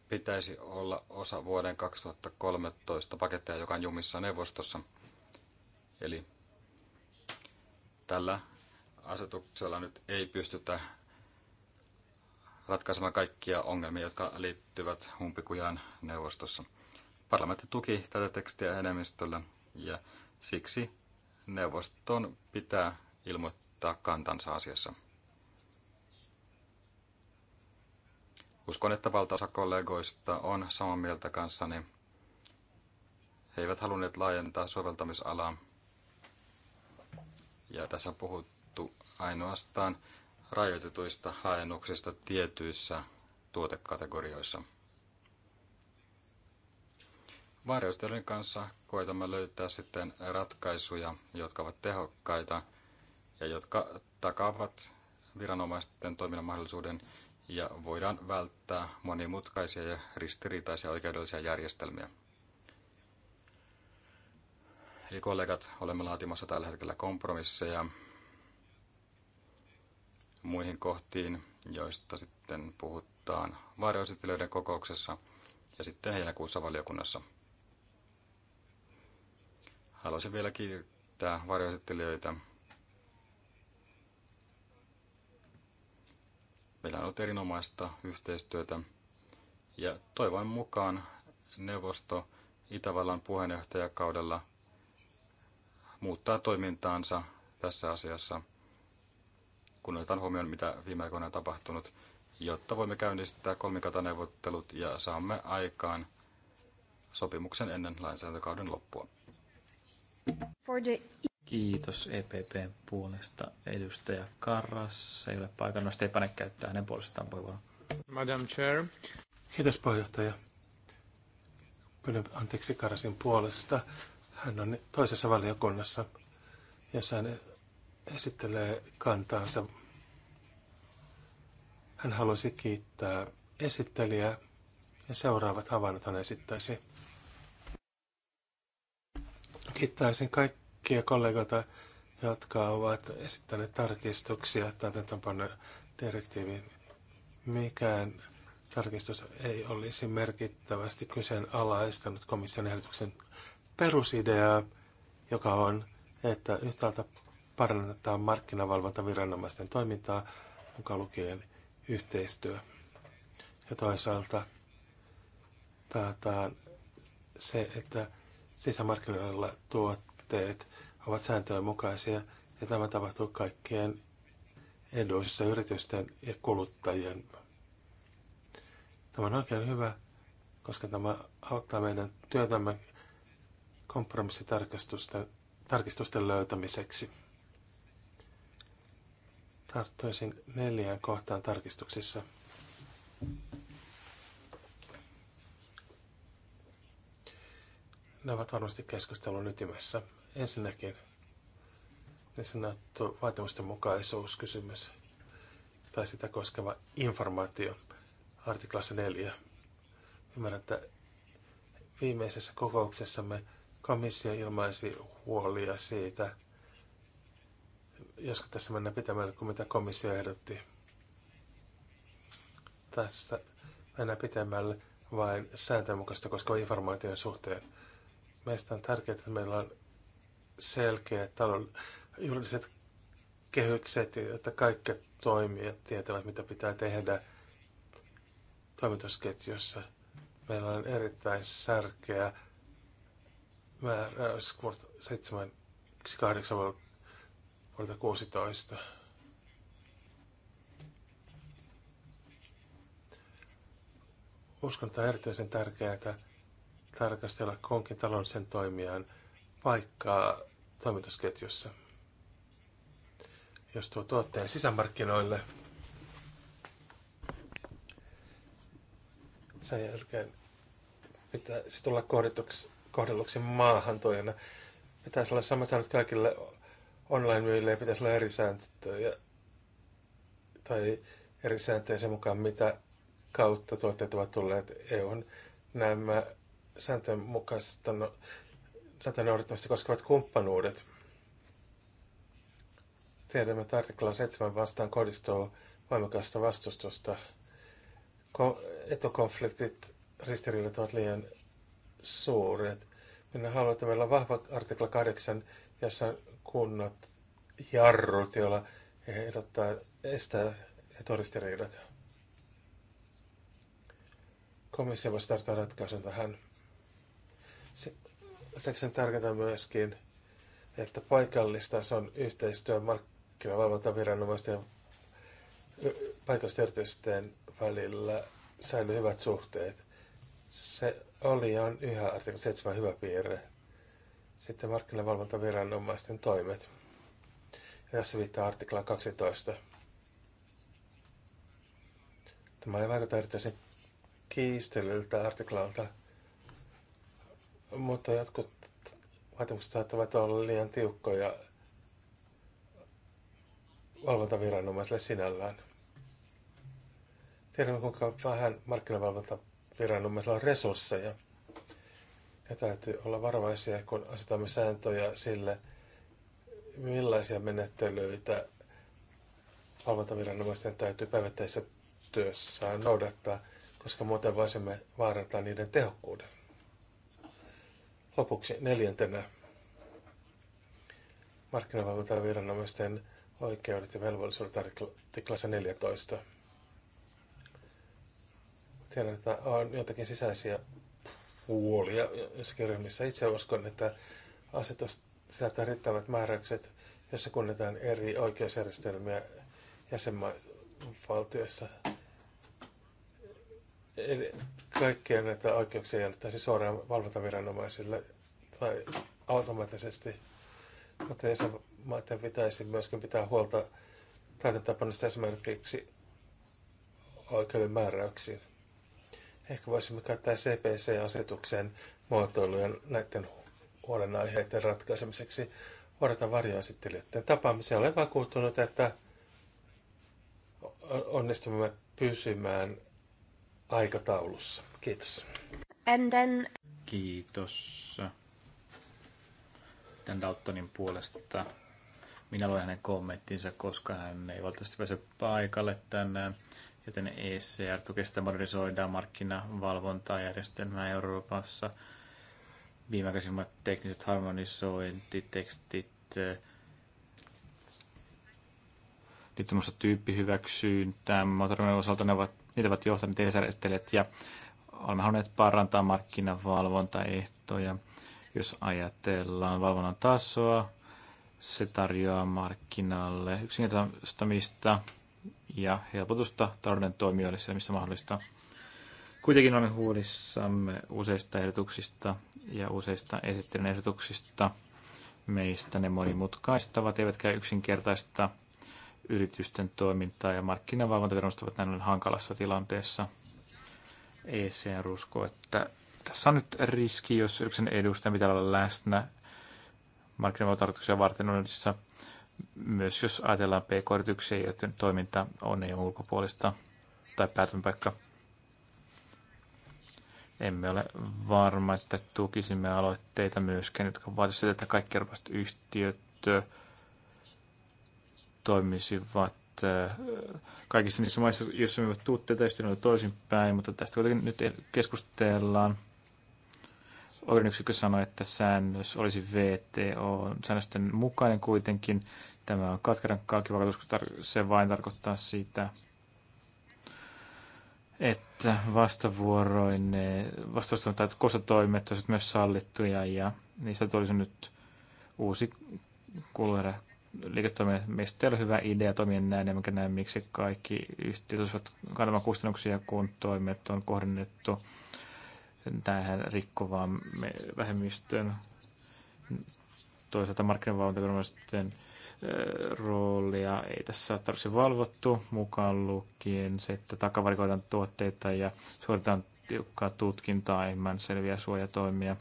pitäisi olla osa vuoden 2013 pakettia, joka on jumissa neuvostossa. Eli tällä asetuksella nyt ei pystytä ratkaisemaan kaikkia ongelmia, jotka liittyvät humpikujaan neuvostossa. Parlamentti tuki tätä tekstiä enemmistöllä ja siksi neuvoston pitää ilmoittaa kantansa asiassa. Uskon, että valtaosa kollegoista on samaa mieltä kanssani. He eivät halunneet laajentaa soveltamisalaa. Ja tässä on puhuttu ainoastaan rajoitetuista haennuksista tietyissä tuotekategorioissa. Varjostelujen kanssa koetamme löytää sitten ratkaisuja, jotka ovat tehokkaita ja jotka takaavat viranomaisten toiminnan mahdollisuuden ja voidaan välttää monimutkaisia ja ristiriitaisia oikeudellisia järjestelmiä. Eli kollegat, olemme laatimassa tällä hetkellä kompromisseja muihin kohtiin, joista sitten puhutaan varjoesittelyiden kokouksessa ja sitten heinäkuussa valiokunnassa. Haluaisin vielä kiittää varjoesittelijöitä. Meillä on ollut erinomaista yhteistyötä ja toivon mukaan neuvosto Itävallan puheenjohtajakaudella muuttaa toimintaansa tässä asiassa kun otetaan huomioon, mitä viime aikoina on tapahtunut, jotta voimme käynnistää kolmikataneuvottelut ja saamme aikaan sopimuksen ennen lainsäädäntökauden loppua. Kiitos EPPn puolesta. Edustaja Karras ei ole paikalla, no ei käyttää hänen puolestaan puheenvuoron. Madam Chair. Kiitos puheenjohtaja. Pyydän anteeksi Karasin puolesta. Hän on toisessa valiokunnassa, jossa hän esittelee kantaansa. Hän haluaisi kiittää esittelijää ja seuraavat havainnot hän esittäisi. Kiittäisin kaikkia kollegoita, jotka ovat esittäneet tarkistuksia täytäntöönpannon direktiiviin. Mikään tarkistus ei olisi merkittävästi kyseenalaistanut komission ehdotuksen perusideaa, joka on, että yhtäältä parannetaan markkinavalvontaviranomaisten toimintaa, mukaan lukien yhteistyö. Ja toisaalta taataan se, että sisämarkkinoilla tuotteet ovat sääntöjen mukaisia ja tämä tapahtuu kaikkien edullisissa yritysten ja kuluttajien. Tämä on oikein hyvä, koska tämä auttaa meidän työtämme kompromissitarkistusten tarkistusten löytämiseksi. Tarttuisin neljään kohtaan tarkistuksissa. Ne ovat varmasti keskustelun ytimessä. Ensinnäkin niin sanottu vaatimusten mukaisuuskysymys tai sitä koskeva informaatio artiklassa 4. Ymmärrän, että viimeisessä kokouksessamme komissio ilmaisi huolia siitä, josko tässä mennään pitämällä kuin mitä komissio ehdotti. Tässä mennään pitämällä vain sääntömukaista koska informaation suhteen. Meistä on tärkeää, että meillä on selkeät talon juridiset kehykset, että kaikki toimijat tietävät, mitä pitää tehdä toimitusketjussa. Meillä on erittäin särkeä määräys 7 kahdeksan vuotta vuodelta 16. Uskon, että on erityisen tärkeää tarkastella konkin taloudellisen toimijan paikkaa toimitusketjussa. Jos tuo tuotteen sisämarkkinoille, sen jälkeen pitäisi tulla kohdelluksi maahantuojana. Pitäisi olla samat säännöt kaikille online-myyjille pitäisi olla eri sääntöjä tai eri sääntöjä sen mukaan, mitä kautta tuotteet ovat tulleet EUn. Nämä sääntöjen mukaista no, sääntöjen noudattamista koskevat kumppanuudet. Tiedämme, että artikla 7 vastaan kohdistuu voimakasta vastustusta. Ko- etukonfliktit ristiriidat ovat liian suuret. Minä haluan, että meillä on vahva artikla 8, jossa on kunnat jarrut, joilla ehdottaa estää eturistiriidat. Komissio voi startaa ratkaisun tähän. Lisäksi on tärkeää myöskin, että on yhteistyö markkinavalvontaviranomaisten ja paikallisten yritysten välillä säilyy hyvät suhteet. Se oli ja on yhä artikla 7 hyvä piirre. Sitten markkinavalvontaviranomaisten toimet. Ja tässä viittaa artiklaan 12. Tämä ei vaikuta erityisen kiistelyltä artiklalta, mutta jotkut vaatimukset saattavat olla liian tiukkoja valvontaviranomaisille sinällään. Tiedämme, kuinka vähän markkinavalvontaviranomaisilla on resursseja. Ja täytyy olla varovaisia, kun asetamme sääntöjä sille, millaisia menettelyitä valvontaviranomaisten täytyy päivittäisessä työssään noudattaa, koska muuten voisimme vaarantaa niiden tehokkuuden. Lopuksi neljäntenä markkinavalvontaviranomaisten oikeudet ja velvollisuudet artiklassa 14. Tiedän, että on jotakin sisäisiä huolia jossakin ryhmissä. Itse uskon, että asetus sisältää riittävät määräykset, jossa kunnetaan eri oikeusjärjestelmiä jäsenvaltioissa. Eli kaikkia näitä oikeuksia jännittäisi suoraan valvontaviranomaisille tai automaattisesti. Mutta jäsenmaiden pitäisi myöskin pitää huolta täytäntöpanosta esimerkiksi oikeuden määräyksiin. Ehkä voisimme käyttää CPC-asetuksen muotoiluja näiden huolenaiheiden ratkaisemiseksi. Odotan varjoesittelijöiden tapaamisia. Olen vakuuttunut, että onnistumme pysymään aikataulussa. Kiitos. And then... Kiitos. Dan Daltonin puolesta. Minä luen hänen kommenttinsa, koska hän ei valitettavasti pääse paikalle tänään joten ECR tukee sitä modernisoidaan markkinavalvontaa järjestelmää Euroopassa. Viimeaikaisimmat tekniset harmonisointitekstit eh, nyt tämmöistä tyyppihyväksyntää motorimen osalta ne ovat, niitä ovat johtaneet ECR-estelijät ja olemme halunneet parantaa markkinavalvontaehtoja. Jos ajatellaan valvonnan tasoa, se tarjoaa markkinalle yksinkertaistamista ja helpotusta talouden toimijoille siellä, missä mahdollista. Kuitenkin olemme huolissamme useista ehdotuksista ja useista esittelyn ehdotuksista. Meistä ne monimutkaistavat, eivätkä yksinkertaista yritysten toimintaa ja markkinavalvontaviranomaiset ovat näin ollen hankalassa tilanteessa. ECR uskoo, että tässä on nyt riski, jos yrityksen edustajan pitää olla läsnä markkinavalvontatarkoituksia varten on myös jos ajatellaan pk-yrityksiä, joiden toiminta on eu ulkopuolista tai päätönpaikka. Emme ole varma, että tukisimme aloitteita myöskään, jotka vaatisivat, että kaikki arvoiset yhtiöt äh, toimisivat äh, kaikissa niissä maissa, joissa me tuotteita yhtiöillä toisinpäin, mutta tästä kuitenkin nyt keskustellaan oikeuden yksikkö sanoi, että säännös olisi VTO-säännösten mukainen kuitenkin. Tämä on katkeran kalkivakuutus, kun se vain tarkoittaa sitä, että vastavuoroinen, vastavuoroinen tai kostotoimet olisivat myös sallittuja ja niistä tulisi nyt uusi kuluerä liiketoiminnan mielestä ei hyvä idea toimia näin, emmekä näe miksi kaikki yhtiöt olisivat kantamaan kustannuksia, kun toimet on kohdennettu tähän rikkovaan vähemmistöön. Toisaalta markkinavalvontaviranomaisten roolia ei tässä tarvitse valvottu, mukaan lukien se, että takavarikoidaan tuotteita ja suoritetaan tiukkaa tutkintaa ilman selviä suojatoimia.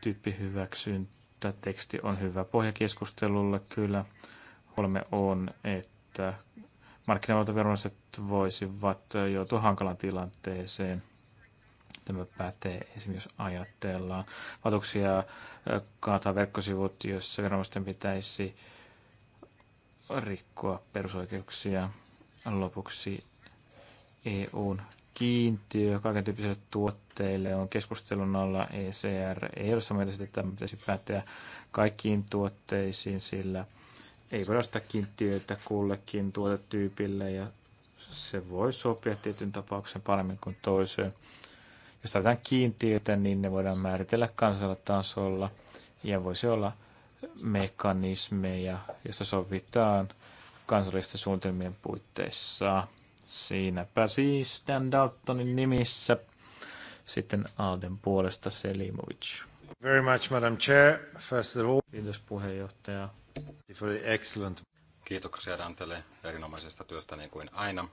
Tyyppihyväksyntä teksti on hyvä pohjakeskustelulle kyllä. Huolemme on, että markkinavaltaviranomaiset voisivat joutua hankalaan tilanteeseen. Tämä pätee esimerkiksi, jos ajatellaan vatuksia kaataa verkkosivut, joissa viranomaisten pitäisi rikkoa perusoikeuksia. Lopuksi EUn kiintiö kaiken tyyppisille tuotteille on keskustelun alla ECR. Ei ole samaa että tämä pitäisi päättää kaikkiin tuotteisiin, sillä – ei voida sitä kiintiöitä kullekin tuotetyypille ja se voi sopia tietyn tapauksen paremmin kuin toiseen. Jos tarvitaan kiintiöitä, niin ne voidaan määritellä kansalla tasolla ja voisi olla mekanismeja, joissa sovitaan kansallisten suunnitelmien puitteissa. Siinäpä siis Dan Daltonin nimissä. Sitten Alden puolesta Selimovic. Very much, Madam Chair. First of all. Kiitos puheenjohtaja. Excellent. Kiitoksia Dantelle erinomaisesta työstä niin kuin aina.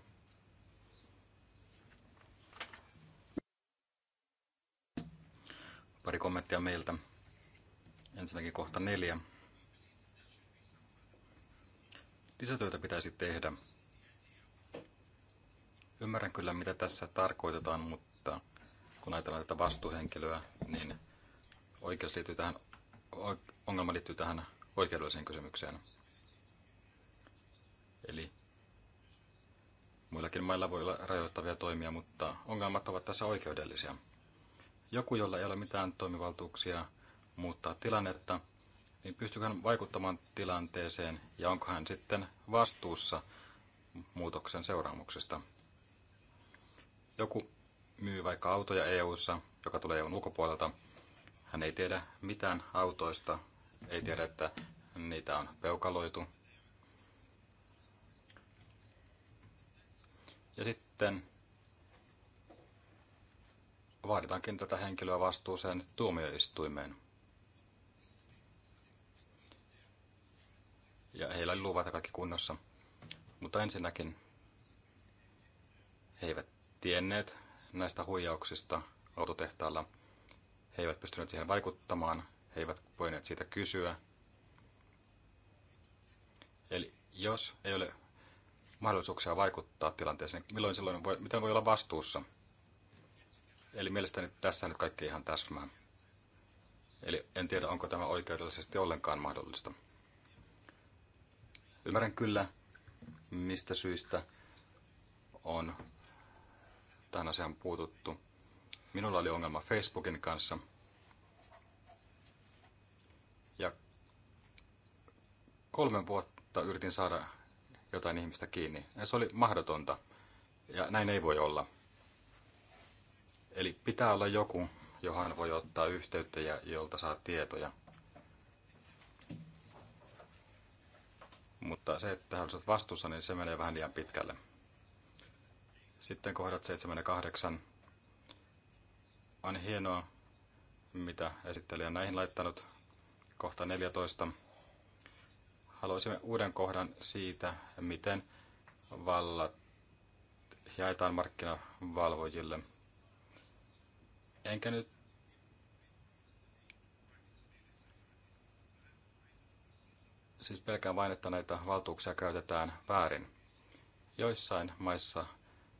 Pari kommenttia meiltä. Ensinnäkin kohta neljä. Lisätöitä pitäisi tehdä. Ymmärrän kyllä, mitä tässä tarkoitetaan, mutta kun ajatellaan tätä vastuuhenkilöä, niin oikeus liittyy tähän, ongelma liittyy tähän oikeudelliseen kysymykseen. Eli muillakin mailla voi olla rajoittavia toimia, mutta ongelmat ovat tässä oikeudellisia. Joku, jolla ei ole mitään toimivaltuuksia muuttaa tilannetta, niin pystyykö hän vaikuttamaan tilanteeseen ja onko hän sitten vastuussa muutoksen seuraamuksista. Joku myy vaikka autoja EU:ssa, joka tulee EUn ulkopuolelta. Hän ei tiedä mitään autoista ei tiedä, että niitä on peukaloitu. Ja sitten vaaditaankin tätä henkilöä vastuuseen tuomioistuimeen. Ja heillä oli luvat kaikki kunnossa. Mutta ensinnäkin he eivät tienneet näistä huijauksista autotehtaalla. He eivät pystyneet siihen vaikuttamaan. He eivät voineet siitä kysyä. Eli jos ei ole mahdollisuuksia vaikuttaa tilanteeseen, milloin silloin voi, miten voi olla vastuussa? Eli mielestäni tässä nyt kaikki ihan täsmää. Eli en tiedä, onko tämä oikeudellisesti ollenkaan mahdollista. Ymmärrän kyllä, mistä syistä on tähän asiaan puututtu. Minulla oli ongelma Facebookin kanssa – Kolme vuotta yritin saada jotain ihmistä kiinni. Ja se oli mahdotonta. Ja näin ei voi olla. Eli pitää olla joku, johon voi ottaa yhteyttä ja jolta saa tietoja. Mutta se, että olisit vastuussa, niin se menee vähän liian pitkälle. Sitten kohdat 7 ja 8. On hienoa, mitä esittelijä on näihin laittanut. Kohta 14 haluaisimme uuden kohdan siitä, miten vallat jaetaan markkinavalvojille. Enkä nyt siis pelkään vain, että näitä valtuuksia käytetään väärin. Joissain maissa,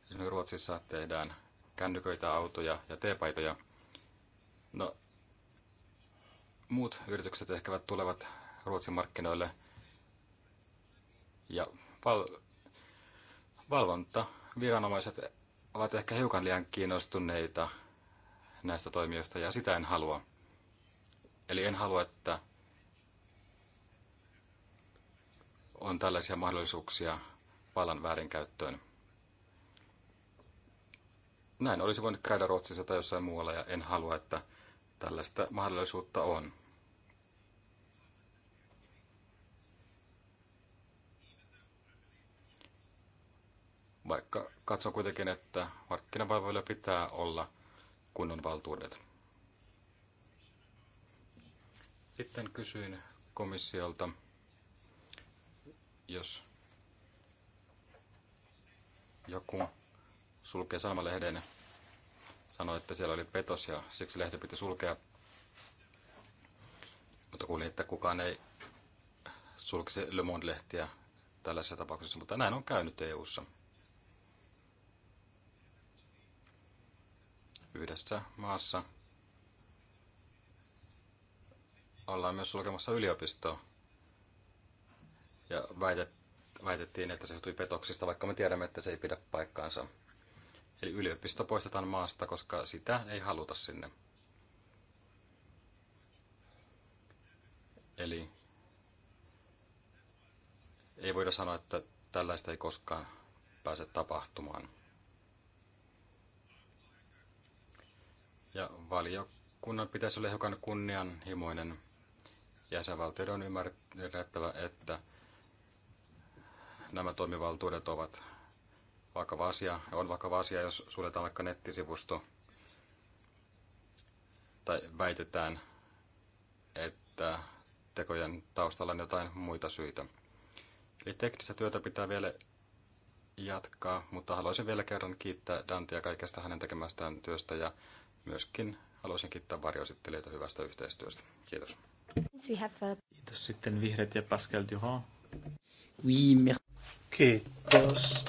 esimerkiksi Ruotsissa, tehdään kännyköitä, autoja ja teepaitoja. No, muut yritykset ehkä tulevat Ruotsin markkinoille – ja val- valvonta, viranomaiset ovat ehkä hiukan liian kiinnostuneita näistä toimijoista ja sitä en halua. Eli en halua, että on tällaisia mahdollisuuksia vallan väärinkäyttöön. Näin olisi voinut käydä Ruotsissa tai jossain muualla ja en halua, että tällaista mahdollisuutta on. vaikka katson kuitenkin, että markkinavalvoilla pitää olla kunnon valtuudet. Sitten kysyin komissiolta, jos joku sulkee sanomalehden, sanoi, että siellä oli petos ja siksi lehti piti sulkea. Mutta kuulin, että kukaan ei sulkisi Le Monde-lehtiä tällaisessa tapauksessa, mutta näin on käynyt EU-ssa. yhdessä maassa ollaan myös sulkemassa yliopistoa. Ja väitettiin, että se johtui petoksista, vaikka me tiedämme, että se ei pidä paikkaansa. Eli yliopisto poistetaan maasta, koska sitä ei haluta sinne. Eli ei voida sanoa, että tällaista ei koskaan pääse tapahtumaan. Ja valiokunnan pitäisi olla hiukan kunnianhimoinen. Jäsenvaltioiden on ymmärrettävä, että nämä toimivaltuudet ovat vakava asia. On vakava asia, jos suljetaan vaikka nettisivusto tai väitetään, että tekojen taustalla on jotain muita syitä. Eli teknistä työtä pitää vielä jatkaa, mutta haluaisin vielä kerran kiittää Dantia kaikesta hänen tekemästään työstä ja Myöskin haluaisin kiittää varjoesittelijöitä hyvästä yhteistyöstä. Kiitos. Uh, Kiitos sitten vihreät ja Pascal Duhon. Oui, Kiitos,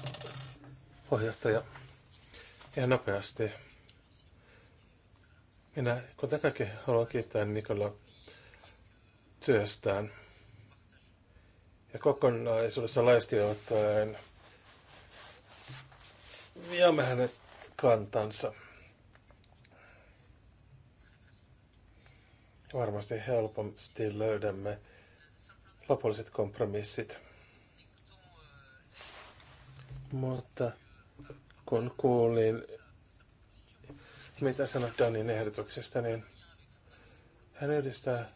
puheenjohtaja. Ja nopeasti. Minä, kuten kaikki, haluan kiittää Nikola työstään. Ja kokonaisuudessa laisti ottaen jaamme hänen kantansa. varmasti helposti löydämme lopulliset kompromissit. Mutta kun kuulin, mitä sanot Danin ehdotuksesta, niin hän yhdistää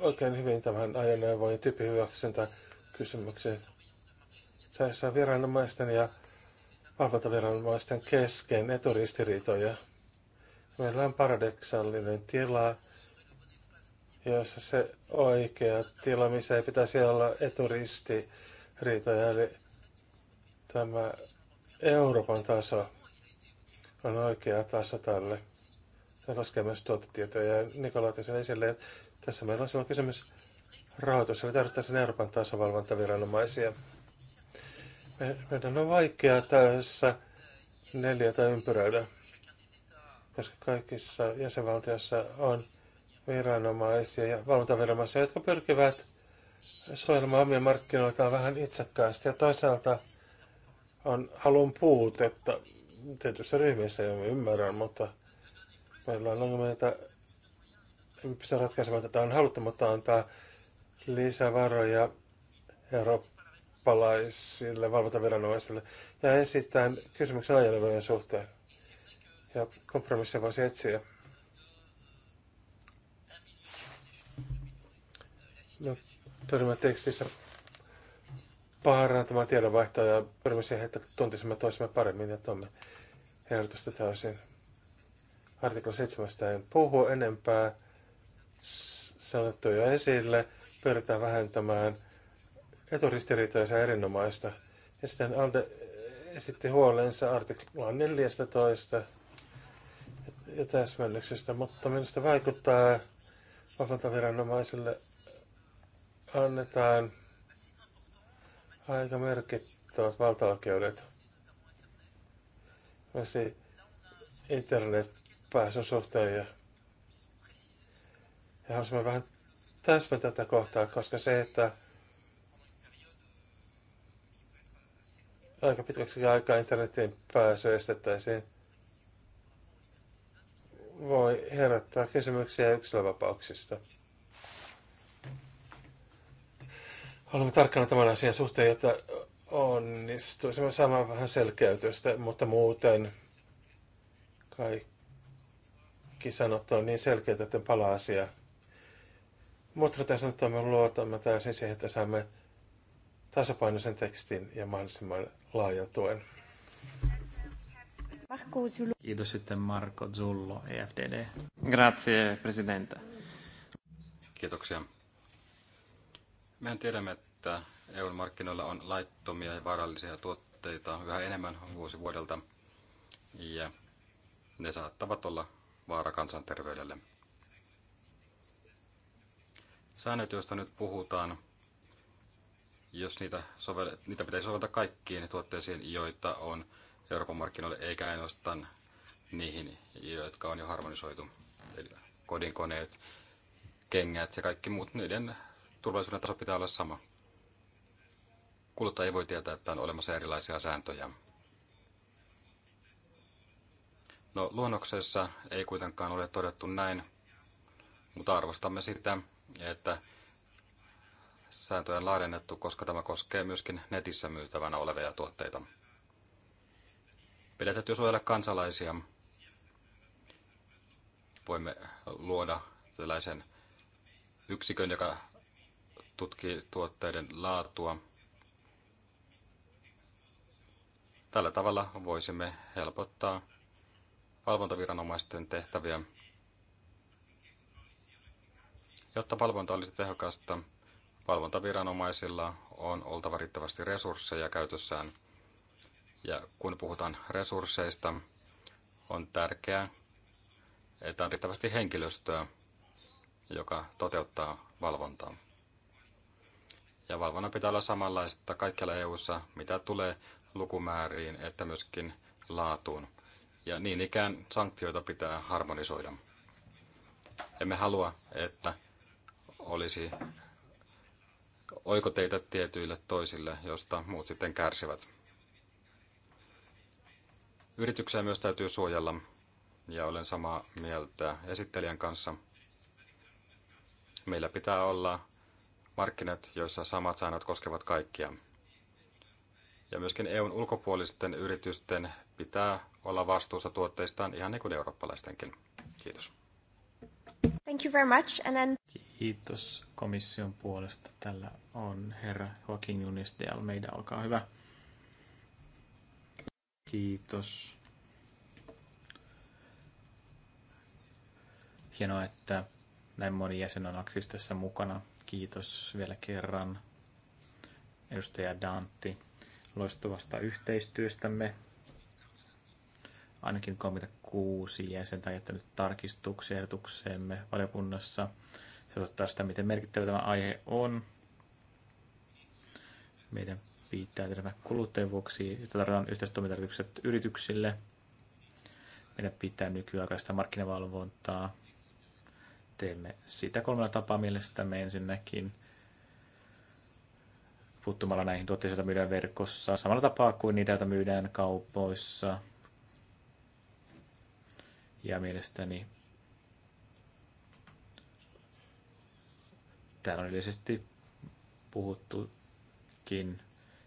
oikein hyvin tämän ajoneuvojen tyyppihyväksyntä kysymyksen. Tässä on viranomaisten ja valvontaviranomaisten kesken eturistiriitoja. Meillä on paradoksaalinen tila, jossa se oikea tila, missä ei pitäisi olla eturisti riitoja, eli tämä Euroopan taso on oikea taso tälle. Se koskee myös tuotetietoja. Ja Nikola otti sen esille, että tässä meillä on silloin kysymys rahoitus, eli tarvittaisiin Euroopan tasavalvontaviranomaisia. meidän on vaikea tässä neljätä ympyröidä koska kaikissa jäsenvaltioissa on viranomaisia ja valvontaviranomaisia, jotka pyrkivät suojelemaan omia markkinoitaan vähän itsekkäästi. Ja toisaalta on halun puutetta tietyissä ryhmissä, jo ymmärrän, mutta meillä on ongelmia, että emme pysty ratkaisemaan tätä. On haluttu, mutta antaa lisävaroja eurooppalaisille valvontaviranomaisille ja esittää kysymyksen ajoneuvojen suhteen ja kompromisseja voisi etsiä. No, pyrimme tekstissä parantamaan tiedonvaihtoa ja pyrimme siihen, että tuntisimme toisemme paremmin ja tuomme ehdotusta täysin. Artikla 7 en puhu enempää. Se on otettu jo esille. Pyritään vähentämään eturistiriitoja ja erinomaista. Ja sitten Alde esitti huolensa artiklaan 14 ja täsmennyksestä, mutta minusta vaikuttaa valvontaviranomaisille annetaan aika merkittävät valtaoikeudet. internet pääsyn suhteen ja, ja haluaisimme vähän täsmätä tätä kohtaa, koska se, että aika pitkäksi aikaa internetin pääsy estettäisiin – voi herättää kysymyksiä yksilövapauksista. Olemme tarkkana tämän asian suhteen, jotta onnistuisimme saamaan vähän selkeytystä, mutta muuten kaikki sanottu on niin selkeää, että palaa asia. Mutta tässä nyt me luotamme täysin siihen, että saamme tasapainoisen tekstin ja mahdollisimman laajan tuen. Marco Zullo. Kiitos sitten Marco Zullo, EFDD. Grazie, presidente. Kiitoksia. Mehän tiedämme, että EUn markkinoilla on laittomia ja vaarallisia tuotteita yhä enemmän vuosi vuodelta, ja ne saattavat olla vaara kansanterveydelle. Säännöt, joista nyt puhutaan, jos niitä, sovellet, niitä pitäisi soveltaa kaikkiin tuotteisiin, joita on Euroopan markkinoille, eikä ainoastaan niihin, jotka on jo harmonisoitu. Eli kodinkoneet, kengät ja kaikki muut, niiden turvallisuuden taso pitää olla sama. Kuluttaja ei voi tietää, että on olemassa erilaisia sääntöjä. No, luonnoksessa ei kuitenkaan ole todettu näin, mutta arvostamme sitä, että sääntöjä on laadennettu, koska tämä koskee myöskin netissä myytävänä olevia tuotteita. Meidän täytyy suojella kansalaisia. Voimme luoda sellaisen yksikön, joka tutkii tuotteiden laatua. Tällä tavalla voisimme helpottaa valvontaviranomaisten tehtäviä. Jotta valvonta olisi tehokasta, valvontaviranomaisilla on oltava riittävästi resursseja käytössään – ja kun puhutaan resursseista, on tärkeää, että on riittävästi henkilöstöä, joka toteuttaa valvontaa. Ja valvonnan pitää olla samanlaista kaikkialla EU:ssa, mitä tulee lukumääriin, että myöskin laatuun. Ja niin ikään sanktioita pitää harmonisoida. Emme halua, että olisi oikoteita tietyille toisille, josta muut sitten kärsivät. Yrityksiä myös täytyy suojella, ja olen samaa mieltä esittelijän kanssa. Meillä pitää olla markkinat, joissa samat säännöt koskevat kaikkia. Ja myöskin EUn ulkopuolisten yritysten pitää olla vastuussa tuotteistaan ihan niin kuin eurooppalaistenkin. Kiitos. Thank you very much. And then... Kiitos komission puolesta. Tällä on herra Joaquin Junis de Almeida. Olkaa hyvä. Kiitos. Hienoa, että näin moni jäsen on aktiivisesti tässä mukana. Kiitos vielä kerran edustaja Dantti loistavasta yhteistyöstämme. Ainakin 36 jäsentä on jättänyt tarkistuksia ehdotukseemme valiokunnassa. Se osoittaa sitä, miten merkittävä tämä aihe on. Meidän pitää tehdä kuluttajien vuoksi, että tarvitaan yhteistoimintaedellytykset yrityksille. Meidän pitää nykyaikaista markkinavalvontaa. Teemme sitä kolmella tapaa mielestämme ensinnäkin puuttumalla näihin tuotteisiin, joita myydään verkossa, samalla tapaa kuin niitä, joita myydään kaupoissa. Ja mielestäni täällä on yleisesti puhuttukin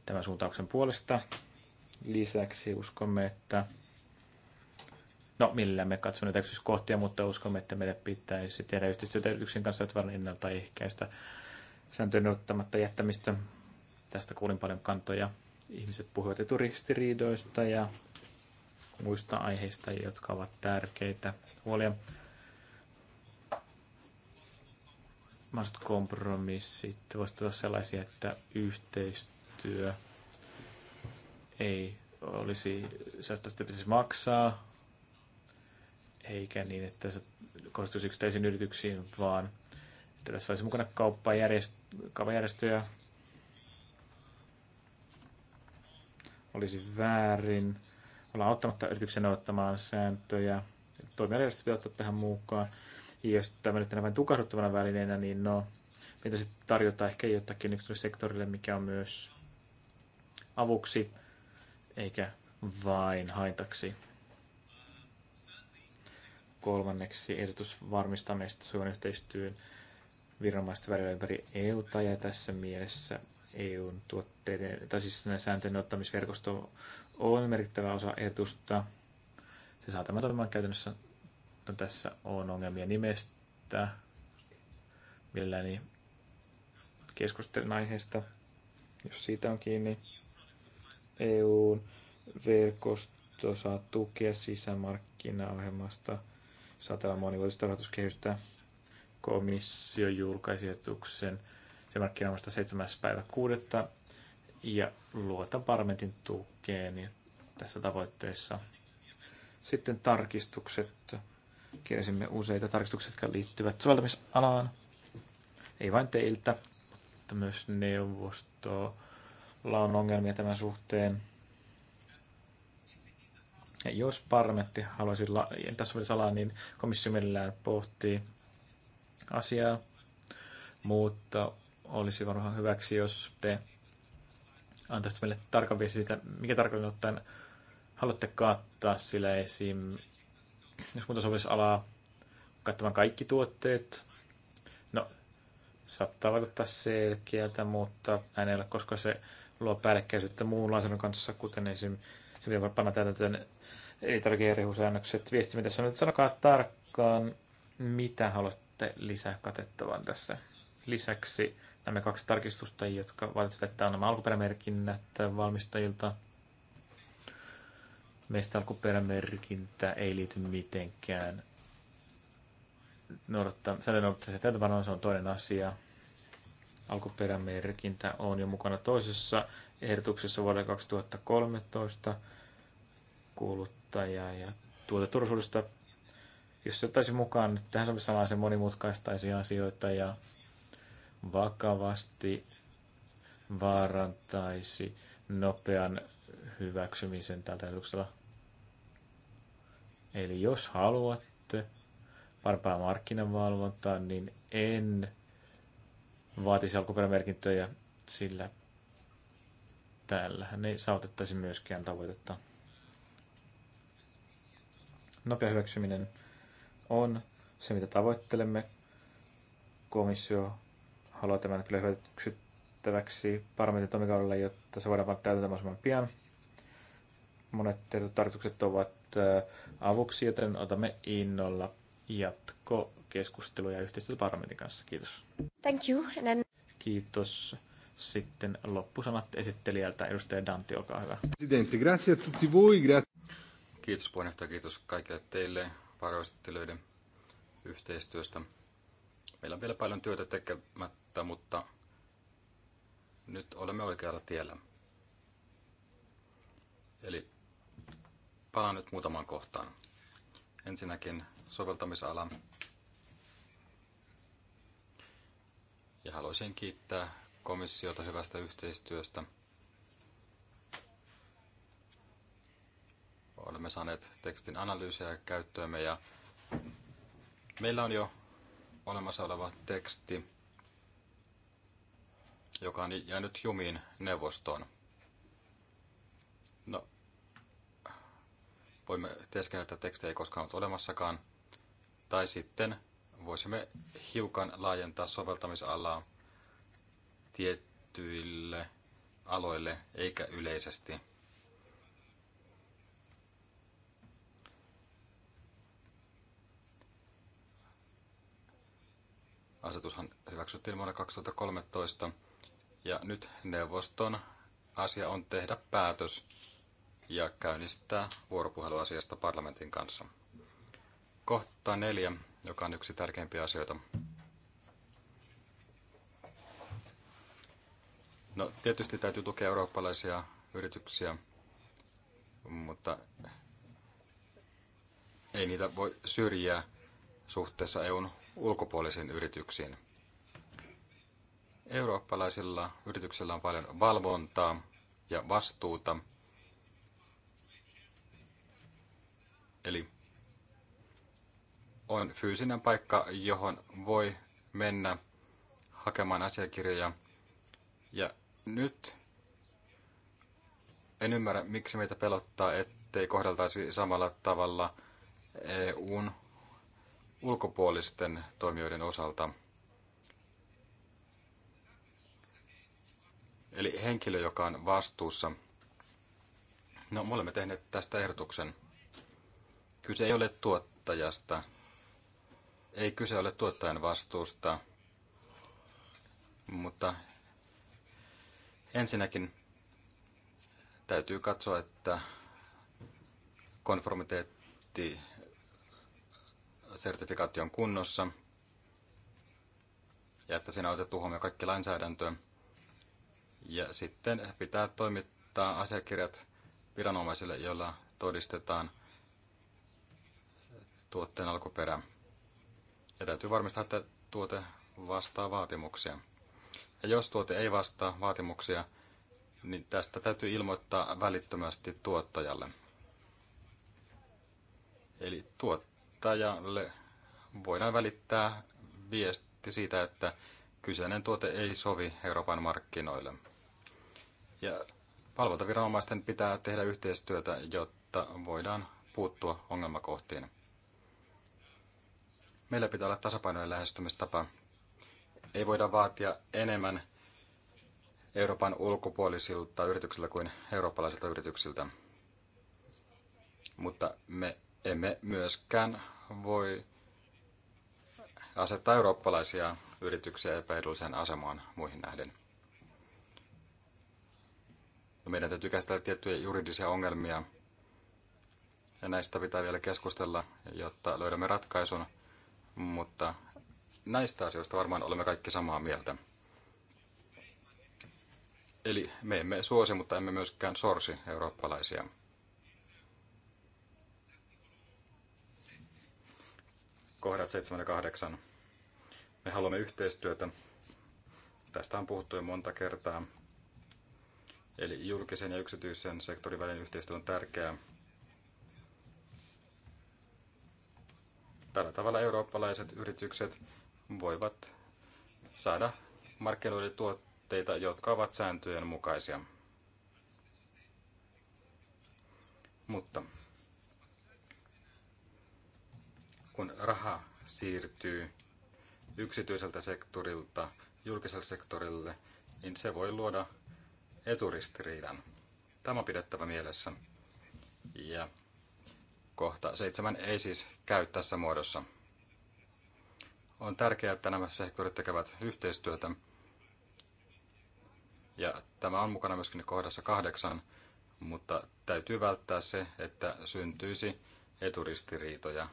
tämän suuntauksen puolesta. Lisäksi uskomme, että no millä me katsomme näitä kohtia, mutta uskomme, että meidän pitäisi tehdä yhteistyötä yrityksen kanssa, että varmaan ennaltaehkäistä sääntöjen ottamatta jättämistä. Tästä kuulin paljon kantoja. Ihmiset puhuvat eturistiriidoista ja muista aiheista, jotka ovat tärkeitä huolia. Mahdolliset kompromissit voisivat olla sellaisia, että yhteistyö työ ei olisi, sitä pitäisi maksaa, eikä niin, että se kohdistuisi yksittäisiin yrityksiin, vaan että tässä olisi mukana kauppajärjestöjä, olisi väärin, ollaan ottamatta yrityksen noudattamaan sääntöjä, toimialajärjestöt pitää ottaa tähän mukaan. Ja jos tämä nyt on vain tukahduttavana välineenä, niin no, mitä sitten tarjota ehkä jotakin yksityissektorille, mikä on myös avuksi eikä vain haitaksi. Kolmanneksi ehdotus varmistaa meistä suun yhteistyön viranomaisten välillä ympäri eu ja tässä mielessä EUn tuotteiden, tai siis sääntöjen ottamisverkosto on merkittävä osa ehdotusta. Se saa tämän toimimaan käytännössä, no tässä on ongelmia nimestä, mielelläni keskustelen aiheesta, jos siitä on kiinni. EUn verkosto saa tukea sisämarkkinaohjelmasta satava monivuotista rahoituskehystä. Komissio julkaisi asetuksen sisämarkkinaohjelmasta 7. päivä 6. ja luota parlamentin tukeen tässä tavoitteessa. Sitten tarkistukset. Kirjasimme useita tarkistuksia, jotka liittyvät soveltamisalaan. Ei vain teiltä, mutta myös neuvostoa on ongelmia tämän suhteen. Ja jos parlamentti haluaisi tässä vielä salaa, niin komissio mielellään pohtii asiaa, mutta olisi varmaan hyväksi, jos te antaisitte meille tarkan viesti siitä, mikä tarkalleen ottaen haluatte kattaa sillä esim. Jos muuta alaa kattamaan kaikki tuotteet, no saattaa vaikuttaa selkeältä, mutta näin ei ole, koska se luo päällekkäisyyttä muun lainsäädännön kanssa, kuten esim. se pitää panna täytäntöön elintarvikeerihusäännökset. Viesti, mitä nyt sanokaa tarkkaan, mitä haluatte lisää katettavan tässä. Lisäksi nämä kaksi tarkistusta, jotka valitsivat, että on nämä alkuperämerkinnät valmistajilta. Meistä alkuperämerkintä ei liity mitenkään noudattaa, Sä noudattaa se on toinen asia. Alkuperämerkintä on jo mukana toisessa ehdotuksessa vuodelta 2013 kuluttaja- ja tuoteturvallisuudesta. Jos se ottaisi mukaan, niin tähän samaan se monimutkaistaisi asioita ja vakavasti vaarantaisi nopean hyväksymisen tältä ehdotuksella. Eli jos haluatte parempaa markkinavalvontaa, niin en vaatisi alkuperämerkintöjä, sillä täällähän ei saavutettaisi myöskään tavoitetta. Nopea hyväksyminen on se, mitä tavoittelemme. Komissio haluaa tämän kyllä hyväksyttäväksi parlamentin toimikaudella, jotta se voidaan panna täytäntöön mahdollisimman pian. Monet tehdyt tarkoitukset ovat äh, avuksi, joten otamme innolla jatko keskusteluja yhteistyötä parlamentin kanssa. Kiitos. Thank you. And then... Kiitos. Sitten loppusanat esittelijältä. Edustaja Dantti, olkaa hyvä. Presidentti, grazie a tutti voi. Grazie. kiitos puheenjohtaja, kiitos kaikille teille varoistelijoiden yhteistyöstä. Meillä on vielä paljon työtä tekemättä, mutta nyt olemme oikealla tiellä. Eli palaan nyt muutamaan kohtaan. Ensinnäkin soveltamisala ja haluaisin kiittää komissiota hyvästä yhteistyöstä. Olemme saaneet tekstin analyysejä käyttöömme ja meillä on jo olemassa oleva teksti, joka on jäänyt jumiin neuvostoon. No, voimme teeskennellä, että teksti ei koskaan ollut olemassakaan. Tai sitten voisimme hiukan laajentaa soveltamisalaa tiettyille aloille eikä yleisesti. Asetushan hyväksyttiin vuonna 2013 ja nyt neuvoston asia on tehdä päätös ja käynnistää vuoropuhelu asiasta parlamentin kanssa. Kohta neljä joka on yksi tärkeimpiä asioita. No, tietysti täytyy tukea eurooppalaisia yrityksiä, mutta ei niitä voi syrjiä suhteessa EUn ulkopuolisiin yrityksiin. Eurooppalaisilla yrityksillä on paljon valvontaa ja vastuuta. Eli on fyysinen paikka, johon voi mennä hakemaan asiakirjoja. Ja nyt en ymmärrä, miksi meitä pelottaa, ettei kohdeltaisi samalla tavalla EUn ulkopuolisten toimijoiden osalta. Eli henkilö, joka on vastuussa. No, me olemme tehneet tästä ehdotuksen. Kyse ei ole tuottajasta, ei kyse ole tuottajan vastuusta, mutta ensinnäkin täytyy katsoa, että konformiteetti sertifikaatti on kunnossa ja että siinä on otettu huomioon kaikki lainsäädäntö. Ja sitten pitää toimittaa asiakirjat viranomaisille, joilla todistetaan tuotteen alkuperä. Ja täytyy varmistaa, että tuote vastaa vaatimuksia. Ja jos tuote ei vastaa vaatimuksia, niin tästä täytyy ilmoittaa välittömästi tuottajalle. Eli tuottajalle voidaan välittää viesti siitä, että kyseinen tuote ei sovi Euroopan markkinoille. Ja valvontaviranomaisten pitää tehdä yhteistyötä, jotta voidaan puuttua ongelmakohtiin. Meillä pitää olla tasapainoinen lähestymistapa. Ei voida vaatia enemmän Euroopan ulkopuolisilta yrityksiltä kuin eurooppalaisilta yrityksiltä. Mutta me emme myöskään voi asettaa eurooppalaisia yrityksiä epäedulliseen asemaan muihin nähden. Meidän täytyy käsitellä tiettyjä juridisia ongelmia, ja näistä pitää vielä keskustella, jotta löydämme ratkaisun – mutta näistä asioista varmaan olemme kaikki samaa mieltä. Eli me emme suosi, mutta emme myöskään sorsi eurooppalaisia. Kohdat 7 ja 8. Me haluamme yhteistyötä. Tästä on puhuttu jo monta kertaa. Eli julkisen ja yksityisen sektorin välinen yhteistyö on tärkeää. Tällä tavalla eurooppalaiset yritykset voivat saada markkinoille tuotteita, jotka ovat sääntöjen mukaisia. Mutta kun raha siirtyy yksityiseltä sektorilta julkiselle sektorille, niin se voi luoda eturistiriidan. Tämä on pidettävä mielessä. Ja kohta seitsemän ei siis käy tässä muodossa. On tärkeää, että nämä sektorit tekevät yhteistyötä. Ja tämä on mukana myöskin kohdassa kahdeksan, mutta täytyy välttää se, että syntyisi eturistiriitoja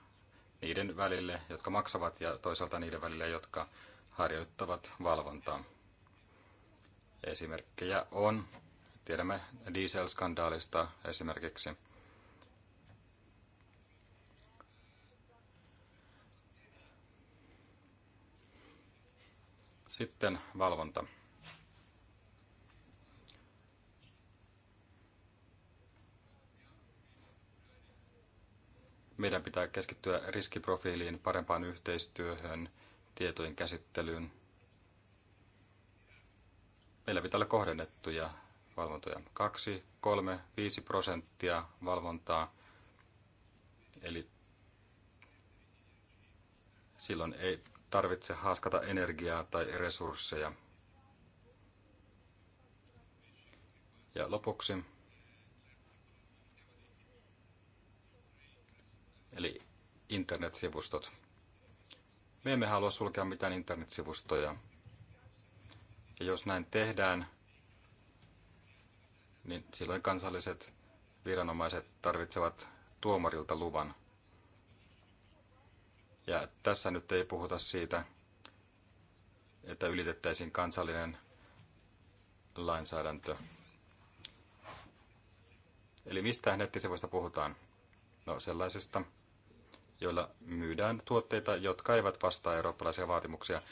niiden välille, jotka maksavat, ja toisaalta niiden välille, jotka harjoittavat valvontaa. Esimerkkejä on, tiedämme dieselskandaalista esimerkiksi – Sitten valvonta. Meidän pitää keskittyä riskiprofiiliin, parempaan yhteistyöhön, tietojen käsittelyyn. Meillä pitää olla kohdennettuja valvontoja. 2, 3, 5 prosenttia valvontaa. Eli silloin ei tarvitse haaskata energiaa tai resursseja. Ja lopuksi, eli internetsivustot. Me emme halua sulkea mitään internetsivustoja. Ja jos näin tehdään, niin silloin kansalliset viranomaiset tarvitsevat tuomarilta luvan – ja tässä nyt ei puhuta siitä, että ylitettäisiin kansallinen lainsäädäntö. Eli mistä nettisivuista puhutaan? No sellaisista, joilla myydään tuotteita, jotka eivät vastaa eurooppalaisia vaatimuksia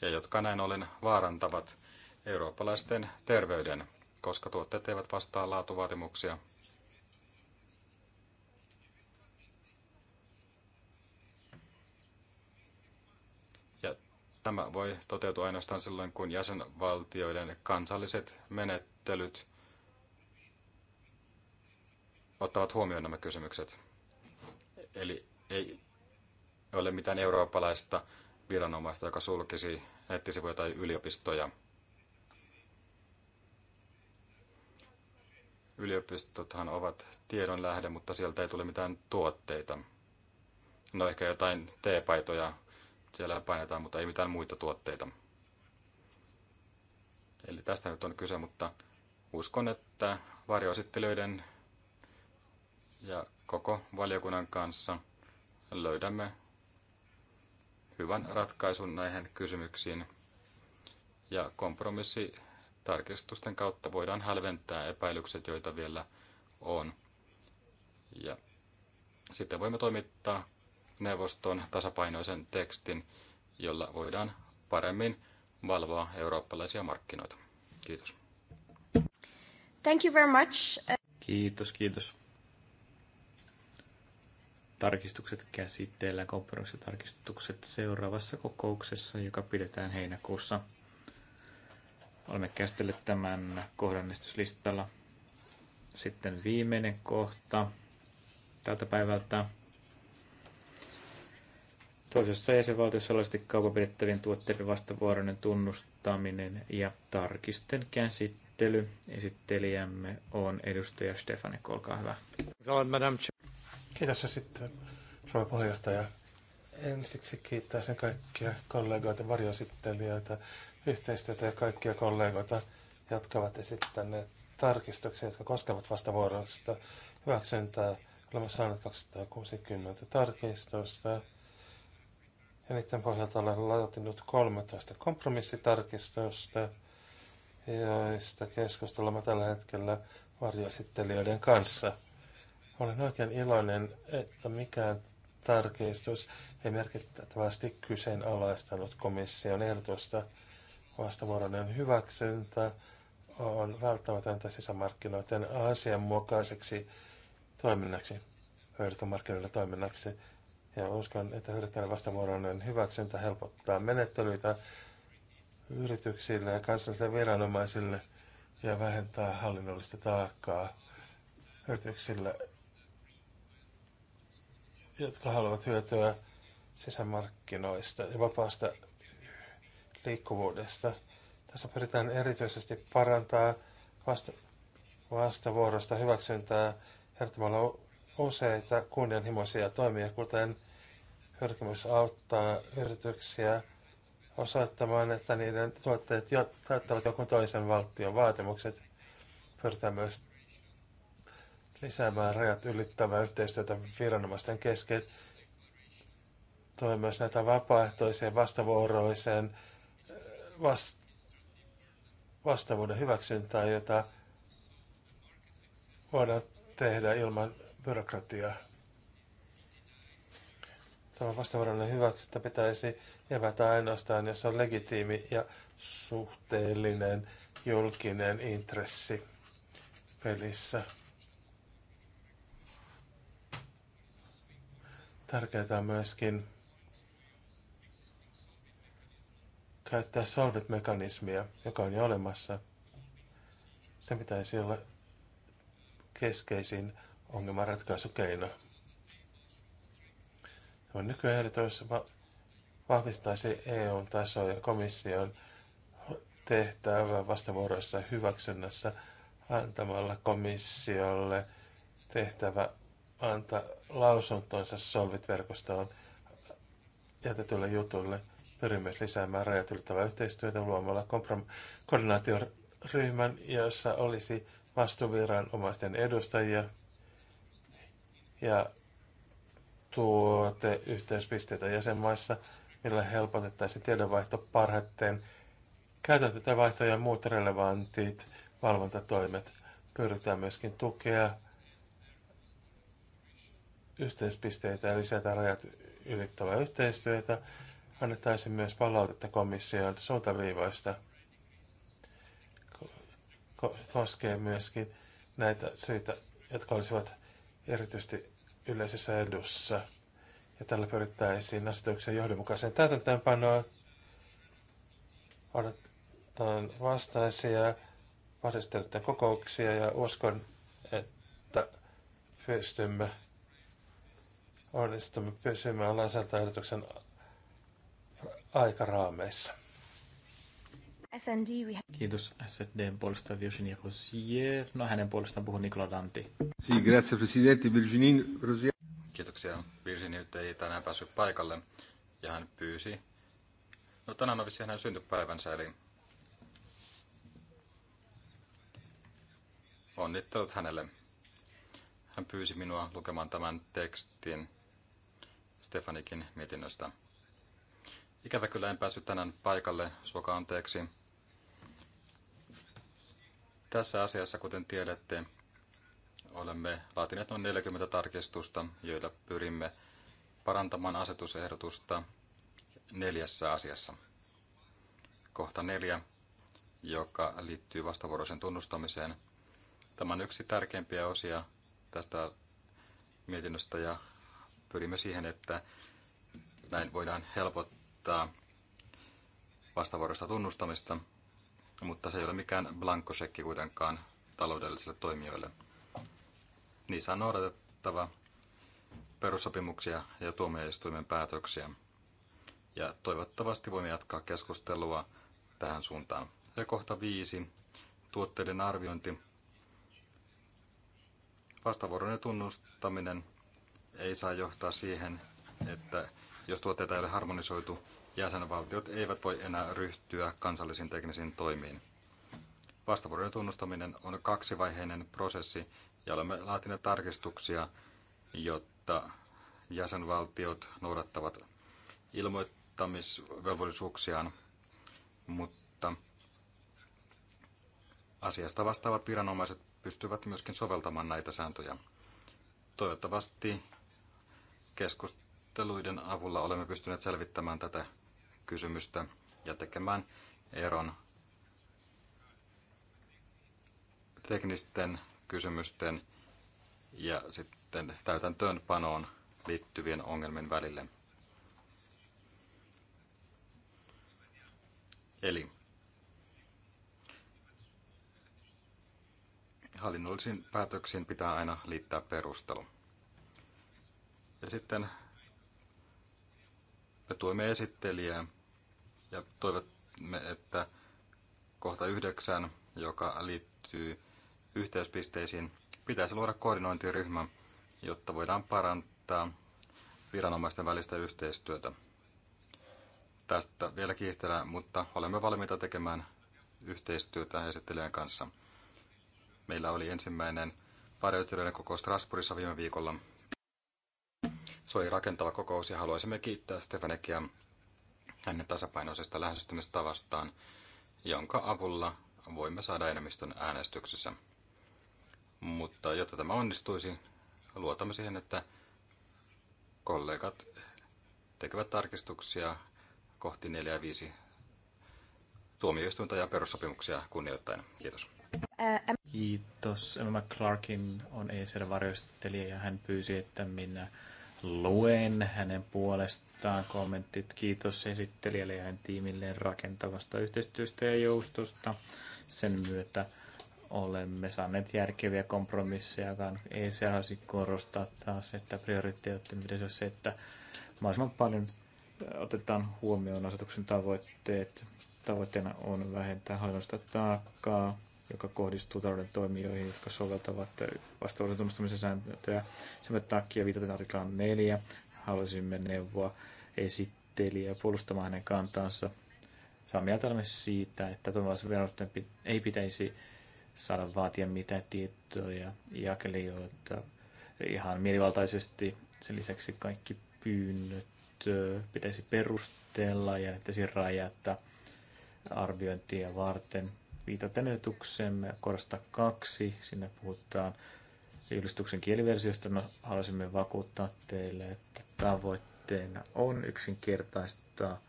ja jotka näin ollen vaarantavat eurooppalaisten terveyden, koska tuotteet eivät vastaa laatuvaatimuksia Tämä voi toteutua ainoastaan silloin, kun jäsenvaltioiden kansalliset menettelyt ottavat huomioon nämä kysymykset. Eli ei ole mitään eurooppalaista viranomaista, joka sulkisi nettisivuja tai yliopistoja. Yliopistothan ovat tiedon lähde, mutta sieltä ei tule mitään tuotteita. No ehkä jotain teepaitoja siellä painetaan, mutta ei mitään muita tuotteita. Eli tästä nyt on kyse, mutta uskon, että varjoesittelyiden ja koko valiokunnan kanssa löydämme hyvän ratkaisun näihin kysymyksiin. Ja kompromissitarkistusten kautta voidaan hälventää epäilykset, joita vielä on. Ja sitten voimme toimittaa neuvoston tasapainoisen tekstin, jolla voidaan paremmin valvoa eurooppalaisia markkinoita. Kiitos. Thank you very much. Kiitos, kiitos. Tarkistukset käsitteellään kompromissitarkistukset seuraavassa kokouksessa, joka pidetään heinäkuussa. Olemme käsitelleet tämän kohdannistuslistalla. Sitten viimeinen kohta tältä päivältä. Toisessa jäsenvaltiossa olevasti kaupan pidettävien tuotteiden vastavuoroinen tunnustaminen ja tarkisten käsittely. Esittelijämme on edustaja Stefani, olkaa hyvä. Kiitos ja sitten rouva puheenjohtaja. Ensiksi kiittäisin kaikkia kollegoita, varjoesittelijöitä, yhteistyötä ja kaikkia kollegoita, jotka ovat esittäneet tarkistuksia, jotka koskevat vastavuoroista hyväksyntää. Olemme saaneet 260 tarkistusta ja niiden pohjalta olen laatinut 13 kompromissitarkistusta, joista keskustelemme tällä hetkellä varjoesittelijöiden kanssa. Olen oikein iloinen, että mikään tarkistus ei merkittävästi kyseenalaistanut komission ehdotusta. Vastavuoroinen hyväksyntä on välttämätöntä sisämarkkinoiden asianmukaiseksi toiminnaksi, hyödykemarkkinoiden toiminnaksi. Ja uskon, että hyödykkäinen vastavuoroinen hyväksyntä helpottaa menettelyitä yrityksille ja kansallisille viranomaisille ja vähentää hallinnollista taakkaa yrityksille, jotka haluavat hyötyä sisämarkkinoista ja vapaasta liikkuvuudesta. Tässä pyritään erityisesti parantaa vasta, vastavuorosta hyväksyntää herättämällä useita kunnianhimoisia toimia, kuten pyrkimys auttaa yrityksiä osoittamaan, että niiden tuotteet jo täyttävät jonkun toisen valtion vaatimukset. Pyritään myös lisäämään rajat ylittävää yhteistyötä viranomaisten kesken. Tuo myös näitä vapaaehtoiseen vastavuoroiseen eh, vast- vastavuuden hyväksyntää, jota voidaan tehdä ilman byrokratiaa. Tämä vastavuoroinen hyväksyttä pitäisi evätä ainoastaan, jos on legitiimi ja suhteellinen julkinen intressi pelissä. Tärkeää on myöskin käyttää solvit-mekanismia, joka on jo olemassa. Se pitäisi olla keskeisin ongelmanratkaisukeino. Minun nykyehdotus vahvistaisi EUn tasoa ja komission tehtävä vastavuoroissa hyväksynnässä antamalla komissiolle tehtävä antaa lausuntonsa Solvit-verkostoon jätetylle jutulle. Pyrimme lisäämään rajat ylittävää yhteistyötä luomalla koordinaatioryhmän, jossa olisi vastuuviranomaisten edustajia ja tuoteyhteyspisteitä jäsenmaissa, millä helpotettaisiin tiedonvaihto parhaiten käytäntötavaihto ja muut relevantit valvontatoimet. Pyritään myöskin tukea yhteispisteitä ja lisätä rajat ylittävää yhteistyötä. Annettaisiin myös palautetta komission suuntaviivoista. koskee myöskin näitä syitä, jotka olisivat erityisesti yleisessä edussa. Ja tällä pyrittäisiin asetuksen johdonmukaiseen täytäntöönpanoon. Odotetaan vastaisia vahvisteluiden kokouksia ja uskon, että pystymme onnistumme pysymään lainsäädäntöehdotuksen aikaraameissa. SND, we... Kiitos SDn puolesta Virginie Rosier. No hänen puolestaan puhuu Nikola Danti. Si, grazie presidente Virginie Rosier. Kiitoksia. Virginie ei tänään päässyt paikalle ja hän pyysi. No tänään on hänen syntypäivänsä, eli onnittelut hänelle. Hän pyysi minua lukemaan tämän tekstin Stefanikin mietinnöstä. Ikävä kyllä en päässyt tänään paikalle, suoka anteeksi. Tässä asiassa, kuten tiedätte, olemme laatineet noin 40 tarkistusta, joilla pyrimme parantamaan asetusehdotusta neljässä asiassa. Kohta neljä, joka liittyy vastavuoroisen tunnustamiseen. Tämä on yksi tärkeimpiä osia tästä mietinnöstä ja pyrimme siihen, että näin voidaan helpottaa vastavuoroista tunnustamista mutta se ei ole mikään blankosekki kuitenkaan taloudellisille toimijoille. Niissä on noudatettava perussopimuksia ja tuomioistuimen päätöksiä. Ja toivottavasti voimme jatkaa keskustelua tähän suuntaan. Ja kohta viisi, tuotteiden arviointi. Vastavuoroinen tunnustaminen ei saa johtaa siihen, että jos tuotteita ei ole harmonisoitu, jäsenvaltiot eivät voi enää ryhtyä kansallisiin teknisiin toimiin. Vastavuoroinen tunnustaminen on kaksivaiheinen prosessi ja olemme laatineet tarkistuksia, jotta jäsenvaltiot noudattavat ilmoittamisvelvollisuuksiaan, mutta asiasta vastaavat viranomaiset pystyvät myöskin soveltamaan näitä sääntöjä. Toivottavasti keskusteluiden avulla olemme pystyneet selvittämään tätä kysymystä ja tekemään eron teknisten kysymysten ja sitten täytäntöönpanoon liittyvien ongelmien välille. Eli hallinnollisiin päätöksiin pitää aina liittää perustelu. Ja sitten me tuemme esittelijää ja toivomme, että kohta yhdeksän, joka liittyy yhteyspisteisiin, pitäisi luoda koordinointiryhmä, jotta voidaan parantaa viranomaisten välistä yhteistyötä. Tästä vielä kiistellään, mutta olemme valmiita tekemään yhteistyötä esittelijän kanssa. Meillä oli ensimmäinen varjoittelijoiden kokous Strasbourgissa viime viikolla. Se oli rakentava kokous ja haluaisimme kiittää Stefanekia tänne tasapainoisesta lähestymistavastaan, jonka avulla voimme saada enemmistön äänestyksessä. Mutta jotta tämä onnistuisi, luotamme siihen, että kollegat tekevät tarkistuksia kohti 4 ja 5 tuomioistuinta ja perussopimuksia kunnioittain. Kiitos. Kiitos. Emma Clarkin on ecr varjostelija ja hän pyysi, että minä luen hänen puolestaan kommentit. Kiitos esittelijälle ja hänen tiimilleen rakentavasta yhteistyöstä ja joustosta. Sen myötä olemme saaneet järkeviä kompromisseja. Ei se haluaisi korostaa taas, että prioriteetti pitäisi olla se, että mahdollisimman paljon otetaan huomioon asetuksen tavoitteet. Tavoitteena on vähentää hallinnosta taakkaa, joka kohdistuu talouden toimijoihin, jotka soveltavat vastavuoroisen tunnustamisen sääntöjä. Sen takia viitaten artiklaan 4 haluaisimme neuvoa esittelijä puolustamaan hänen kantansa. Saamme ajatella siitä, että toimivallisverosten ei pitäisi saada vaatia mitään tietoja jakelijoilta ihan mielivaltaisesti. Sen lisäksi kaikki pyynnöt pitäisi perustella ja pitäisi rajata arviointia varten – viitaten etuksemme korosta kaksi. sinne puhutaan julistuksen kieliversiosta. No, haluaisimme vakuuttaa teille, että tavoitteena on yksinkertaistaa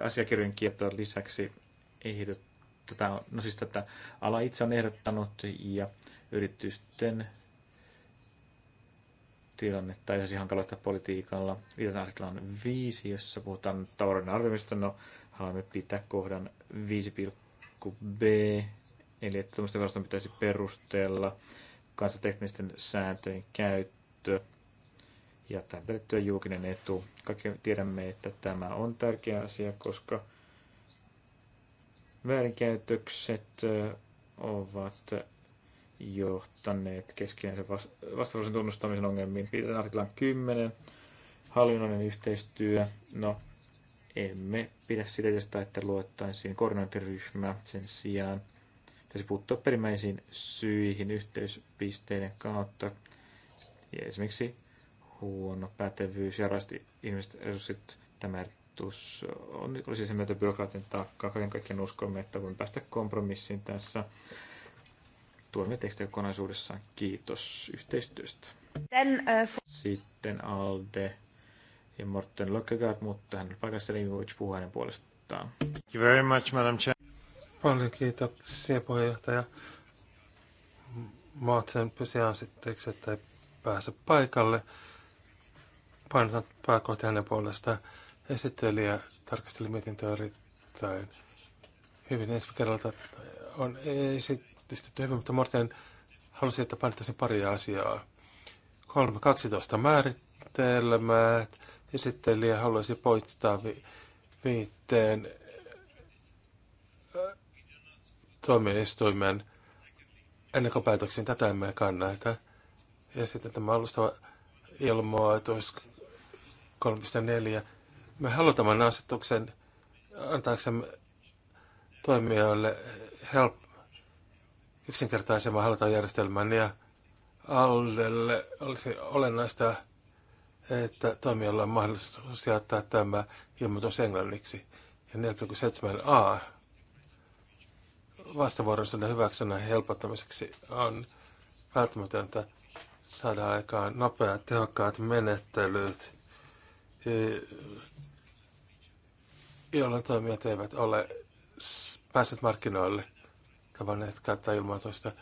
asiakirjojen kiertoon lisäksi ehdotetaan, no siis tätä ala itse on ehdottanut ja yritysten tilannetta ei saisi hankaloittaa politiikalla. Viitataan artiklaan 5, jossa puhutaan tavaroiden arvioimista. No, haluamme pitää kohdan 5, kuin B, eli että tämmöisten virastojen pitäisi perustella kansanteknisten sääntöjen käyttö ja tähän liittyy julkinen etu. Kaikki tiedämme, että tämä on tärkeä asia, koska väärinkäytökset ovat johtaneet keskinäisen vastavuoroisen tunnustamisen ongelmiin. Viitataan artiklan 10, hallinnollinen yhteistyö. No, emme pidä sitä josta, että luottaisiin koordinointiryhmä sen sijaan. Pitäisi puuttua perimmäisiin syihin yhteyspisteiden kautta. Ja esimerkiksi huono pätevyys ja rasti ihmiset resurssit tämä on, olisi se myötä byrokraatin taakkaa. Kaiken kaikkiaan uskomme, että voimme päästä kompromissiin tässä. Tuomme tekstiä kokonaisuudessaan. Kiitos yhteistyöstä. Then, uh, Sitten Alde ja Morten mutta hän on paikasta, niin puhua hänen puolestaan. Thank you very much, Madam Chair. Paljon kiitoksia, puheenjohtaja. Morten pysi ansitteeksi, että ei pääse paikalle. Painotan pääkohti hänen puolestaan. ja tarkasteli mietintöä erittäin hyvin. Ensi kerralta. on esitetty hyvin, mutta Morten halusi, että painottaisin pari asiaa. 3.12 määritelmät esittelijä haluaisi poistaa vi- viitteen äh, tuomioistuimen ennakkopäätöksiin. Tätä emme kannata. Ja sitten tämä alustava ilmoitus 3.4. Me haluamme tämän asetuksen antaaksemme toimijoille help, yksinkertaisemman hallintajärjestelmän ja Aldelle olisi olennaista että toimijoilla on mahdollisuus sijoittaa tämä ilmoitus englanniksi. Ja 4.7a vastavuoroisuuden hyväksynnän helpottamiseksi on välttämätöntä saada aikaan nopeat, tehokkaat menettelyt, e, jolloin toimijat eivät ole päässeet markkinoille tavanneet käyttää ilmoitusta.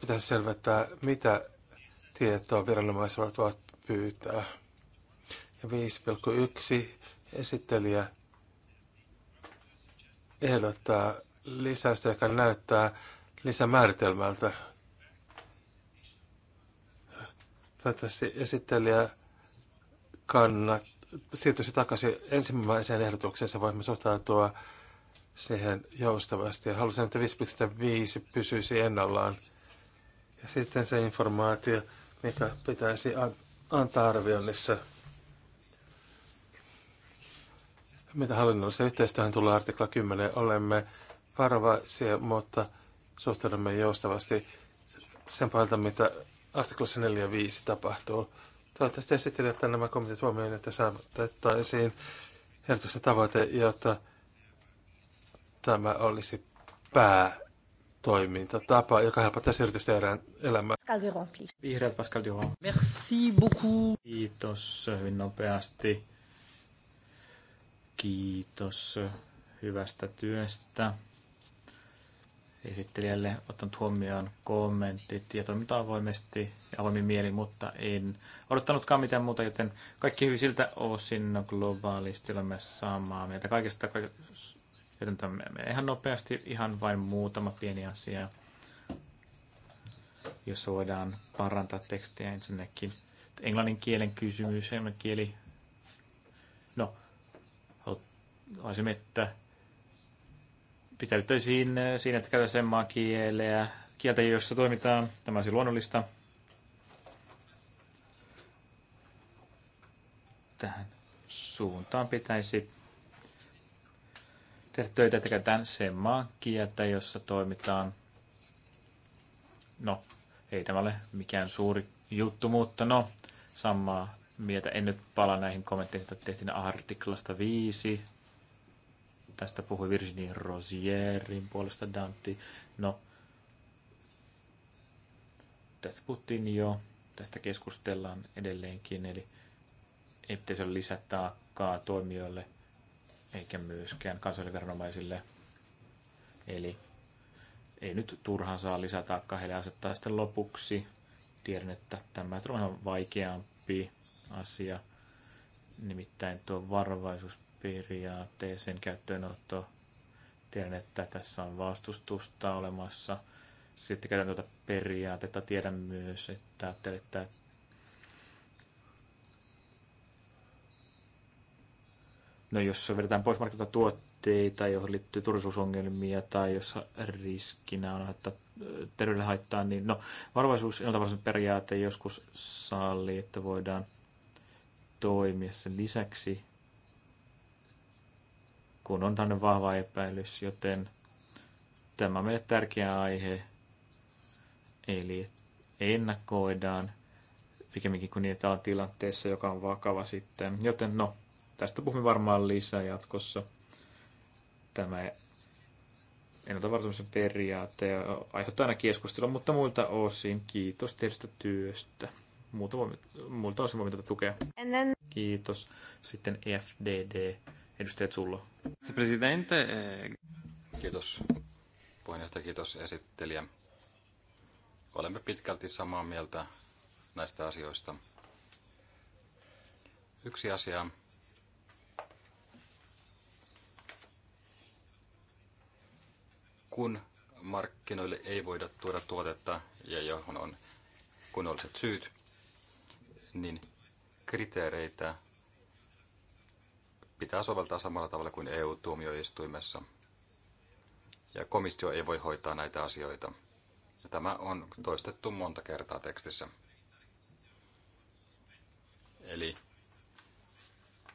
Pitäisi selvittää, mitä tietoa viranomaiset voivat pyytää ja 5,1 esittelijä ehdottaa lisäystä, joka näyttää lisämääritelmältä. Toivottavasti esittelijä kannat, siirtyisi takaisin ensimmäiseen se voimme suhtautua siihen joustavasti. Ja halusin, että 5.5 pysyisi ennallaan. Ja sitten se informaatio, mikä pitäisi antaa arvioinnissa. Mitä hallinnollista yhteistyöhön tulee artikla 10, olemme varovaisia, mutta suhtaudumme joustavasti sen pohjalta, mitä artiklassa 4 ja 5 tapahtuu. Toivottavasti että nämä kommentit huomioon, että saavutettaisiin herätyksen tavoite, jotta tämä olisi tapa, joka siirtystä erään elämää. Vihreät Pascal Durand. Merci beaucoup. Kiitos hyvin nopeasti. Kiitos hyvästä työstä esittelijälle ottanut huomioon kommentit ja toiminta avoimesti ja avoimin mieli, mutta en odottanutkaan mitään muuta, joten kaikki hyvin siltä osin globaalisti olemme samaa mieltä kaikesta, joten tämä ihan nopeasti, ihan vain muutama pieni asia, jos voidaan parantaa tekstiä ensinnäkin. Englannin kielen kysymys, englannin kieli olisimme, että pitäyttäisiin äh, siinä, että käytetään sen kieleä, kieltä, jossa toimitaan. Tämä olisi luonnollista. Tähän suuntaan pitäisi tehdä töitä, että käytetään semmaa kieltä, jossa toimitaan. No, ei tämä ole mikään suuri juttu, mutta no, samaa mieltä. En nyt pala näihin kommentteihin, joita tehtiin artiklasta 5 Tästä puhui Virginie Rosierin puolesta Dante. No, tästä puhuttiin jo, tästä keskustellaan edelleenkin, eli ei pitäisi olla lisätaakkaa toimijoille eikä myöskään kansallisviranomaisille. Eli ei nyt turhaan saa lisätaakkaa heille asettaa sitten lopuksi. Tiedän, että tämä on vaikeampi asia, nimittäin tuo varovaisuus periaatteeseen käyttöönotto. Tiedän, että tässä on vastustusta olemassa. Sitten käytän tuota periaatetta. Tiedän myös, että ajattelin, että no jos vedetään pois markkinoilta tuotteita, joihin liittyy turvallisuusongelmia tai jos riskinä on että terveydelle haittaa, niin no varovaisuus on periaate joskus sallii, että voidaan toimia sen lisäksi kun on tämmöinen vahva epäilys, joten tämä on meille tärkeä aihe. Eli ennakoidaan pikemminkin kuin niitä on tilanteessa, joka on vakava sitten. Joten no, tästä puhumme varmaan lisää jatkossa. Tämä ennaltavartumisen periaate aiheuttaa aina keskustelua, mutta muilta osin kiitos tietystä työstä. Muuta voimme, muilta osin voimme tätä tukea. Then... Kiitos. Sitten FDD Edustaja Zullo. Presidente. Kiitos puheenjohtaja, kiitos esittelijä. Olemme pitkälti samaa mieltä näistä asioista. Yksi asia, kun markkinoille ei voida tuoda tuotetta ja johon on kunnolliset syyt, niin kriteereitä pitää soveltaa samalla tavalla kuin EU-tuomioistuimessa. Ja komissio ei voi hoitaa näitä asioita. Ja tämä on toistettu monta kertaa tekstissä. Eli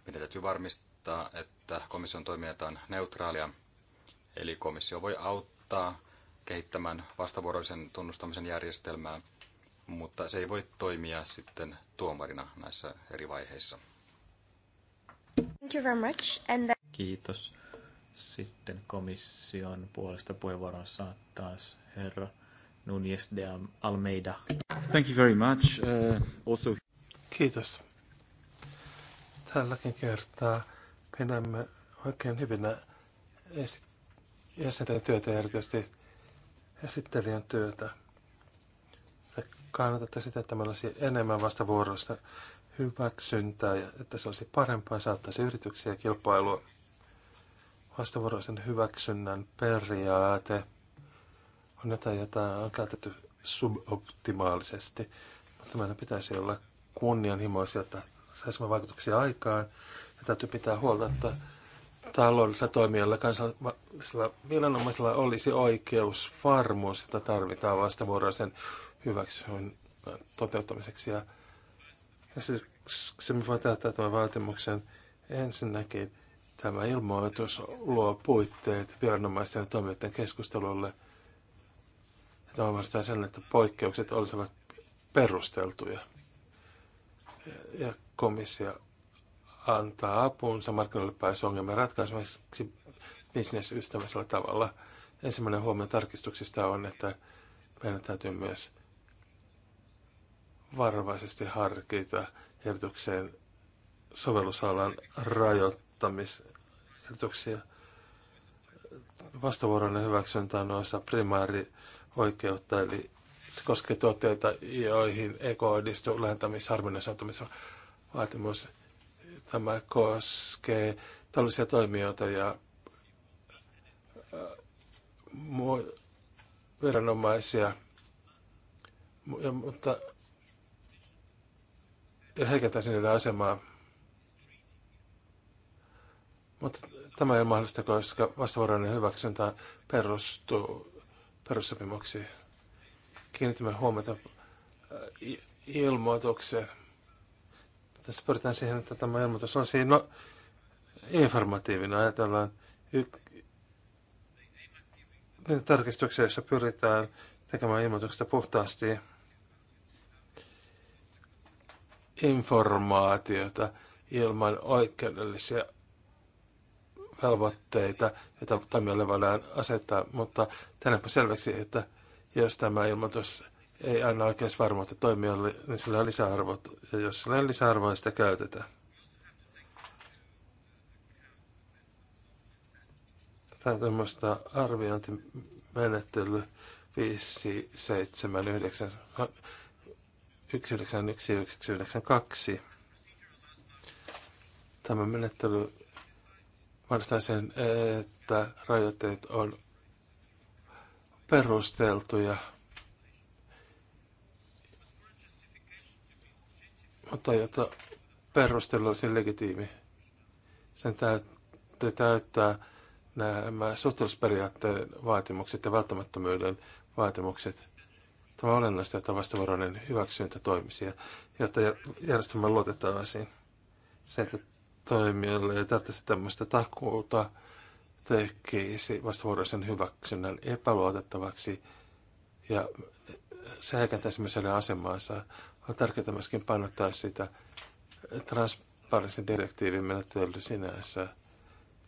meidän täytyy varmistaa, että komission toimijat on neutraalia, eli komissio voi auttaa kehittämään vastavuoroisen tunnustamisen järjestelmää, mutta se ei voi toimia sitten tuomarina näissä eri vaiheissa you very much. And then... Kiitos. Sitten komission puolesta puheenvuoron saa taas herra Nunes de Almeida. Thank you very much. Uh, also... Kiitos. Tälläkin kertaa pidämme oikein hyvinä jäsenten työtä ja erityisesti esittelijän työtä. kannatatte sitä, että meillä olisi enemmän vastavuoroista hyväksyntää, että se olisi parempaa ja saattaisi yrityksiä kilpailua. Vastavuoroisen hyväksynnän periaate on jotain, jota on käytetty suboptimaalisesti, mutta meidän pitäisi olla kunnianhimoisia, että saisimme vaikutuksia aikaan. Ja täytyy pitää huolta, että taloudellisella toimijalla kansallisella viranomaisella olisi oikeus, varmuus, jota tarvitaan vastavuoroisen hyväksyn toteuttamiseksi. Ja tässä se voi täyttää tämän vaatimuksen. Ensinnäkin tämä ilmoitus luo puitteet viranomaisten ja toimijoiden keskustelulle. Tämä vastaa sen, että poikkeukset olisivat perusteltuja. Ja komissio antaa apunsa markkinoille ongelmien ratkaisemiseksi bisnesystävällisellä tavalla. Ensimmäinen huomio tarkistuksista on, että meidän täytyy myös varovaisesti harkita ehdotukseen sovellusalan rajoittamisehdotuksia. Vastavuoroinen hyväksyntä on osa primäärioikeutta, eli se koskee tuotteita, joihin ei kohdistu lähentämis- vaatimus. Tämä koskee tällaisia toimijoita ja äh, viranomaisia, ja, mutta heikentäisi niiden asemaa. Mutta tämä ei ole mahdollista, koska vastavuoroinen hyväksyntä perustuu perussopimuksiin. Kiinnitimme huomiota äh, ilmoitukseen. Tässä pyritään siihen, että tämä ilmoitus on siinä no, informatiivinen. Ajatellaan yk- niitä tarkistuksia, joissa pyritään tekemään ilmoituksesta puhtaasti informaatiota ilman oikeudellisia velvoitteita, joita toimijoille voidaan asettaa, mutta tänäpä selväksi, että jos tämä ilmoitus ei anna oikeus varmuutta toimijoille, niin sillä on lisäarvoa, ja jos sillä on lisäarvoa, sitä käytetään. Tämä on tämmöistä arviointimenettely 5, 7, 9 191 192. Tämä menettely varastaa sen, että rajoitteet on perusteltuja. Mutta jotta perustelu olisi legitiimi, sen täytyy täyttää nämä suhteellisperiaatteen vaatimukset ja välttämättömyyden vaatimukset – Tämä on olennaista, että vastavuoroinen hyväksyntä toimisi, jotta järjestelmä luotettaisiin. Se, että toimijoille ei tarvitsisi tämmöistä takuuta, tekisi vastavuoroisen hyväksynnän epäluotettavaksi ja se heikentäisi myös heidän asemaansa. On tärkeää myöskin painottaa sitä transparenssin direktiivin menettely sinänsä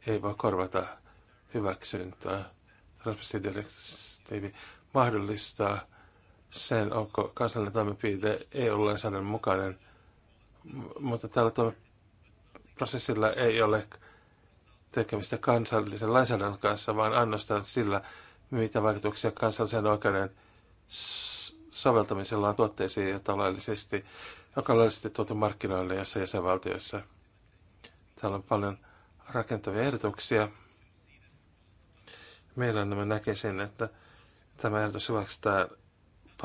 ei voi korvata hyväksyntää. Transparenssin direktiivi mahdollistaa sen, onko kansallinen toimenpide EU-lainsäädännön mukainen, mutta tällä prosessilla ei ole tekemistä kansallisen lainsäädännön kanssa, vaan ainoastaan sillä, mitä vaikutuksia kansallisen oikeuden soveltamisella on tuotteisiin, joita laillisesti, joka on laillisesti tuotu markkinoille jossa jäsenvaltioissa. Täällä on paljon rakentavia ehdotuksia. Meillä mä näkisin, että tämä ehdotus hyväksytään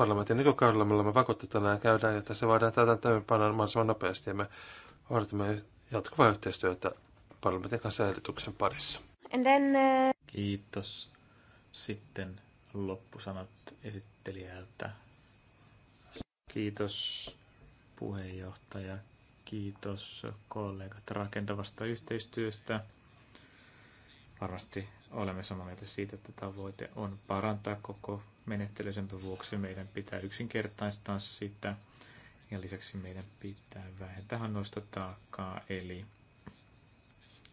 parlamentin nykykaudella me vakuutta vakuuttuneena käydään, jotta se voidaan täytäntöönpanna mahdollisimman nopeasti ja me odotamme jatkuvaa yhteistyötä parlamentin kanssa ehdotuksen parissa. And then, uh... Kiitos. Sitten loppusanat esittelijältä. Kiitos puheenjohtaja. Kiitos kollegat rakentavasta yhteistyöstä. Varmasti olemme samaa mieltä siitä, että tavoite on parantaa koko menettelysempi vuoksi meidän pitää yksinkertaistaa sitä ja lisäksi meidän pitää vähentää hannoista taakkaa, eli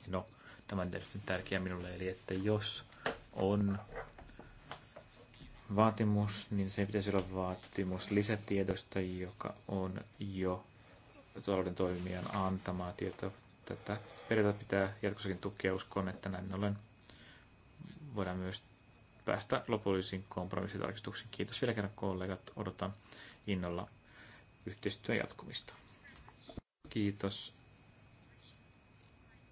no, tämä on tietysti tärkeää minulle, eli että jos on vaatimus, niin se pitäisi olla vaatimus lisätiedosta, joka on jo talouden toimijan antamaa tietoa. Tätä periaatteessa pitää jatkossakin tukea uskon, että näin ollen voidaan myös päästä lopullisiin kompromissitarkistuksiin. Kiitos vielä kerran kollegat. Odotan innolla yhteistyön jatkumista. Kiitos.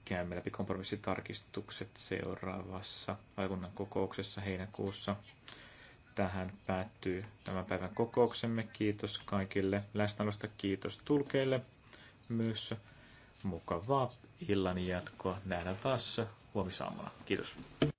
Käymme läpi kompromissitarkistukset seuraavassa valiokunnan kokouksessa heinäkuussa. Tähän päättyy tämän päivän kokouksemme. Kiitos kaikille läsnäolosta. Kiitos tulkeille myös. Mukavaa illan jatkoa. Nähdään taas huomisaamuna. Kiitos.